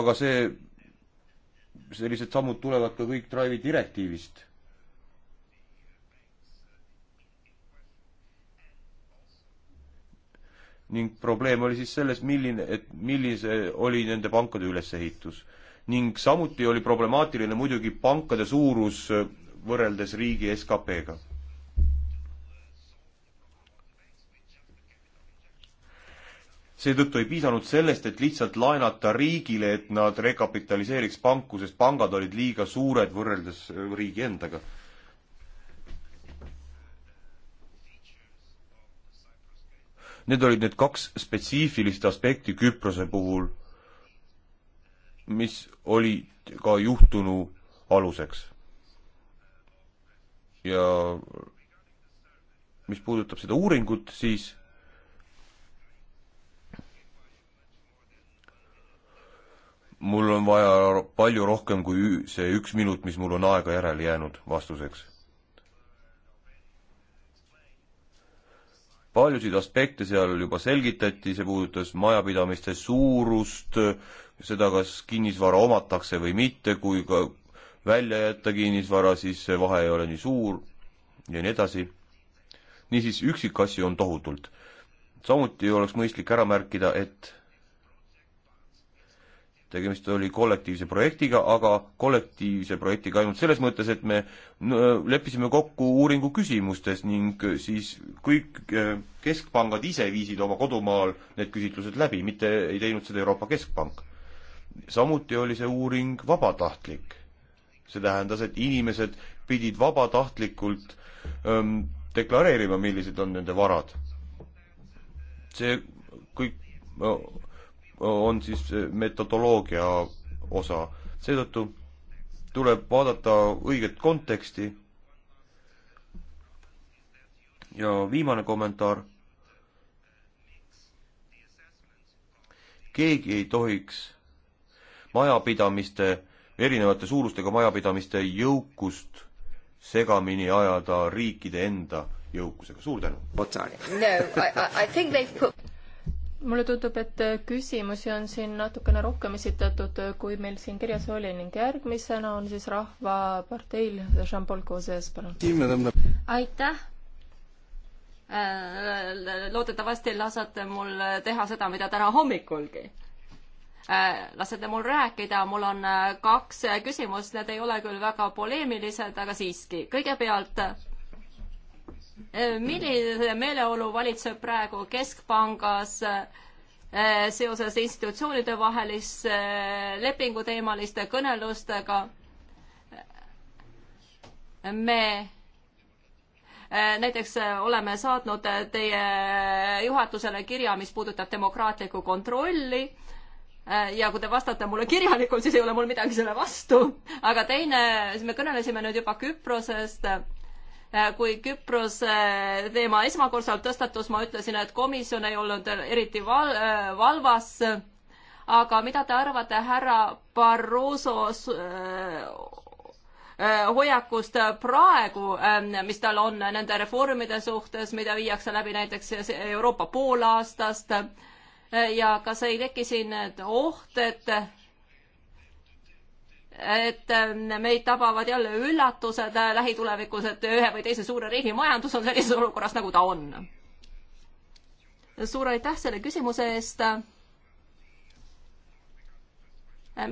aga see, sellised sammud tulevad ka kõik Drive'i direktiivist ning probleem oli siis selles, milline, et millise oli nende pankade ülesehitus. ning samuti oli problemaatiline muidugi pankade suurus äh, võrreldes riigi SKP-ga. seetõttu ei piisanud sellest, et lihtsalt laenata riigile, et nad rekapitaliseeriks panku, sest pangad olid liiga suured võrreldes äh, riigi endaga Need olid need kaks spetsiifilist aspekti Küprose puhul, mis olid ka juhtunu aluseks. ja mis puudutab seda uuringut, siis mul on vaja palju rohkem kui see üks minut, mis mul on aega järele jäänud vastuseks paljusid aspekte seal juba selgitati, see puudutas majapidamiste suurust, seda, kas kinnisvara omatakse või mitte, kui ka välja jätta kinnisvara, siis see vahe ei ole nii suur ja nii edasi. niisiis, üksikasju on tohutult. samuti oleks mõistlik ära märkida, et tegemist oli kollektiivse projektiga, aga kollektiivse projektiga ainult selles mõttes, et me leppisime kokku uuringu küsimustes ning siis kõik äh, keskpangad ise viisid oma kodumaal need küsitlused läbi, mitte ei teinud seda Euroopa Keskpank. samuti oli see uuring vabatahtlik. see tähendas, et inimesed pidid vabatahtlikult öö, ähm, deklareerima, millised on nende varad. see kõik no, on siis metodoloogia osa. seetõttu tuleb vaadata õiget konteksti. ja viimane kommentaar. keegi ei tohiks majapidamiste, erinevate suurustega majapidamiste jõukust segamini ajada riikide enda jõukusega. suur tänu! no I, I think they've put mulle tundub, et küsimusi on siin natukene rohkem esitatud, kui meil siin kirjas oli ning järgmisena on siis Rahvaparteil Jean-Paul Gauzes, palun. aitäh! Äh, loodetavasti lasete mul teha seda, mida täna hommikulgi. Äh, lasete mul rääkida, mul on äh, kaks küsimust, need ei ole küll väga poleemilised, aga siiski. kõigepealt Äh, milline meeleolu valitseb praegu Keskpangas äh, seoses institutsioonide vaheliste äh, lepinguteemaliste kõnelustega? me näiteks oleme saatnud teie juhatusele kirja, mis puudutab demokraatlikku kontrolli ja kui te vastate mulle kirjalikult, siis ei ole mul midagi selle vastu, aga teine, siis me kõnelesime nüüd juba Küprosest Äh, kui Küprose äh, teema esmakordselt tõstatus, ma ütlesin, et komisjon ei olnud eriti val-, äh, valvas, aga mida te arvate härra Barroso hoiakust praegu, ähm, mis tal on nende reformide suhtes, mida viiakse läbi näiteks Euroopa poolaastast ja kas ei teki siin oht, et et ähm, meid tabavad jälle üllatused äh, lähitulevikus, et ühe või teise suure riigi majandus on sellises olukorras, nagu ta on. suur aitäh selle küsimuse eest. Äh,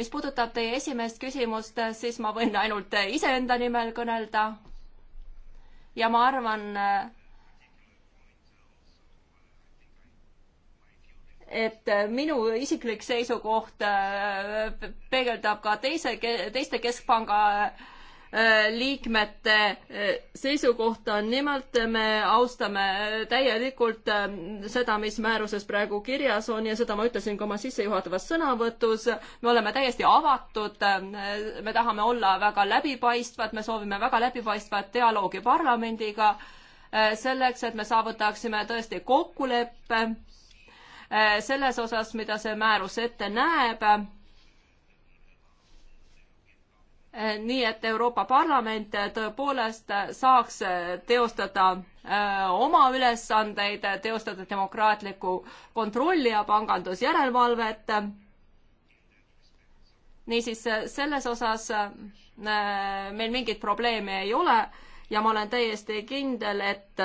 mis puudutab teie esimest küsimust, siis ma võin ainult iseenda nimel kõnelda. ja ma arvan, äh, et minu isiklik seisukoht äh, peegeldab ka teise, teiste keskpanga äh, liikmete äh, seisukohta, nimelt me austame täielikult seda, mis määruses praegu kirjas on ja seda ma ütlesin ka oma sissejuhatavas sõnavõtus. me oleme täiesti avatud, me tahame olla väga läbipaistvad, me soovime väga läbipaistvat dialoogi parlamendiga selleks, et me saavutaksime tõesti kokkuleppe Äh, selles osas, mida see määrus ette näeb. Äh, nii et Euroopa Parlament äh, tõepoolest saaks teostada oma ülesandeid, teostada demokraatlikku kontrolli ja pangandusjärelevalvet niisiis selles osas meil mingit probleemi ei ole ja ma olen täiesti kindel, et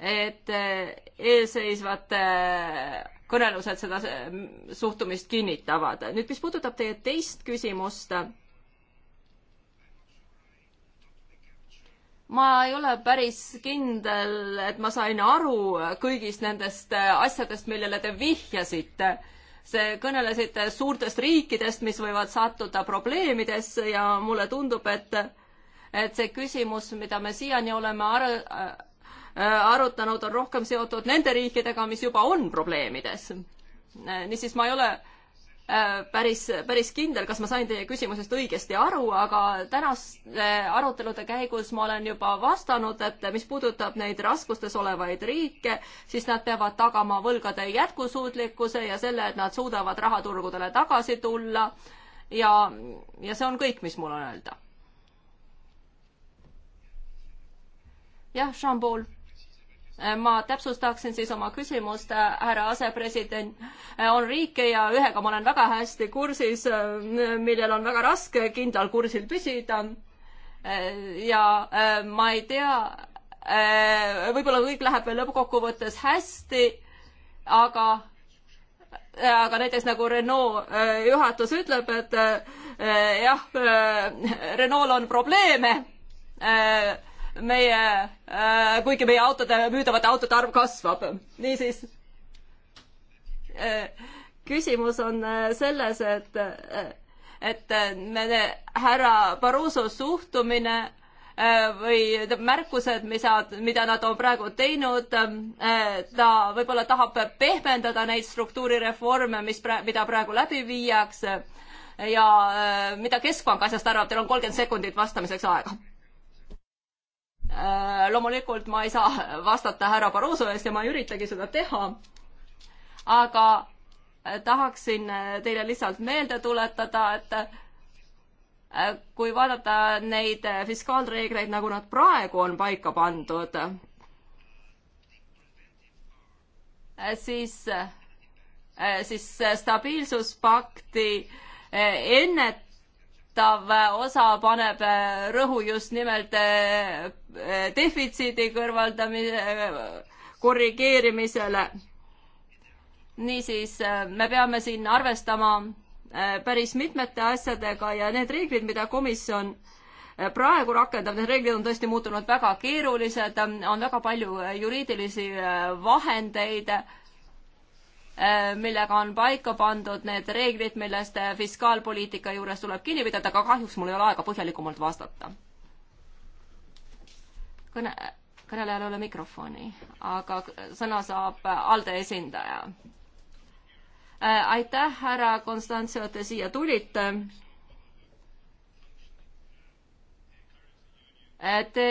et eh, eelseisvad eh, kõnelused seda eh, suhtumist kinnitavad. nüüd, mis puudutab teie teist küsimust, ma ei ole päris kindel, et ma sain aru kõigist nendest asjadest, millele te vihjasite. see, kõnelesite suurtest riikidest, mis võivad sattuda probleemidesse ja mulle tundub, et et see küsimus, mida me siiani oleme ar-, Äh, arutanud, on rohkem seotud nende riikidega, mis juba on probleemides. Äh, niisiis, ma ei ole äh, päris, päris kindel, kas ma sain teie küsimusest õigesti aru, aga tänaste arutelude käigus ma olen juba vastanud, et mis puudutab neid raskustes olevaid riike, siis nad peavad tagama võlgade jätkusuutlikkuse ja selle, et nad suudavad rahaturgudele tagasi tulla. ja, ja see on kõik, mis mul on öelda. jah, Jean-Paul Äh, ma täpsustaksin siis oma küsimust, äh, härra asepresident. Äh, on riike ja ühega ma olen väga hästi kursis, millel on väga raske kindlal kursil püsida. ja ma ei tea, võib-olla kõik läheb veel lõppkokkuvõttes hästi, aga aga näiteks nagu Renault juhatus ütleb, et jah, Renault'l on probleeme meie, äh, kuigi meie autode, müüdavate autode arv kasvab. niisiis, äh, küsimus on äh, selles, et, et me, härra Barroso suhtumine või märkused, mis, mida nad on praegu teinud. ta võib-olla tahab pehmendada neid struktuurireforme, mis, mida praegu läbi viiakse ja mida Keskpank asjast arvab, teil on kolmkümmend sekundit vastamiseks aega Äh, loomulikult ma ei saa vastata härra Barroso eest ja ma ei üritagi seda teha. aga äh, tahaksin äh, teile lihtsalt meelde tuletada, et kui vaadata neid fiskaalreegleid, nagu nad praegu on paika pandud, siis, siis stabiilsuspakti ennet-, teatav osa paneb rõhu just nimelt eh, defitsiidi kõrvaldamise, korrigeerimisele. niisiis, eh, me peame siin arvestama eh, päris mitmete asjadega ja need reeglid, mida komisjon praegu rakendab, need reeglid on tõesti muutunud väga keerulised, on väga palju juriidilisi vahendeid Äh, millega on paika pandud need reeglid, millest äh, fiskaalpoliitika juures tuleb kinni pidada, aga kahjuks mul ei ole aega põhjalikumalt vastata. kõne, kõnelejal ei ole mikrofoni, aga sõna saab äh, ALDE esindaja. aitäh, härra Konstantsio, et te siia tulite Te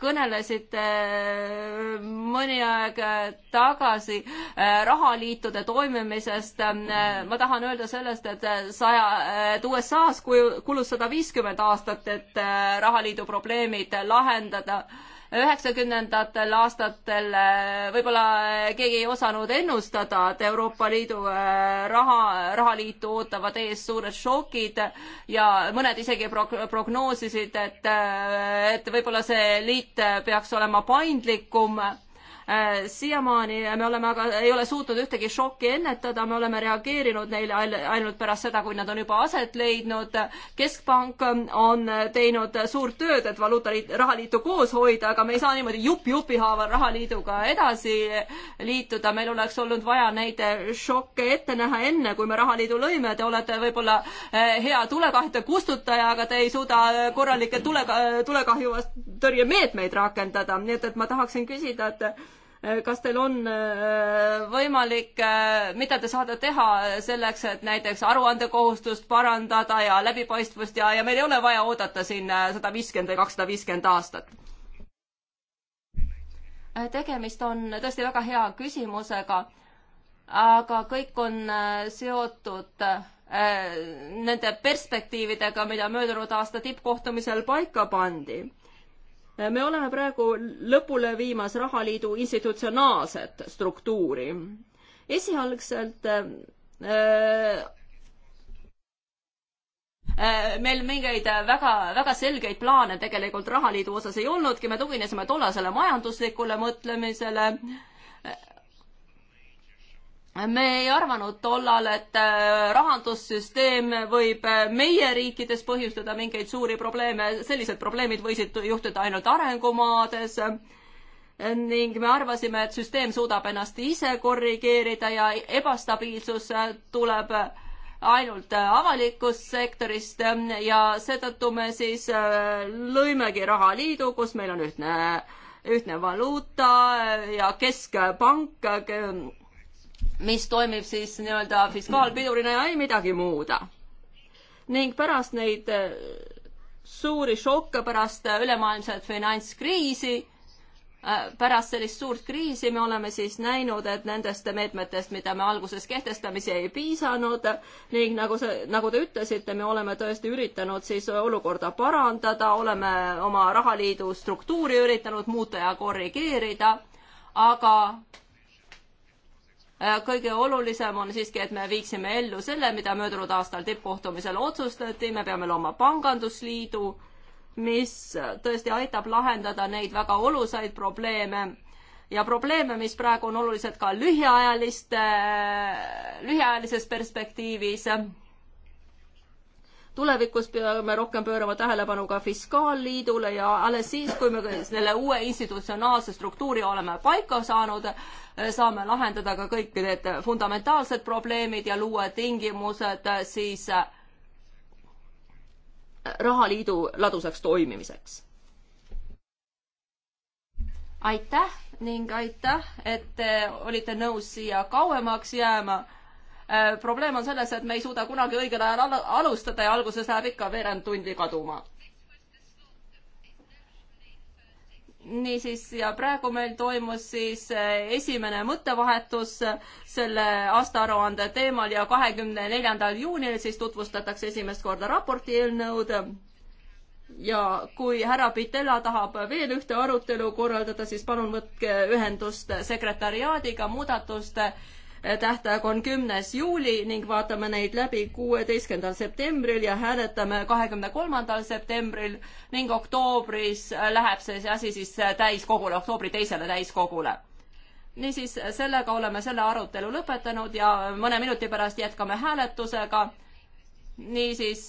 kõnelesite äh, mõni aeg äh, tagasi äh, rahaliitude toimimisest. ma tahan öelda sellest, et saja, et USA-s kulus sada viiskümmend aastat, et rahaliidu probleemid lahendada üheksakümnendatel aastatel eh, võib-olla keegi ei osanud ennustada, et Euroopa Liidu eh, raha, rahaliitu ootavad ees suured šokid ja mõned isegi prog-, prognoosisid, et, eh, et võib-olla see liit peaks olema paindlikum Äh, siiamaani me oleme aga, ei ole suutnud ühtegi šokki ennetada, me oleme reageerinud neile ainult pärast seda, kui nad on juba aset leidnud. keskpank ähm, on äh, teinud äh, suurt tööd, et valuutaliit, rahaliitu koos hoida, aga me ei saa niimoodi jupp-jupi haaval rahaliiduga edasi liituda, meil oleks olnud vaja neid šokke ette näha enne, kui me rahaliidu lõime, te olete võib-olla hea tulekahjude kustutaja, aga te ei suuda korralikke tule, tulekahju tõrjemeetmeid rakendada, nii et, et ma tahaksin küsida, et Eh, kas teil on eh, võimalik, eh, mida te saate teha selleks, et näiteks aruandekohustust parandada ja läbipaistvust ja, ja meil ei ole vaja oodata siin sada viiskümmend või kakssada viiskümmend aastat? tegemist on tõesti väga hea küsimusega, aga kõik on seotud nende perspektiividega, mida möödunud aasta tippkohtumisel paika pandi me oleme praegu lõpule viimas rahaliidu institutsionaalset struktuuri. esialgselt äh, äh, meil mingeid väga, väga selgeid plaane tegelikult rahaliidu osas ei olnudki, me tuginesime tollasele majanduslikule mõtlemisele äh, me ei arvanud tollal, et äh, rahandussüsteem võib äh, meie riikides põhjustada mingeid suuri probleeme, sellised probleemid võisid juhtuda ainult arengumaades ning me arvasime, et süsteem suudab ennast ise korrigeerida ja ebastabiilsus tuleb ainult äh, avalikust sektorist ja seetõttu me siis lõimegi rahaliidu, kus meil on ühtne, ühtne valuuta ja keskpank mis toimib siis nii-öelda fiskaalpidurina ja ei midagi muud. ning pärast neid äh, suuri šokke, pärast äh, ülemaailmset finantskriisi, äh, pärast sellist suurt kriisi me oleme siis näinud, et nendest meetmetest, mida me alguses kehtestamisi ei piisanud ning nagu see, nagu te ütlesite, me oleme tõesti üritanud siis olukorda parandada, oleme oma rahaliidu struktuuri üritanud muuta ja korrigeerida, aga Äh, kõige olulisem on siiski, et me viiksime ellu selle, mida möödunud aastal tippkohtumisel otsustati, me peame looma pangandusliidu, mis tõesti aitab lahendada neid väga olusaid probleeme ja probleeme, mis praegu on olulised ka lühiajaliste, lühiajalises perspektiivis tulevikus peame rohkem pöörama tähelepanu ka fiskaalliidule ja alles siis, kui me selle uue institutsionaalse struktuuri oleme paika saanud, saame lahendada ka kõik need fundamentaalsed probleemid ja luua tingimused siis rahaliidu ladusaks toimimiseks. aitäh ning aitäh, et te olite nõus siia kauemaks jääma Äh, probleem on selles, et me ei suuda kunagi õigel ajal al alustada ja alguses läheb ikka veerand tundi kaduma. niisiis, ja praegu meil toimus siis äh, esimene mõttevahetus äh, selle aastaaruande teemal ja kahekümne neljandal juunil siis tutvustatakse esimest korda raporti eelnõud ja kui härra Pitella tahab veel ühte arutelu korraldada, siis palun võtke ühendust sekretäriaadiga muudatuste Eh, tähtaeg on kümnes juuli ning vaatame neid läbi kuueteistkümnendal septembril ja hääletame kahekümne kolmandal septembril ning oktoobris eh, läheb see asi siis eh, täiskogule, oktoobri teisele täiskogule. niisiis, sellega oleme selle arutelu lõpetanud ja mõne minuti pärast jätkame hääletusega. niisiis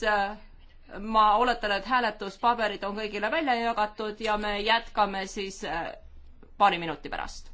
ma oletan, et hääletuspaberid on kõigile välja jagatud ja me jätkame siis paari minuti pärast.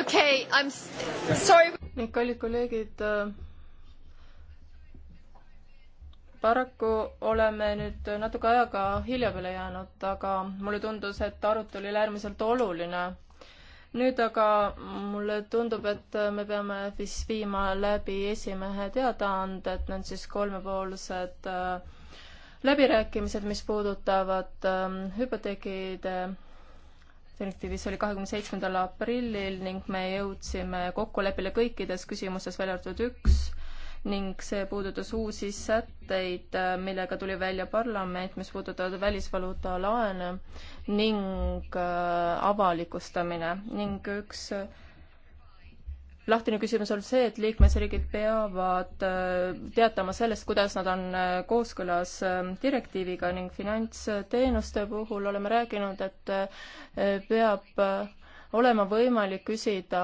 okei okay,, I m sorry. nii, kallid kolleegid. paraku oleme nüüd natuke ajaga hilja peale jäänud, aga mulle tundus, et arutelu oli äärmiselt oluline. nüüd aga mulle tundub, et me peame siis viima läbi esimehe teadaanded, need siis kolmepoolsed äh, läbirääkimised, mis puudutavad ähm, hüpoteegide direktiivis oli kahekümne seitsmendal aprillil ning me jõudsime kokkuleppele kõikides küsimustes, välja arvatud üks, ning see puudutas uusi sätteid, äh, millega tuli välja parlament, mis puudutavad välisvaluuta laene ning äh, avalikustamine ning üks äh, lahtine küsimus on see, et liikmesriigid peavad äh, teatama sellest, kuidas nad on äh, kooskõlas ähm, direktiiviga ning finantsteenuste puhul oleme rääkinud, et äh, peab olema võimalik küsida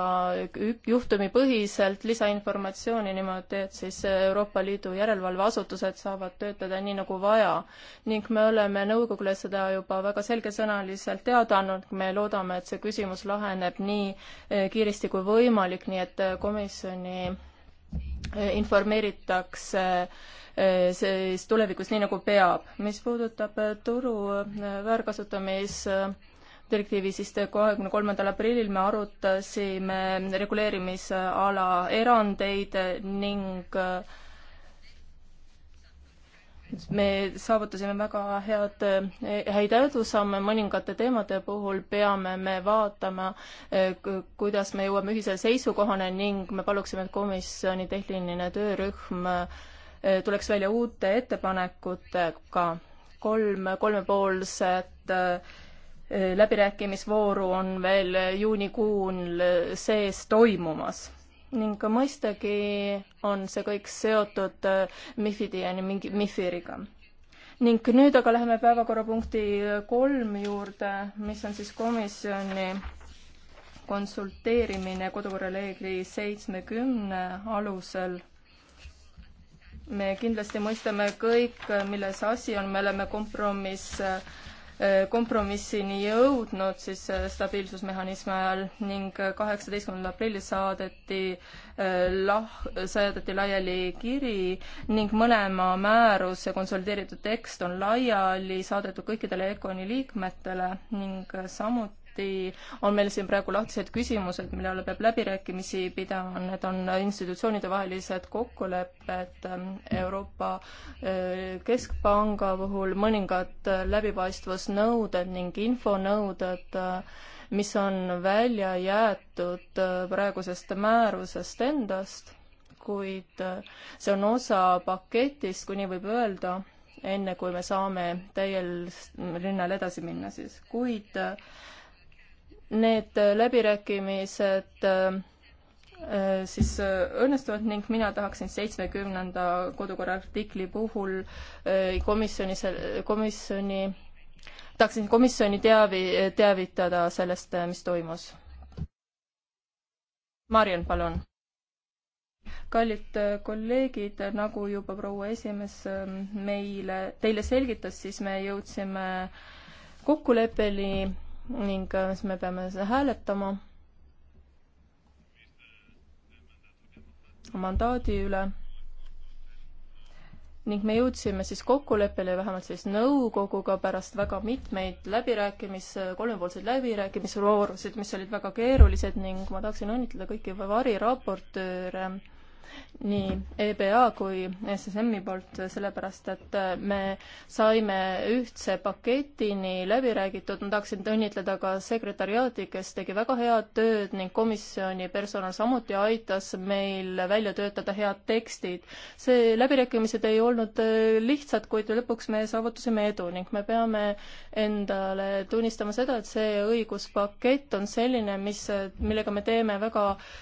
juhtumipõhiselt lisainformatsiooni niimoodi, et siis Euroopa Liidu järelevalveasutused saavad töötada nii, nagu vaja. ning me oleme nõukogule seda juba väga selgesõnaliselt teada andnud, me loodame, et see küsimus laheneb nii eh, kiiresti kui võimalik, nii et eh, komisjoni eh, informeeritakse siis tulevikus nii, nagu peab. mis puudutab turu väärkasutamise direktiivi, siis kahekümne kolmandal aprillil me arutasime reguleerimisala erandeid ning äh, me saavutasime väga head, äh, häid edusamme mõningate teemade puhul, peame me vaatama, äh, kuidas me jõuame ühisele seisukohale ning me paluksime, et komisjoni tehniline töörühm tuleks välja uute ettepanekutega, kolm kolmepoolset äh, läbirääkimisvooru on veel juunikuul sees toimumas ning mõistagi on see kõik seotud äh, MIFID-i ja mingi MIFIRiga. ning nüüd aga läheme päevakorrapunkti kolm juurde, mis on siis komisjoni konsulteerimine kodukorraleegri seitsmekümne alusel me kindlasti mõistame kõik, milles asi on, me oleme kompromiss äh, Äh, kompromissini jõudnud siis äh, stabiilsusmehhanismi ajal ning äh, kaheksateistkümnendal aprillil saadeti lah-, saadeti laiali kiri ning mõlema määrus ja konsolideeritud tekst on laiali saadetud kõikidele EKONi liikmetele ning samuti samuti on meil siin praegu lahtised küsimused, mille üle peab läbirääkimisi pidama, need on institutsioonide vahelised kokkulepped ähm, Euroopa äh, Keskpanga puhul, mõningad äh, läbipaistvusnõuded ning infonõuded, äh, mis on välja jäetud praegusest määrusest endast, kuid see on osa paketist, kui nii võib öelda enne kui me saame täiel rinnal edasi minna siis. kuid need äh, läbirääkimised äh, äh, siis õnnestuvad ning mina tahaksin seitsmekümnenda kodukorra artikli puhul komisjoni, komisjoni, tahaksin komisjoni teavi, teavitada sellest, mis toimus. Mariann, palun. kallid kolleegid, nagu juba proua esimees ähm, meile, teile selgitas, siis me jõudsime kokkuleppeni ning siis äh, me peame seda hääletama mandaadi üle ning me jõudsime siis kokkuleppele vähemalt siis nõukoguga pärast väga mitmeid läbirääkimis, kolmepoolseid läbirääkimisvoorusid, mis olid väga keerulised ning ma tahaksin õnnitleda kõiki variraportööre nii EBA kui SSM-i poolt, sellepärast et me saime ühtse paketini läbi räägitud, ma tahaksin õnnitleda ka sekretäriaadi, kes tegi väga head tööd ning komisjoni personal samuti aitas meil välja töötada head tekstid. see, läbirääkimised ei olnud lihtsad, kuid lõpuks me saavutasime edu ning me peame endale tunnistama seda, et see õiguspakett on selline, mis, millega me teeme väga äh,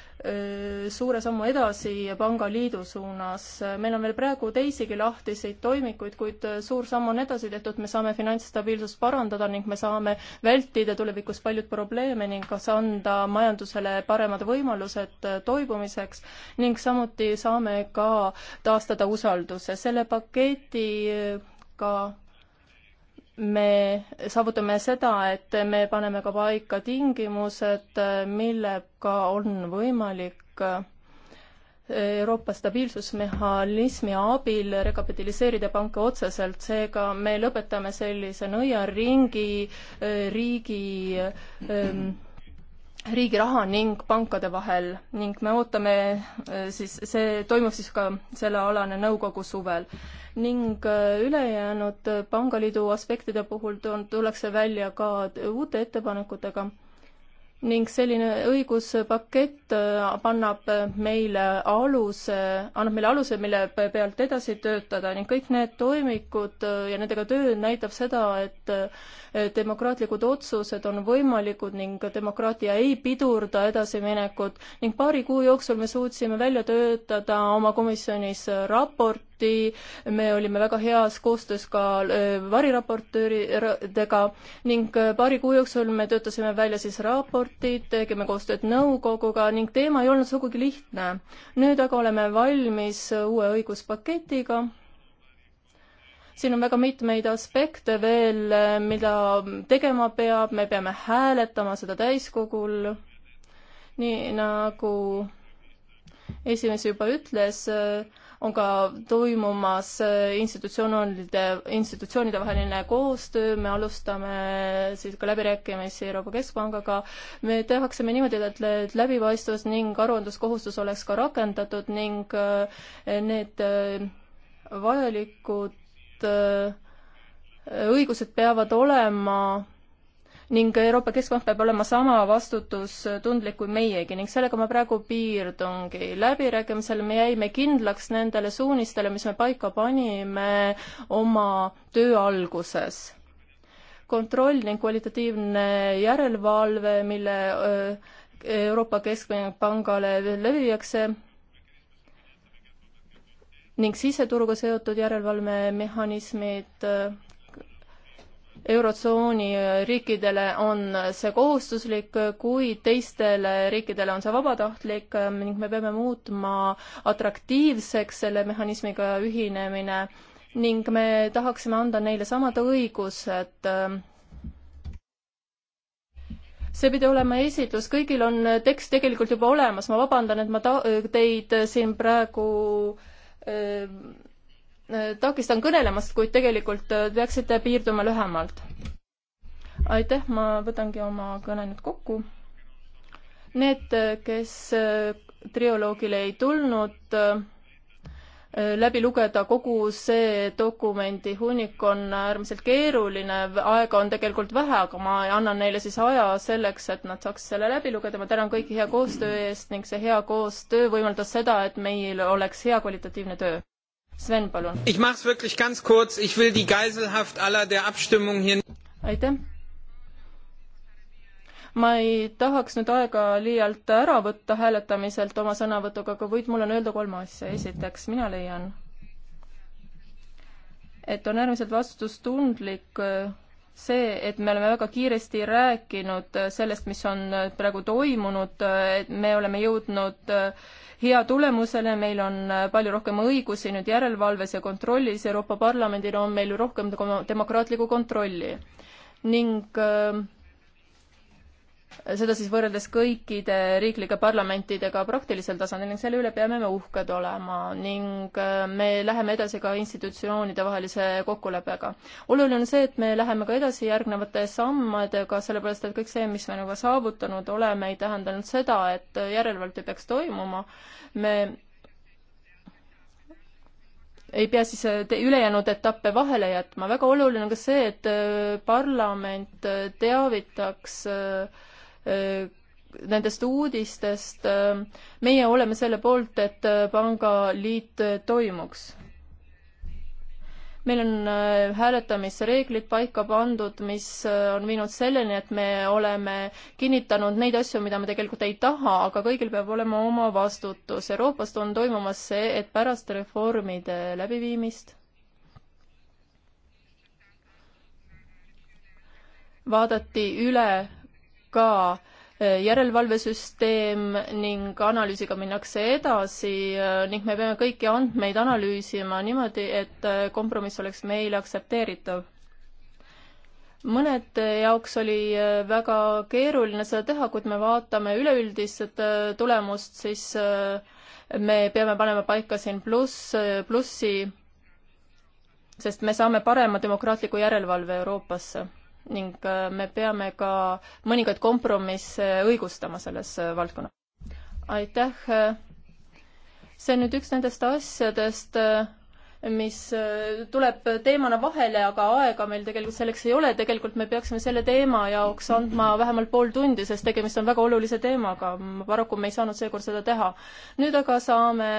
suure sammu edasi pangaliidu suunas. meil on veel praegu teisigi lahtiseid toimikuid, kuid suur samm on edasi tehtud, me saame finantsstabiilsust parandada ning me saame vältida tulevikus paljud probleeme ning kas anda majandusele paremad võimalused toibumiseks ning samuti saame ka taastada usalduse. selle paketiga me saavutame seda, et me paneme ka paika tingimused, millega on võimalik Euroopa stabiilsusmehhanismi abil rekapitaliseerida panka otseselt, seega me lõpetame sellise nõiaringi eh, riigi ähm, riigi raha ning pankade vahel ning me ootame äh, siis, see toimub siis ka sellealane nõukogu suvel. ning äh, ülejäänud äh, pangaliidu aspektide puhul tullakse välja ka uute ettepanekutega ning selline õiguspakett äh, annab meile aluse, annab meile aluse, mille pealt edasi töötada ning kõik need toimikud äh, ja nendega töö näitab seda, et äh, demokraatlikud otsused on võimalikud ning demokraatia ei pidurda edasiminekut ning paari kuu jooksul me suutsime välja töötada oma komisjonis raport, samuti, me olime väga heas koostöös ka äh, variraportööridega ning äh, paari kuu jooksul me töötasime välja siis raportid, tegime koostööd nõukoguga ning teema ei olnud sugugi lihtne. nüüd aga oleme valmis uue õiguspaketiga siin on väga mitmeid aspekte veel, äh, mida tegema peab, me peame hääletama seda täiskogul. nii nagu esimees juba ütles, on ka toimumas äh, institutsioonide, institutsioonide vaheline koostöö, me alustame siis ka läbirääkimisi Euroopa Keskpangaga, me tehaksime niimoodi, et, et läbipaistvus ning aruandluskohustus oleks ka rakendatud ning äh, need äh, vajalikud õigused peavad olema ning Euroopa Keskpank peab olema sama vastutustundlik kui meiegi ning sellega ma praegu piirdungi. läbirääkimisel me jäime kindlaks nendele suunistele, mis me paika panime oma töö alguses. kontroll ning kvalitatiivne järelevalve, mille Euroopa Keskpangale leviakse, ning siseturuga seotud järelevalvemehhanismid eurotsooni riikidele on see kohustuslik, kuid teistele riikidele on see vabatahtlik ning me peame muutma atraktiivseks selle mehhanismiga ühinemine ning me tahaksime anda neile samad õigused see pidi olema esitlus, kõigil on tekst tegelikult juba olemas, ma vabandan, et ma ta-, teid siin praegu öö, äh, Äh, takistan kõnelemast, kuid tegelikult äh, peaksite piirduma lühemalt. aitäh, ma võtangi oma kõne nüüd kokku. Need, äh, kes trioloogile ei tulnud, läbi lugeda kogu see dokumendi hunnik on äärmiselt keeruline, aega on tegelikult vähe, aga ma annan neile siis aja selleks, et nad saaks selle läbi lugeda, ma tänan kõiki hea koostöö eest ning see hea koostöö võimaldas seda, et meil oleks hea kvalitatiivne töö. Sven, palun. Ich mach's wirklich ganz kurz, ich will die Geiselhaft aller der Abstimmung hier. aitäh. ma ei tahaks nüüd aega liialt ära võtta hääletamiselt oma sõnavõtuga, aga võid mulle öelda kolme asja. esiteks, mina leian, et on äärmiselt vastutustundlik äh, see, et me oleme väga kiiresti rääkinud äh, sellest, mis on äh, praegu toimunud, äh, et me oleme jõudnud hea tulemusele, meil on palju rohkem õigusi nüüd järelevalves ja kontrollis, Euroopa Parlamendil on meil ju rohkem demokraatlikku kontrolli. ning äh, seda siis võrreldes kõikide riiklike parlamentidega praktilisel tasandil ning selle üle peame me uhked olema ning äh, me läheme edasi ka institutsioonide vahelise kokkuleppega. oluline on see, et me läheme ka edasi järgnevate sammadega, sellepärast et kõik see, mis me nagu saavutanud oleme, ei tähenda nüüd seda, et järelevalvet ei peaks toimuma. me ei pea siis äh, ülejäänud etappe vahele jätma. väga oluline on ka see, et äh, parlament teavitaks äh, Äh, nendest uudistest. Äh, meie oleme selle poolt, et äh, pangaliit toimuks. meil on hääletamisreeglid paika pandud, mis on viinud selleni, et me oleme kinnitanud neid asju, mida me tegelikult ei taha, aga kõigil peab olema oma vastutus. Euroopast on toimumas see, et pärast reformide läbiviimist vaadati üle ka eh, järelevalvesüsteem ning analüüsiga minnakse edasi eh, ning me peame kõiki andmeid analüüsima niimoodi, et eh, kompromiss oleks meile aktsepteeritav. mõned jaoks oli väga keeruline seda teha, kuid me vaatame üleüldist tulemust, siis me peame panema paika siin pluss, plussi, sest me saame parema demokraatliku järelevalve Euroopasse ning äh, me peame ka mõningaid kompromisse õigustama selles äh, valdkonnas. aitäh. Äh, see on nüüd üks nendest asjadest, mis tuleb teemana vahele, aga aega meil tegelikult selleks ei ole, tegelikult me peaksime selle teema jaoks andma vähemalt pool tundi, sest tegemist on väga olulise teemaga. paraku me ei saanud seekord seda teha. nüüd aga saame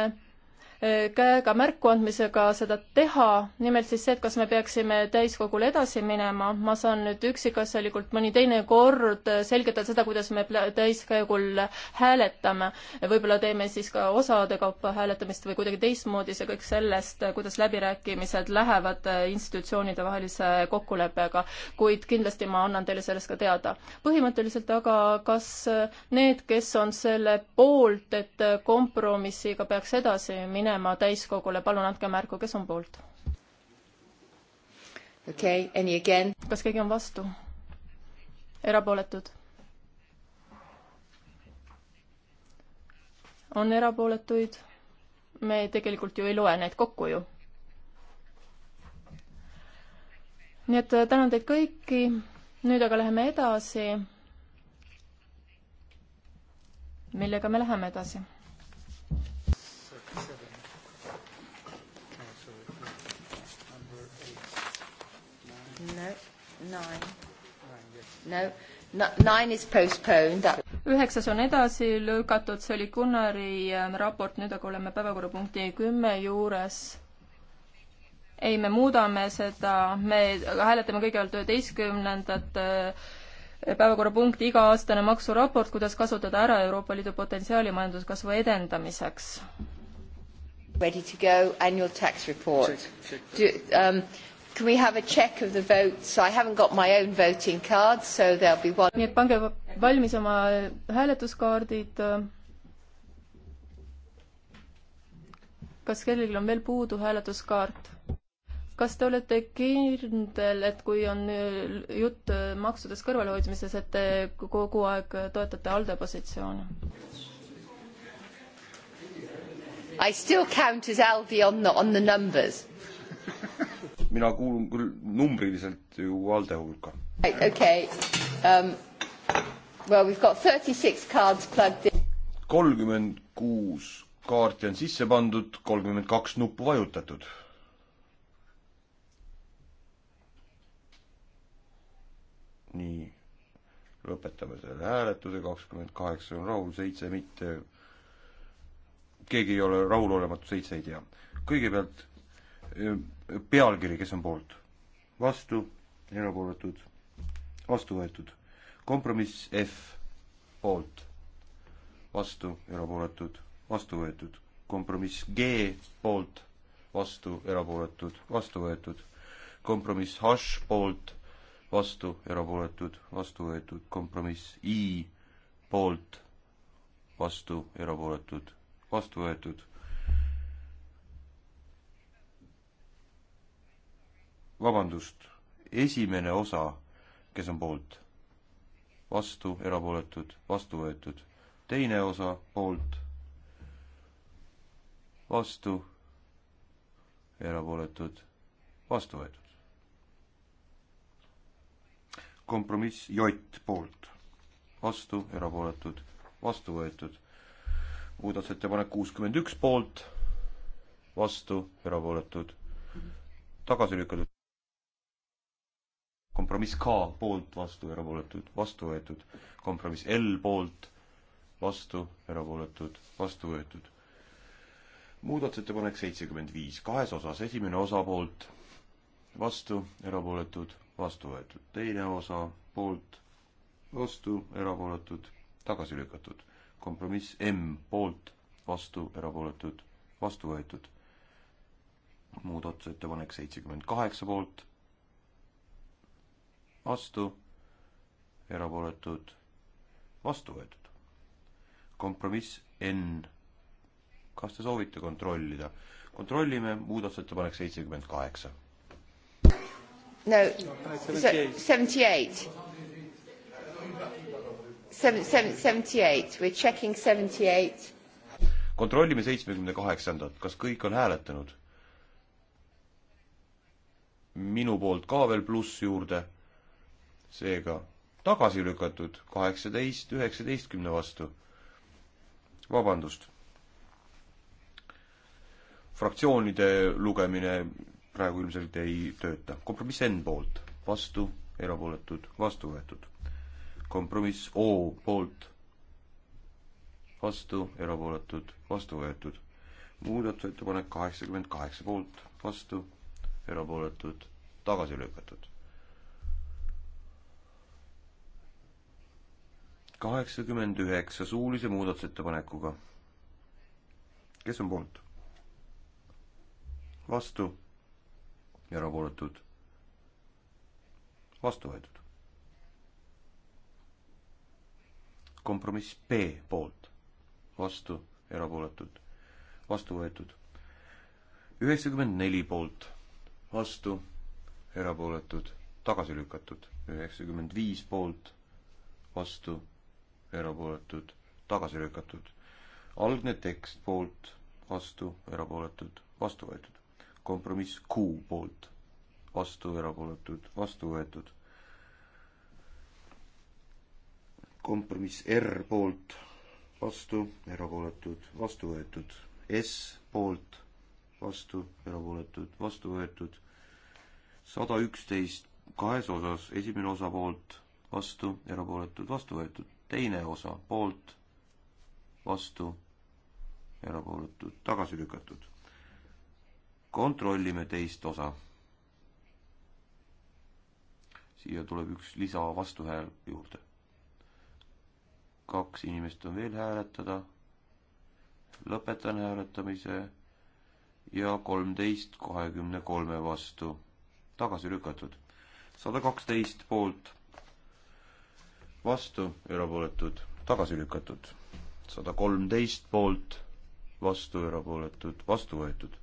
käega märkuandmisega seda teha, nimelt siis see, et kas me peaksime täiskogule edasi minema, ma saan nüüd üksikasjalikult mõni teine kord selgitada seda, kuidas me täiskogul hääletame. võib-olla teeme siis ka osade kaupa hääletamist või kuidagi teistmoodi, see kõik sellest, kuidas läbirääkimised lähevad institutsioonide vahelise kokkuleppega, kuid kindlasti ma annan teile sellest ka teada. põhimõtteliselt aga, kas need, kes on selle poolt, et kompromissiga peaks edasi minema, minema täiskogule, palun andke märku, kes on poolt. okei okay,, any again? kas keegi on vastu? erapooletud? on erapooletuid? me tegelikult ju ei loe neid kokku ju. nii et äh, tänan teid kõiki, nüüd aga läheme edasi. millega me läheme edasi? no, nine. No, nine is postponed. üheksas on edasi lükatud, see oli Gunnari ähm, raport, nüüd aga oleme päevakorrapunkti kümme juures. ei, me muudame seda, me hääletame kõigepealt üheteistkümnendat äh, päevakorrapunkti iga-aastane maksuraport, kuidas kasutada ära Euroopa Liidu potentsiaali majanduskasvu edendamiseks. Ready to go annual tax report. Check, check. Do, um, Can we have a check of the votes? I haven't got my own voting card, so there'll be one. nii et pange valmis oma hääletuskaardid. kas kellelgi on veel puudu hääletuskaart? kas te olete kindel, et kui on äh, jutt äh, maksudest kõrvalehoidmises, et te kogu aeg toetate ALDE positsiooni? I still count as Aldi on the, on the numbers mina kuulun küll numbriliselt ju ALDE hulka. okei, um, well we have got thirty six cards plugged in. kolmkümmend kuus kaarti on sisse pandud, kolmkümmend kaks nuppu vajutatud. nii, lõpetame selle hääletuse, kakskümmend kaheksa on rahul, seitse mitte. keegi ei ole rahulolematu, seitse ei tea. kõigepealt eh, pealkiri, kes on poolt? vastu, erapooletud, vastu võetud. kompromiss F, poolt, vastu, erapooletud, vastu võetud. kompromiss G, poolt, vastu, erapooletud, vastu võetud. kompromiss H, poolt, vastu, erapooletud, vastu võetud. kompromiss I, poolt, vastu, erapooletud, vastu võetud vabandust, esimene osa, kes on poolt, vastu, erapooletud, vastu võetud. teine osa poolt, vastu, erapooletud, vastu võetud. kompromiss J poolt, vastu, erapooletud, vastu võetud. muudatusettepanek kuuskümmend üks poolt, vastu, erapooletud, tagasi lükatud kompromiss K poolt, vastu, erapooletud, vastu võetud. kompromiss L poolt, vastu, erapooletud, vastu võetud. muudatusettepanek seitsekümmend viis, kahes osas, esimene osa poolt, vastu, erapooletud, vastu võetud. teine osa poolt, vastu, erapooletud, tagasi lükatud. kompromiss M poolt, vastu, erapooletud, vastu võetud muudatusettepanek seitsekümmend kaheksa poolt, vastu, erapooletud, vastu võetud. kompromiss N. kas te soovite kontrollida? kontrollime muudatusettepanek seitsekümmend kaheksa. No, seventy-eight. Seventy-eight, we are checking seventy-eight. kontrollime seitsmekümne kaheksandat, kas kõik on hääletanud? minu poolt ka veel pluss juurde seega tagasi lükatud kaheksateist üheksateistkümne vastu. vabandust. fraktsioonide lugemine praegu ilmselt ei tööta. kompromiss N poolt, vastu, erapooletud, vastu võetud. kompromiss O poolt, vastu, erapooletud, vastu võetud. muudatusettepanek kaheksakümmend kaheksa poolt, vastu, erapooletud, tagasi lükatud kaheksakümmend üheksa suulise muudatusettepanekuga. kes on poolt? vastu? erapooletud? vastu võetud. kompromiss B poolt, vastu, erapooletud, vastu võetud. üheksakümmend neli poolt, vastu, erapooletud, tagasi lükatud. üheksakümmend viis poolt, vastu erapooletud, tagasi lükatud. algne tekst poolt, vastu, erapooletud, vastu võetud. kompromiss Q poolt, vastu, erapooletud, vastu võetud. kompromiss R poolt, vastu, erapooletud, vastu võetud. S poolt, vastu, erapooletud, vastu võetud. sada üksteist kahes osas, esimene osa poolt, vastu, erapooletud, vastu võetud teine osa poolt, vastu, erapooletud, tagasi lükatud. kontrollime teist osa. siia tuleb üks lisa vastuhääl juurde. kaks inimest on veel hääletada. lõpetan hääletamise ja kolmteist kahekümne kolme vastu tagasi lükatud. sada kaksteist poolt vastu, erapooletud, tagasi lükatud. sada kolmteist poolt, vastu, erapooletud, vastu võetud.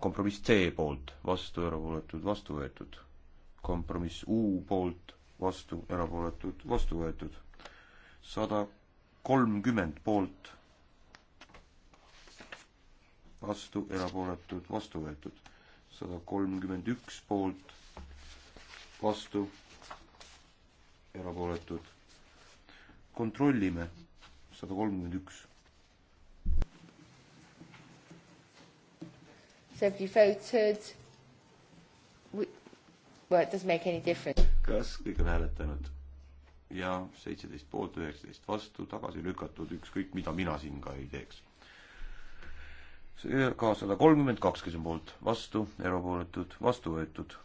kompromiss C poolt, vastu, erapooletud, vastu võetud. kompromiss U poolt, vastu, erapooletud, vastu võetud. sada kolmkümmend poolt, vastu, erapooletud, vastu võetud. sada kolmkümmend üks poolt, vastu erapooletud. kontrollime, sada kolmkümmend üks. Seventy voted. Well, it doesn't make any difference. kas kõik on hääletanud? ja seitseteist poolt, üheksateist vastu, tagasi lükatud, ükskõik mida mina siin ka ei teeks. ka sada kolmkümmend kaks, kes on poolt, vastu, erapooletud, vastu võetud.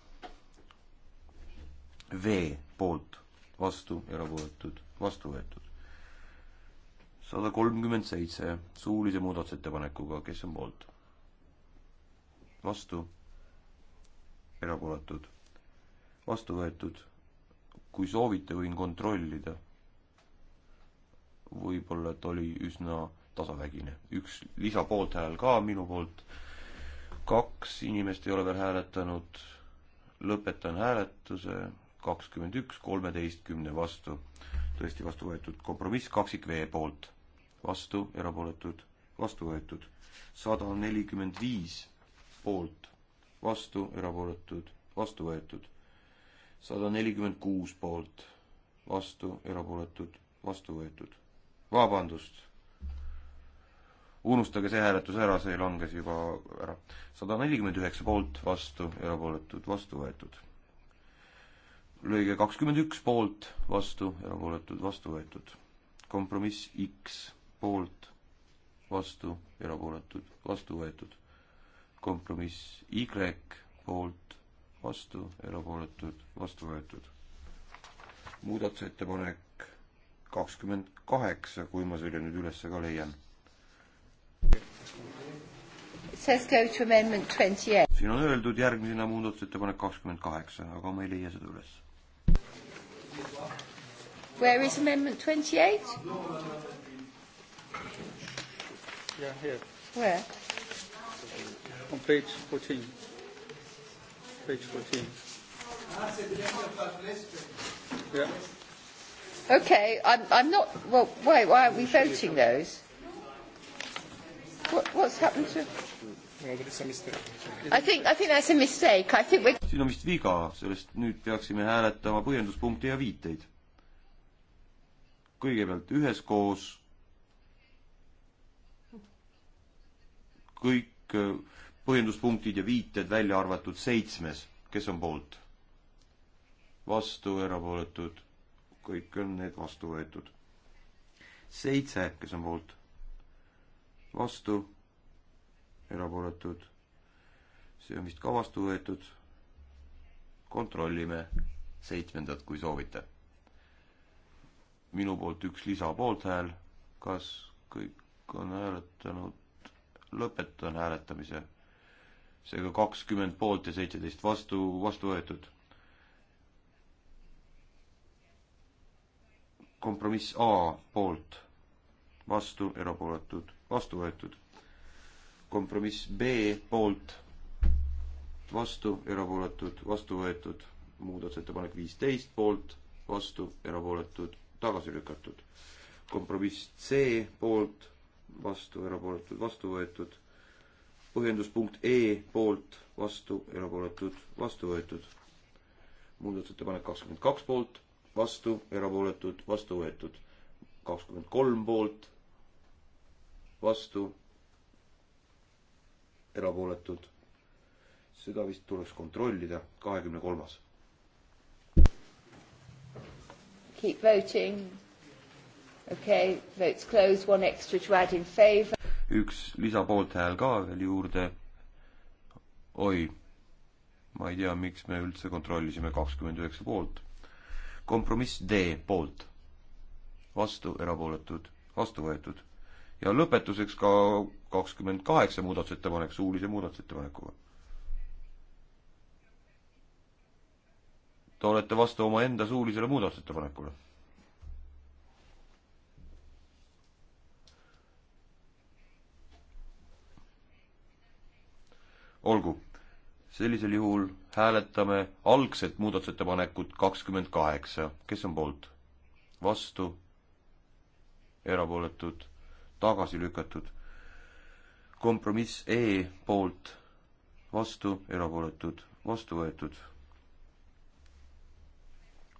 V poolt, vastu, erapooletud, vastu võetud. sada kolmkümmend seitse suulise muudatusettepanekuga, kes on poolt? vastu, erapooletud, vastu võetud. kui soovite, võin kontrollida. võib-olla, et oli üsna tasavägine, üks lisapoolthääl ka minu poolt. kaks inimest ei ole veel hääletanud. lõpetan hääletuse kakskümmend üks kolmeteistkümne vastu. tõesti vastu võetud kompromiss kaksik V poolt, vastu, erapooletud, vastu võetud. sada nelikümmend viis poolt, vastu, erapooletud, vastu võetud. sada nelikümmend kuus poolt, vastu, erapooletud, vastu võetud. vabandust unustage see hääletus ära, see langes juba ära. sada nelikümmend üheksa poolt, vastu, erapooletud, vastu võetud lõige kakskümmend üks poolt, vastu, erapooletud, vastu võetud. kompromiss X poolt, vastu, erapooletud, vastu võetud. kompromiss Y poolt, vastu, erapooletud, vastu võetud. muudatusettepanek kakskümmend kaheksa, kui ma selle nüüd üles ka leian. siin on öeldud järgmisena muudatusettepanek kakskümmend kaheksa, aga ma ei leia seda üles Where is Amendment 28? Yeah, here. Where? On page 14. Page 14. Yeah. Okay, I'm, I'm not. Well, why, why aren't we voting those? What, what's happened to? I think, I think that's a mistake. I think we. siin on vist viga, sellest nüüd peaksime hääletama põhjenduspunkte ja viiteid kõigepealt üheskoos kõik äh, põhjenduspunktid ja viited välja arvatud seitsmes, kes on poolt? vastu, erapooletud, kõik on need vastu võetud. seitse, kes on poolt? vastu, erapooletud, see on vist ka vastu võetud. kontrollime seitsmendat, kui soovite minu poolt üks lisa poolthääl. kas kõik on hääletanud? lõpetan hääletamise. seega kakskümmend poolt ja seitseteist vastu, vastu võetud. kompromiss A poolt, vastu, erapooletud, vastu võetud. kompromiss B poolt, vastu, erapooletud, vastu võetud. muudatusettepanek viisteist poolt, vastu, erapooletud tagasi lükatud. kompromiss C poolt, vastu, erapooletud, vastu võetud. põhjenduspunkt E poolt, vastu, erapooletud, vastu võetud. muudatusettepanek kakskümmend kaks poolt, vastu, erapooletud, vastu võetud. kakskümmend kolm poolt, vastu, erapooletud. seda vist tuleks kontrollida, kahekümne kolmas Keep voting. Okay, votes closed, one extra to add in favor. üks lisapoolthääl ka veel juurde. oi, ma ei tea, miks me üldse kontrollisime kakskümmend üheksa poolt. kompromiss D poolt, vastu erapooletud, vastu võetud ja lõpetuseks ka kakskümmend kaheksa muudatusettepanek suulise muudatusettepanekuga Te olete vastu omaenda suulisele muudatusettepanekule. olgu, sellisel juhul hääletame algset muudatusettepanekut kakskümmend kaheksa, kes on poolt? vastu? erapooletud? tagasi lükatud? kompromiss E poolt, vastu, erapooletud, vastu võetud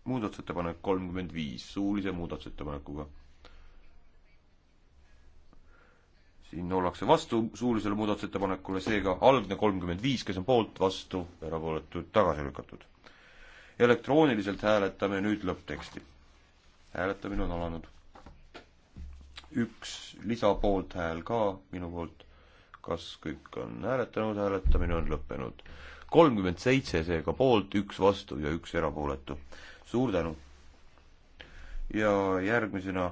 muudatusettepanek kolmkümmend viis suulise muudatusettepanekuga. siin ollakse vastu suulisele muudatusettepanekule, seega algne kolmkümmend viis, kes on poolt, vastu, erapooletud, tagasi lükatud. elektrooniliselt hääletame nüüd lõppteksti. hääletamine on alanud. üks lisapoolthääl ka minu poolt. kas kõik on hääletanud, hääletamine on lõppenud. kolmkümmend seitse seega poolt, üks vastu ja üks erapooletu suur tänu! ja järgmisena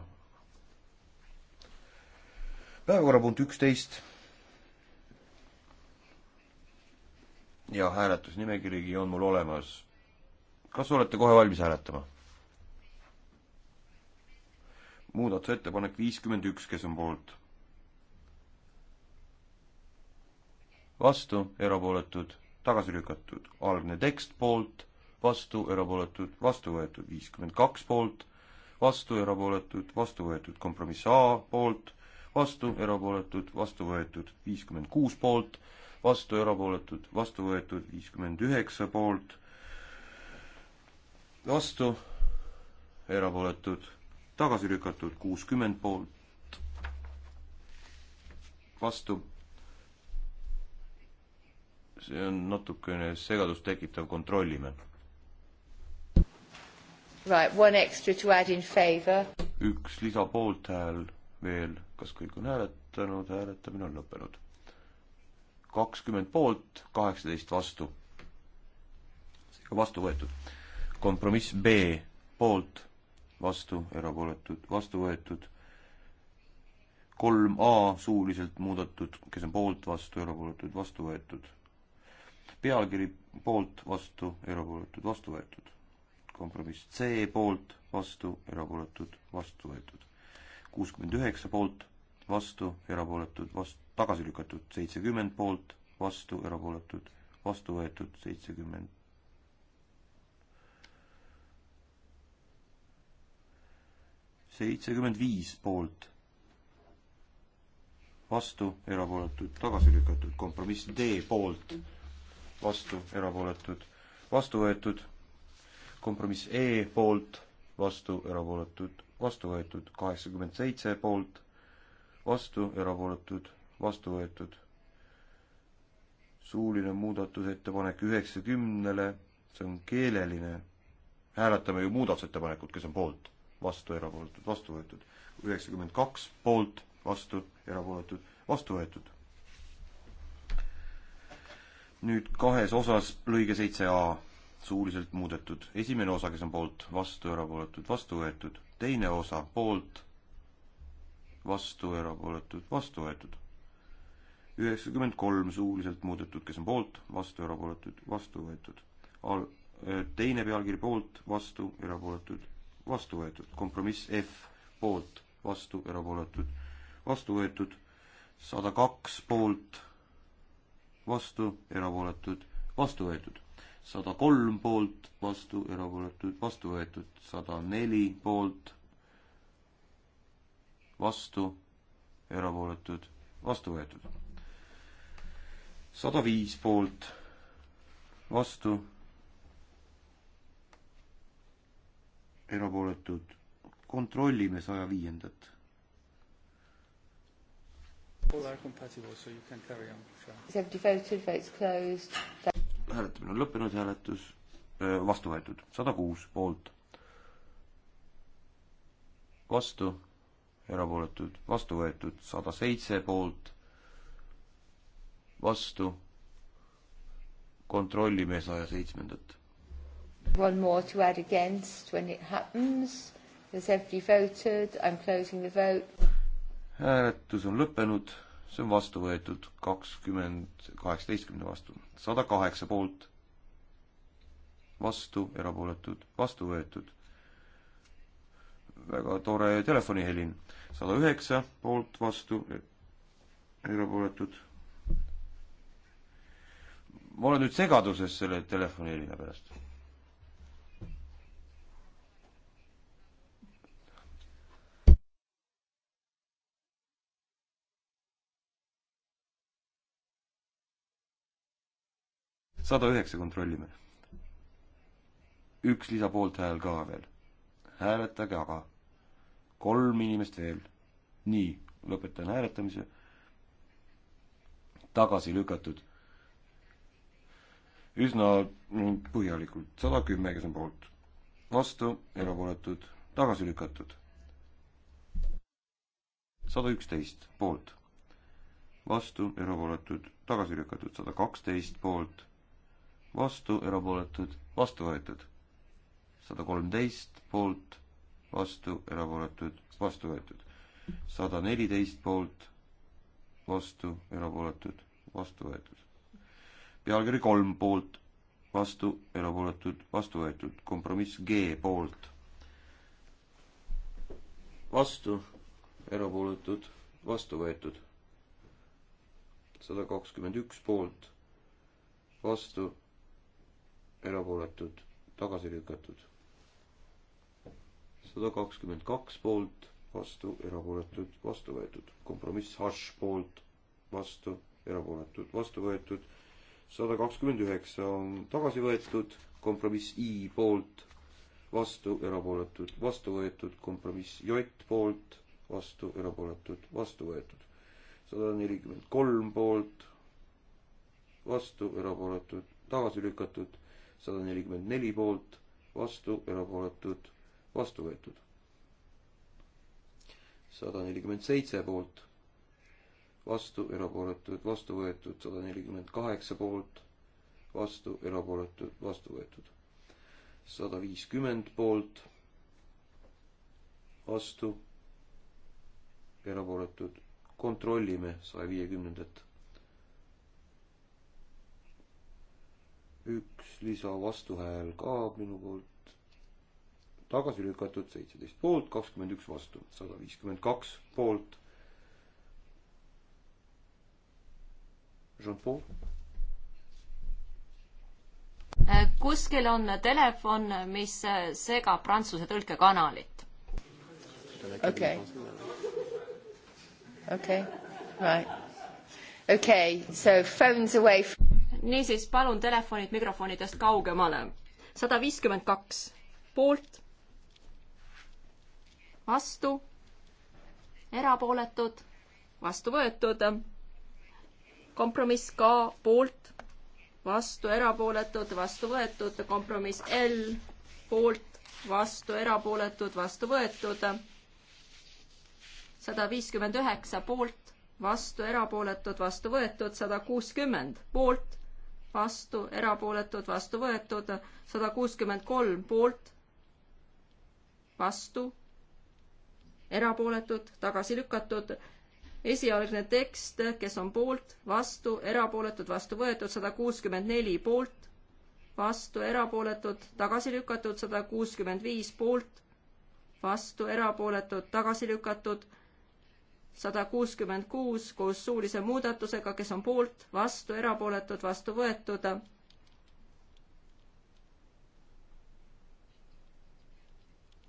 päevakorrapunkt üksteist ja hääletusnimekirigi on mul olemas. kas olete kohe valmis hääletama? muudatusettepanek viiskümmend üks, kes on poolt? vastu, erapooletud, tagasi lükatud, algne tekst poolt, vastu, erapooletud, vastu võetud viiskümmend kaks poolt, vastu, erapooletud, vastu võetud kompromiss A poolt, vastu, erapooletud, vastu võetud viiskümmend kuus poolt, vastu, erapooletud, vastu võetud viiskümmend üheksa poolt, vastu, erapooletud, tagasi lükatud kuuskümmend poolt, vastu see on natukene segadust tekitav, kontrollime Right, one extra to add in favor. üks lisapoolthääl veel, kas kõik on hääletanud, hääletamine on lõppenud. kakskümmend poolt, kaheksateist vastu. seega vastu võetud. kompromiss B poolt, vastu, erapooletud, vastu võetud. kolm A suuliselt muudetud, kes on poolt, vastu, erapooletud, vastu võetud. pealkiri poolt, vastu, erapooletud, vastu võetud kompromiss C poolt, vastu, erapooletud, vastu võetud. kuuskümmend üheksa poolt, vastu, erapooletud, vastu, tagasi lükatud, seitsekümmend poolt, vastu, erapooletud, vastu võetud, seitsekümmend seitsekümmend viis poolt, vastu, erapooletud, tagasi lükatud, kompromiss D poolt, vastu, erapooletud, vastu võetud kompromiss E poolt, vastu, erapooletud, vastu võetud, kaheksakümmend seitse poolt, vastu, erapooletud, vastu võetud. suuline muudatusettepanek üheksakümnele, see on keeleline. hääletame ju muudatusettepanekut, kes on poolt, vastu, erapooletud, vastu võetud. üheksakümmend kaks poolt, vastu, erapooletud, vastu võetud. nüüd kahes osas lõige seitse A suuliselt muudetud. esimene osa, kes on poolt, vastu, erapooletud, vastu võetud. teine osa, poolt, vastu, erapooletud, vastu võetud. üheksakümmend kolm suuliselt muudetud, kes on poolt, vastu, erapooletud, vastu võetud. Al-, äh, teine pealkiri poolt, vastu, erapooletud, vastu võetud. kompromiss F, poolt, vastu, erapooletud, vastu võetud. sada kaks poolt, vastu, erapooletud, vastu võetud sada kolm poolt, vastu, erapooletud, vastu võetud sada neli poolt, vastu, erapooletud, vastu võetud. sada viis poolt, vastu, erapooletud, kontrollime saja viiendat All are compatible, so you can carry on. Has everybody voted? Votes closed hääletamine on lõppenud, hääletus vastu võetud, sada kuus poolt. vastu, erapooletud, vastu võetud, sada seitse poolt. vastu, kontrollime saja seitsmendat. One more to add against when it happens. Has everybody voted? I am closing the vote. hääletus on lõppenud see on vastu võetud kakskümmend, kaheksateistkümne vastu, sada kaheksa poolt, vastu, erapooletud, vastu võetud. väga tore telefonihelin, sada üheksa poolt, vastu, erapooletud. ma olen nüüd segaduses selle telefonihelina pärast sada üheksa kontrollime. üks lisapoolthääl ka veel. hääletage aga. kolm inimest veel. nii, lõpetan hääletamise. tagasi lükatud. üsna põhjalikult, sada kümme, kes on poolt. vastu, erapooletud, tagasi lükatud. sada üksteist poolt vastu, erapooletud tagasi lükatud sada kaksteist poolt, vastu, erapooletud, vastu võetud. sada kolmteist poolt, vastu, erapooletud, vastu võetud. sada neliteist poolt, vastu, erapooletud, vastu võetud. pealkiri kolm poolt, vastu, erapooletud, vastu võetud. kompromiss G poolt, vastu, erapooletud, vastu võetud. sada kakskümmend üks poolt, vastu erapooletud, tagasi lükatud. sada kakskümmend kaks poolt, vastu, erapooletud, vastu võetud. kompromiss Hash poolt, vastu, erapooletud, vastu võetud. sada kakskümmend üheksa on tagasi võetud, kompromiss I poolt, vastu, erapooletud, vastu võetud. kompromiss J poolt, vastu, erapooletud, vastu võetud. sada nelikümmend kolm poolt, vastu, erapooletud, tagasi lükatud sada nelikümmend neli poolt, vastu, erapooletud, vastu võetud. sada nelikümmend seitse poolt, vastu, erapooletud, vastu võetud, sada nelikümmend kaheksa poolt, vastu, erapooletud, vastu võetud. sada viiskümmend poolt, vastu, erapooletud, kontrollime saja viiekümnendat üks lisavastuhääl ka minu poolt tagasi lükatud, seitseteist poolt, kakskümmend üks vastu, sada viiskümmend kaks poolt. Jean-Paul. kuskil on telefon, mis segab prantsuse tõlkekanalit. okei, okei, right, okei okay,, so phones away from niisiis, palun telefonid mikrofonidest kaugemale. sada viiskümmend kaks poolt, vastu, erapooletud, vastu võetud, kompromiss ka poolt, vastu, erapooletud, vastu võetud, kompromiss L poolt, vastu, erapooletud, vastu võetud, sada viiskümmend üheksa poolt, vastu, erapooletud, vastu võetud, sada kuuskümmend poolt, vastu, erapooletud, vastu võetud, sada kuuskümmend kolm poolt, vastu, erapooletud, tagasi lükatud, esialgne tekst, kes on poolt, vastu, erapooletud, vastu võetud, sada kuuskümmend neli poolt, vastu, erapooletud, tagasi lükatud, sada kuuskümmend viis poolt, vastu, erapooletud, tagasi lükatud sada kuuskümmend kuus koos suulise muudatusega, kes on poolt, vastu, erapooletud, vastu võetud.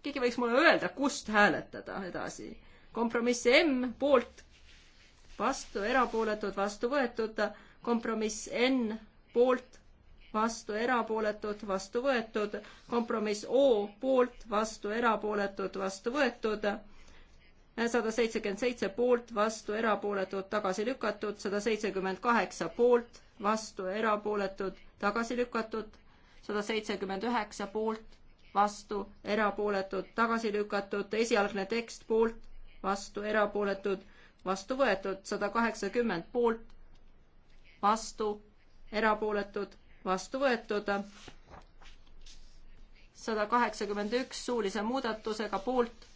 keegi võiks mulle öelda, kust hääletada edasi. kompromiss M poolt, vastu, erapooletud, vastu võetud. kompromiss N poolt, vastu, erapooletud, vastu võetud. kompromiss O poolt, vastu, erapooletud, vastu võetud sada seitsekümmend seitse poolt, vastu, erapooletud, tagasi lükatud, sada seitsekümmend kaheksa poolt, vastu, erapooletud, tagasi lükatud, sada seitsekümmend üheksa poolt, vastu, erapooletud, tagasi lükatud, esialgne tekst poolt, vastu, erapooletud, vastu võetud, sada kaheksakümmend poolt, vastu, erapooletud, vastu võetud, sada kaheksakümmend üks suulise muudatusega poolt,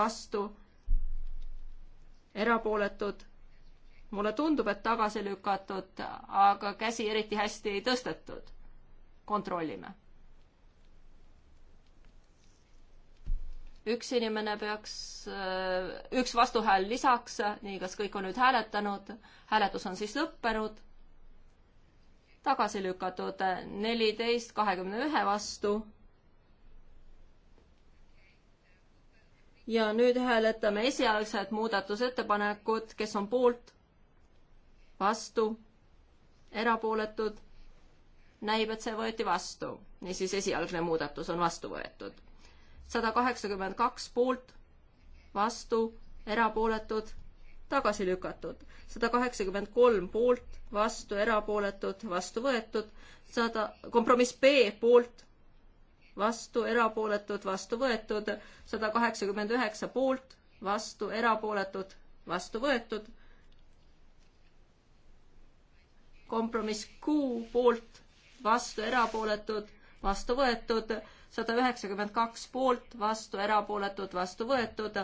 vastu erapooletud. mulle tundub, et tagasi lükatud, aga käsi eriti hästi ei tõstetud. kontrollime. üks inimene peaks, üks vastuhääl lisaks, nii, kas kõik on nüüd hääletanud, hääletus on siis lõppenud, tagasi lükatud neliteist kahekümne ühe vastu ja nüüd hääletame esialgset muudatusettepanekut, kes on poolt, vastu, erapooletud. näib, et see võeti vastu, niisiis esialgne muudatus on vastu võetud. sada kaheksakümmend kaks poolt, vastu, erapooletud, tagasi lükatud. sada kaheksakümmend kolm poolt, vastu, erapooletud, vastu võetud. sada, kompromiss B poolt, vastu, erapooletud, vastu võetud, sada kaheksakümmend üheksa poolt, vastu, erapooletud, vastu võetud. kompromiss Q poolt, vastu, erapooletud, vastu võetud, sada üheksakümmend kaks poolt, vastu, erapooletud, vastu võetud,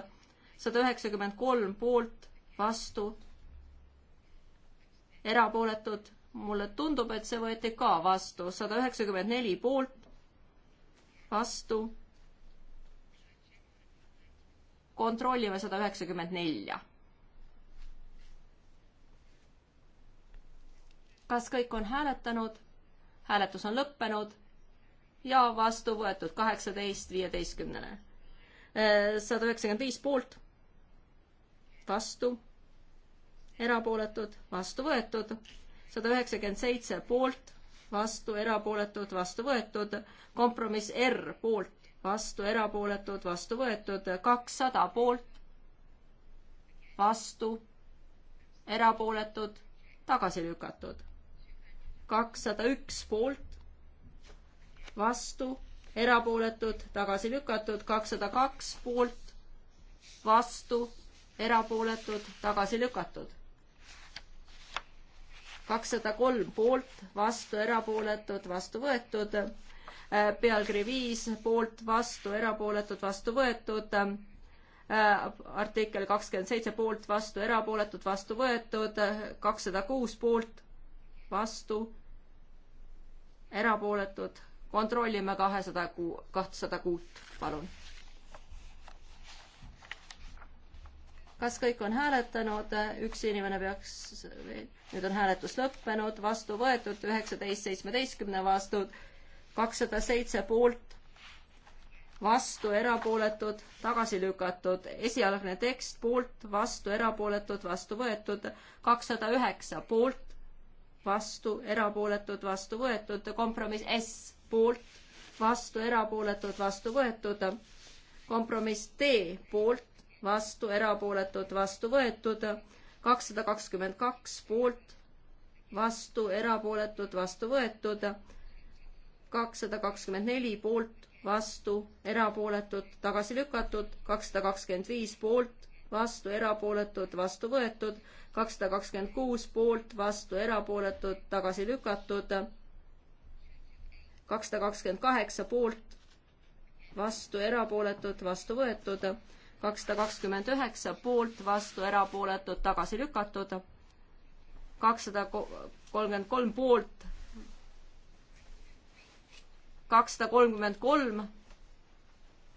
sada üheksakümmend kolm poolt, vastu, erapooletud, mulle tundub, et see võeti ka vastu, sada üheksakümmend neli poolt, vastu. kontrollime sada üheksakümmend nelja. kas kõik on hääletanud? hääletus on lõppenud ja vastu võetud kaheksateist viieteistkümnele. sada üheksakümmend viis poolt, vastu, erapooletud, vastu võetud, sada üheksakümmend seitse poolt, vastu, erapooletud, vastu võetud, kompromiss R poolt, vastu, erapooletud, vastu võetud, kakssada poolt, vastu, erapooletud, tagasi lükatud. kakssada üks poolt, vastu, erapooletud, tagasi lükatud, kakssada kaks poolt, vastu, erapooletud, tagasi lükatud kakssada kolm poolt, vastu, erapooletud, vastu võetud. Äh, pealkiri viis poolt, vastu, erapooletud, vastu võetud. Äh, artikkel kakskümmend seitse poolt, vastu, erapooletud, vastu võetud. kakssada kuus poolt, vastu, erapooletud. kontrollime kahesada kuu, kahtesada kuut, palun kas kõik on hääletanud, üks inimene peaks, nüüd on hääletus lõppenud, vastu võetud üheksateist seitsmeteistkümne vastu, kakssada seitse poolt, vastu erapooletud, tagasi lükatud, esialgne tekst poolt, vastu erapooletud, vastu võetud, kakssada üheksa poolt, vastu erapooletud, vastu võetud, kompromiss S poolt, vastu erapooletud, vastu võetud, kompromiss D poolt, vastu, erapooletud, vastu võetud, kakssada kakskümmend kaks poolt, vastu, erapooletud, vastu võetud, kakssada kakskümmend neli poolt, vastu, erapooletud, tagasi lükatud, kakssada kakskümmend viis poolt, vastu, erapooletud, vastu võetud, kakssada kakskümmend kuus poolt, vastu, erapooletud, tagasi lükatud, kakssada kakskümmend kaheksa poolt, vastu, erapooletud, vastu võetud, kakssada kakskümmend üheksa poolt, vastu, erapooletud, tagasi lükatud. kakssada kolmkümmend kolm poolt, kakssada kolmkümmend kolm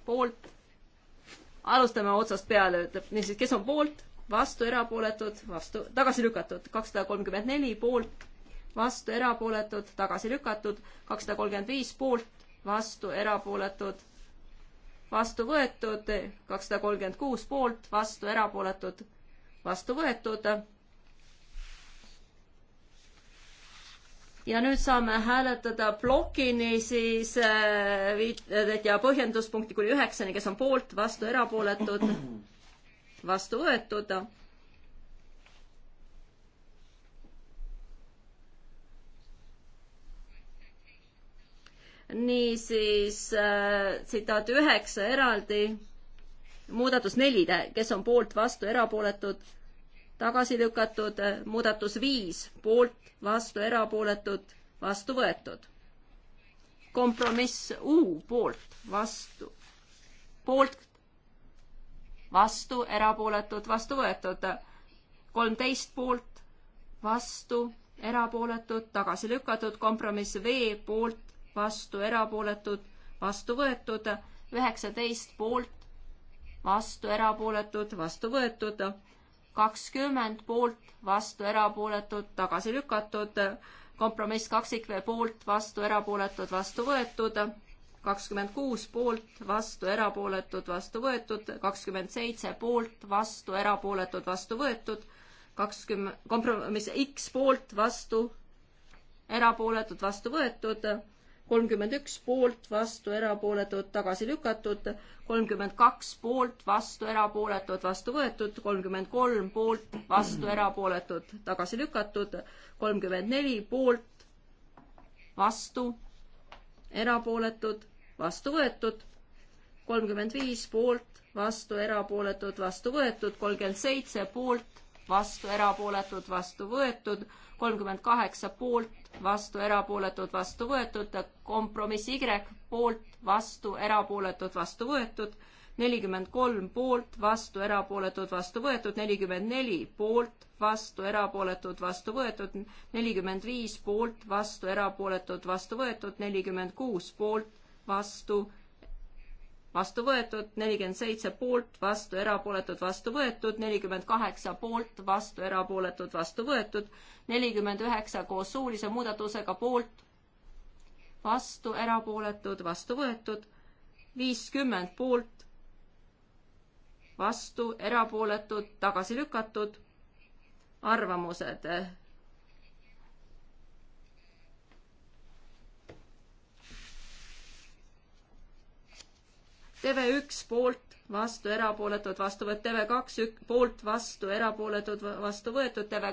poolt. alustame otsast peale, ütleb niisiis, kes on poolt, vastu, erapooletud, vastu, tagasi lükatud, kakssada kolmkümmend neli poolt, vastu, erapooletud, tagasi lükatud, kakssada kolmkümmend viis poolt, vastu, erapooletud vastu võetud, kakssada kolmkümmend kuus poolt, vastu erapooletud, vastu võetud. ja nüüd saame hääletada plokini siis äh, viited ja põhjenduspunkti kuni üheksani, kes on poolt, vastu erapooletud, vastu võetud niisiis äh, tsitaat äh, üheksa eraldi, muudatus neli, kes on poolt, vastu, erapooletud, tagasi lükatud, äh, muudatus viis, poolt, vastu, erapooletud, vastu võetud. kompromiss U poolt, vastu, poolt, vastu, erapooletud, vastu võetud, kolmteist poolt, vastu, erapooletud, tagasi lükatud, kompromiss V poolt, vastu erapooletud, vastu võetud, üheksateist poolt, vastu erapooletud, vastu võetud, kakskümmend poolt, vastu erapooletud, tagasi lükatud, kompromiss kaksikvee poolt, vastu erapooletud, vastu võetud, kakskümmend kuus poolt, vastu erapooletud, vastu võetud, kakskümmend seitse poolt, vastu erapooletud, vastu võetud, kakskümmend, kompromiss X poolt, vastu erapooletud, vastu võetud kolmkümmend üks poolt, vastu, erapooletud, tagasi lükatud, kolmkümmend kaks poolt, vastu, erapooletud, vastu võetud, kolmkümmend kolm poolt, vastu, erapooletud, tagasi lükatud, kolmkümmend neli poolt, vastu, erapooletud, vastu võetud, kolmkümmend viis poolt, vastu, erapooletud, vastu võetud, kolmkümmend seitse poolt, vastu, erapooletud, vastu võetud, kolmkümmend kaheksa poolt, vastu, erapooletud, vastu võetud, kompromiss Y poolt, vastu, erapooletud, vastu võetud, nelikümmend kolm poolt, vastu, erapooletud, vastu võetud, nelikümmend neli poolt, vastu, erapooletud, vastu võetud, nelikümmend viis poolt, vastu, erapooletud, vastu võetud, nelikümmend kuus poolt, vastu, vastu võetud, nelikümmend seitse poolt, vastu erapooletud, vastu võetud, nelikümmend kaheksa poolt, vastu erapooletud, vastu võetud, nelikümmend üheksa koos suulise muudatusega poolt, vastu erapooletud, vastu võetud, viiskümmend poolt, vastu erapooletud, tagasi lükatud, arvamused TV1 poolt, vastu, erapooletud, vastu võetud, TV2 poolt, vastu, erapooletud, vastu võetud, TV3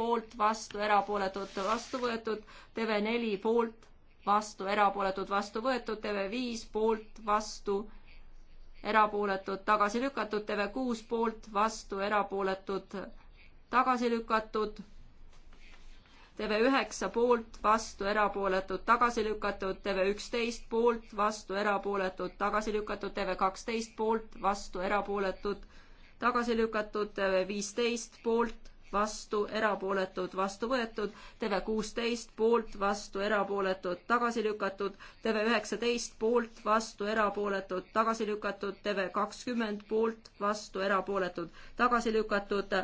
poolt, vastu, erapooletud, vastu võetud, TV4 poolt, vastu, erapooletud, vastu võetud, TV5 poolt, vastu, erapooletud, tagasi lükatud, TV6 poolt, vastu, erapooletud, tagasi lükatud TV9 poolt, vastu, erapooletud, tagasi lükatud, TV11 poolt, vastu, erapooletud, tagasi lükatud, TV12 poolt, vastu, erapooletud, tagasi lükatud, TV15 poolt, vastu, erapooletud, vastu võetud, TV16 poolt, vastu, erapooletud, tagasi lükatud, TV19 poolt, vastu, erapooletud, tagasi lükatud, TV20 poolt, vastu, erapooletud, tagasi lükatud,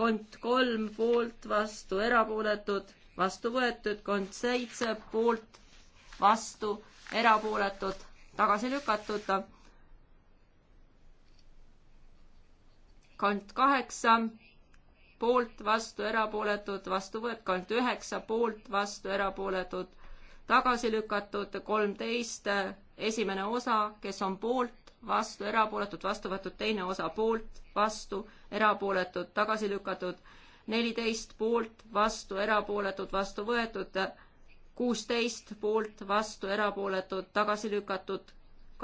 kont kolm poolt, vastu, erapooletud vastu võetud, kond seitse poolt, vastu, erapooletud, tagasi lükatud. kond kaheksa poolt, vastu, erapooletud, vastu võetud, kond üheksa poolt, vastu, erapooletud, tagasi lükatud, kolmteist, esimene osa, kes on poolt, vastu, erapooletud, vastu võetud, teine osa poolt, vastu, erapooletud, tagasi lükatud neliteist poolt, vastu, erapooletud, vastu võetud, kuusteist poolt, vastu, erapooletud, tagasi lükatud,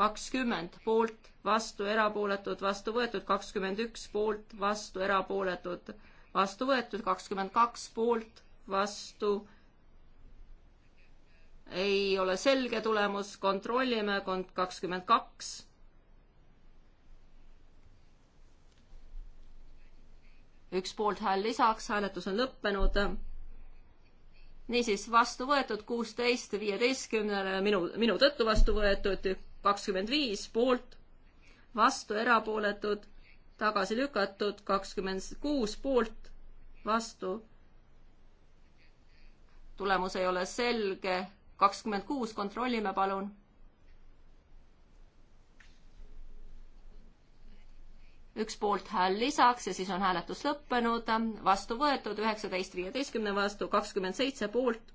kakskümmend poolt, vastu, erapooletud, vastu võetud, kakskümmend üks poolt, vastu, erapooletud, vastu võetud, kakskümmend kaks poolt, vastu. ei ole selge tulemus, kontrollime, kakskümmend kaks üks poolthääl lisaks, hääletus on lõppenud. niisiis, vastu võetud kuusteist viieteistkümnele, minu, minu tõttu vastu võetud kakskümmend viis poolt, vastu erapooletud, tagasi lükatud kakskümmend kuus poolt, vastu. tulemus ei ole selge, kakskümmend kuus, kontrollime palun üks poolthääl lisaks ja siis on hääletus lõppenud, vastu võetud üheksateist viieteistkümne vastu, kakskümmend seitse poolt,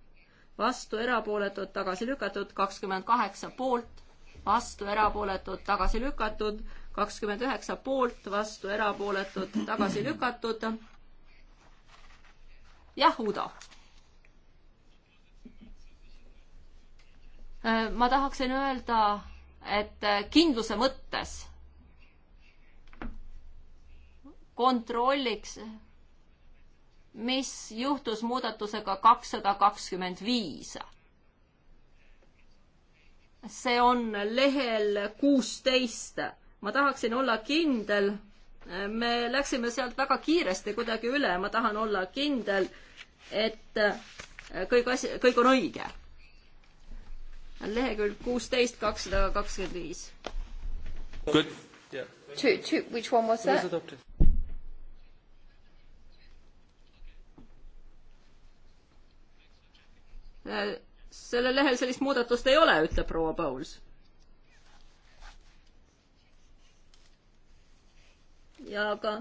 vastu erapooletud, tagasi lükatud, kakskümmend kaheksa poolt, vastu erapooletud, tagasi lükatud, kakskümmend üheksa poolt, vastu erapooletud, tagasi lükatud. jah, Udo äh, ma tahaksin öelda, et kindluse mõttes kontrolliks, mis juhtus muudatusega kakssada kakskümmend viis. see on lehel kuusteist. ma tahaksin olla kindel, me läksime sealt väga kiiresti kuidagi üle, ma tahan olla kindel, et kõik asi, kõik on õige. lehekülg kuusteist, kakssada kakskümmend viis. Good yeah.. Two, two, which one was that? sellel lehel sellist muudatust ei ole, ütleb proua Pauls. ja aga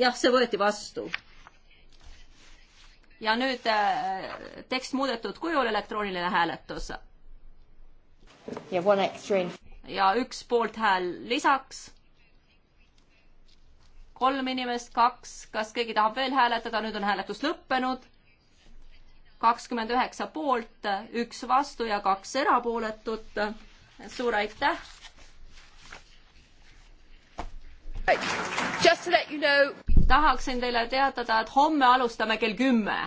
jah, see võeti vastu. ja nüüd äh, tekst muudetud kujul elektrooniline hääletus. ja üks poolthääl lisaks. kolm inimest, kaks, kas keegi tahab veel hääletada, nüüd on hääletus lõppenud kakskümmend üheksa poolt, üks vastu ja kaks erapooletut. suur aitäh! You know. tahaksin teile teatada, et homme alustame kell kümme.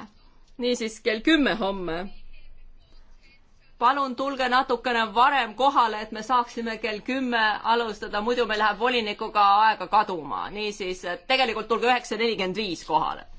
niisiis, kell kümme homme. palun tulge natukene varem kohale, et me saaksime kell kümme alustada, muidu meil läheb volinikuga aega kaduma. niisiis, tegelikult tulge üheksa nelikümmend viis kohale.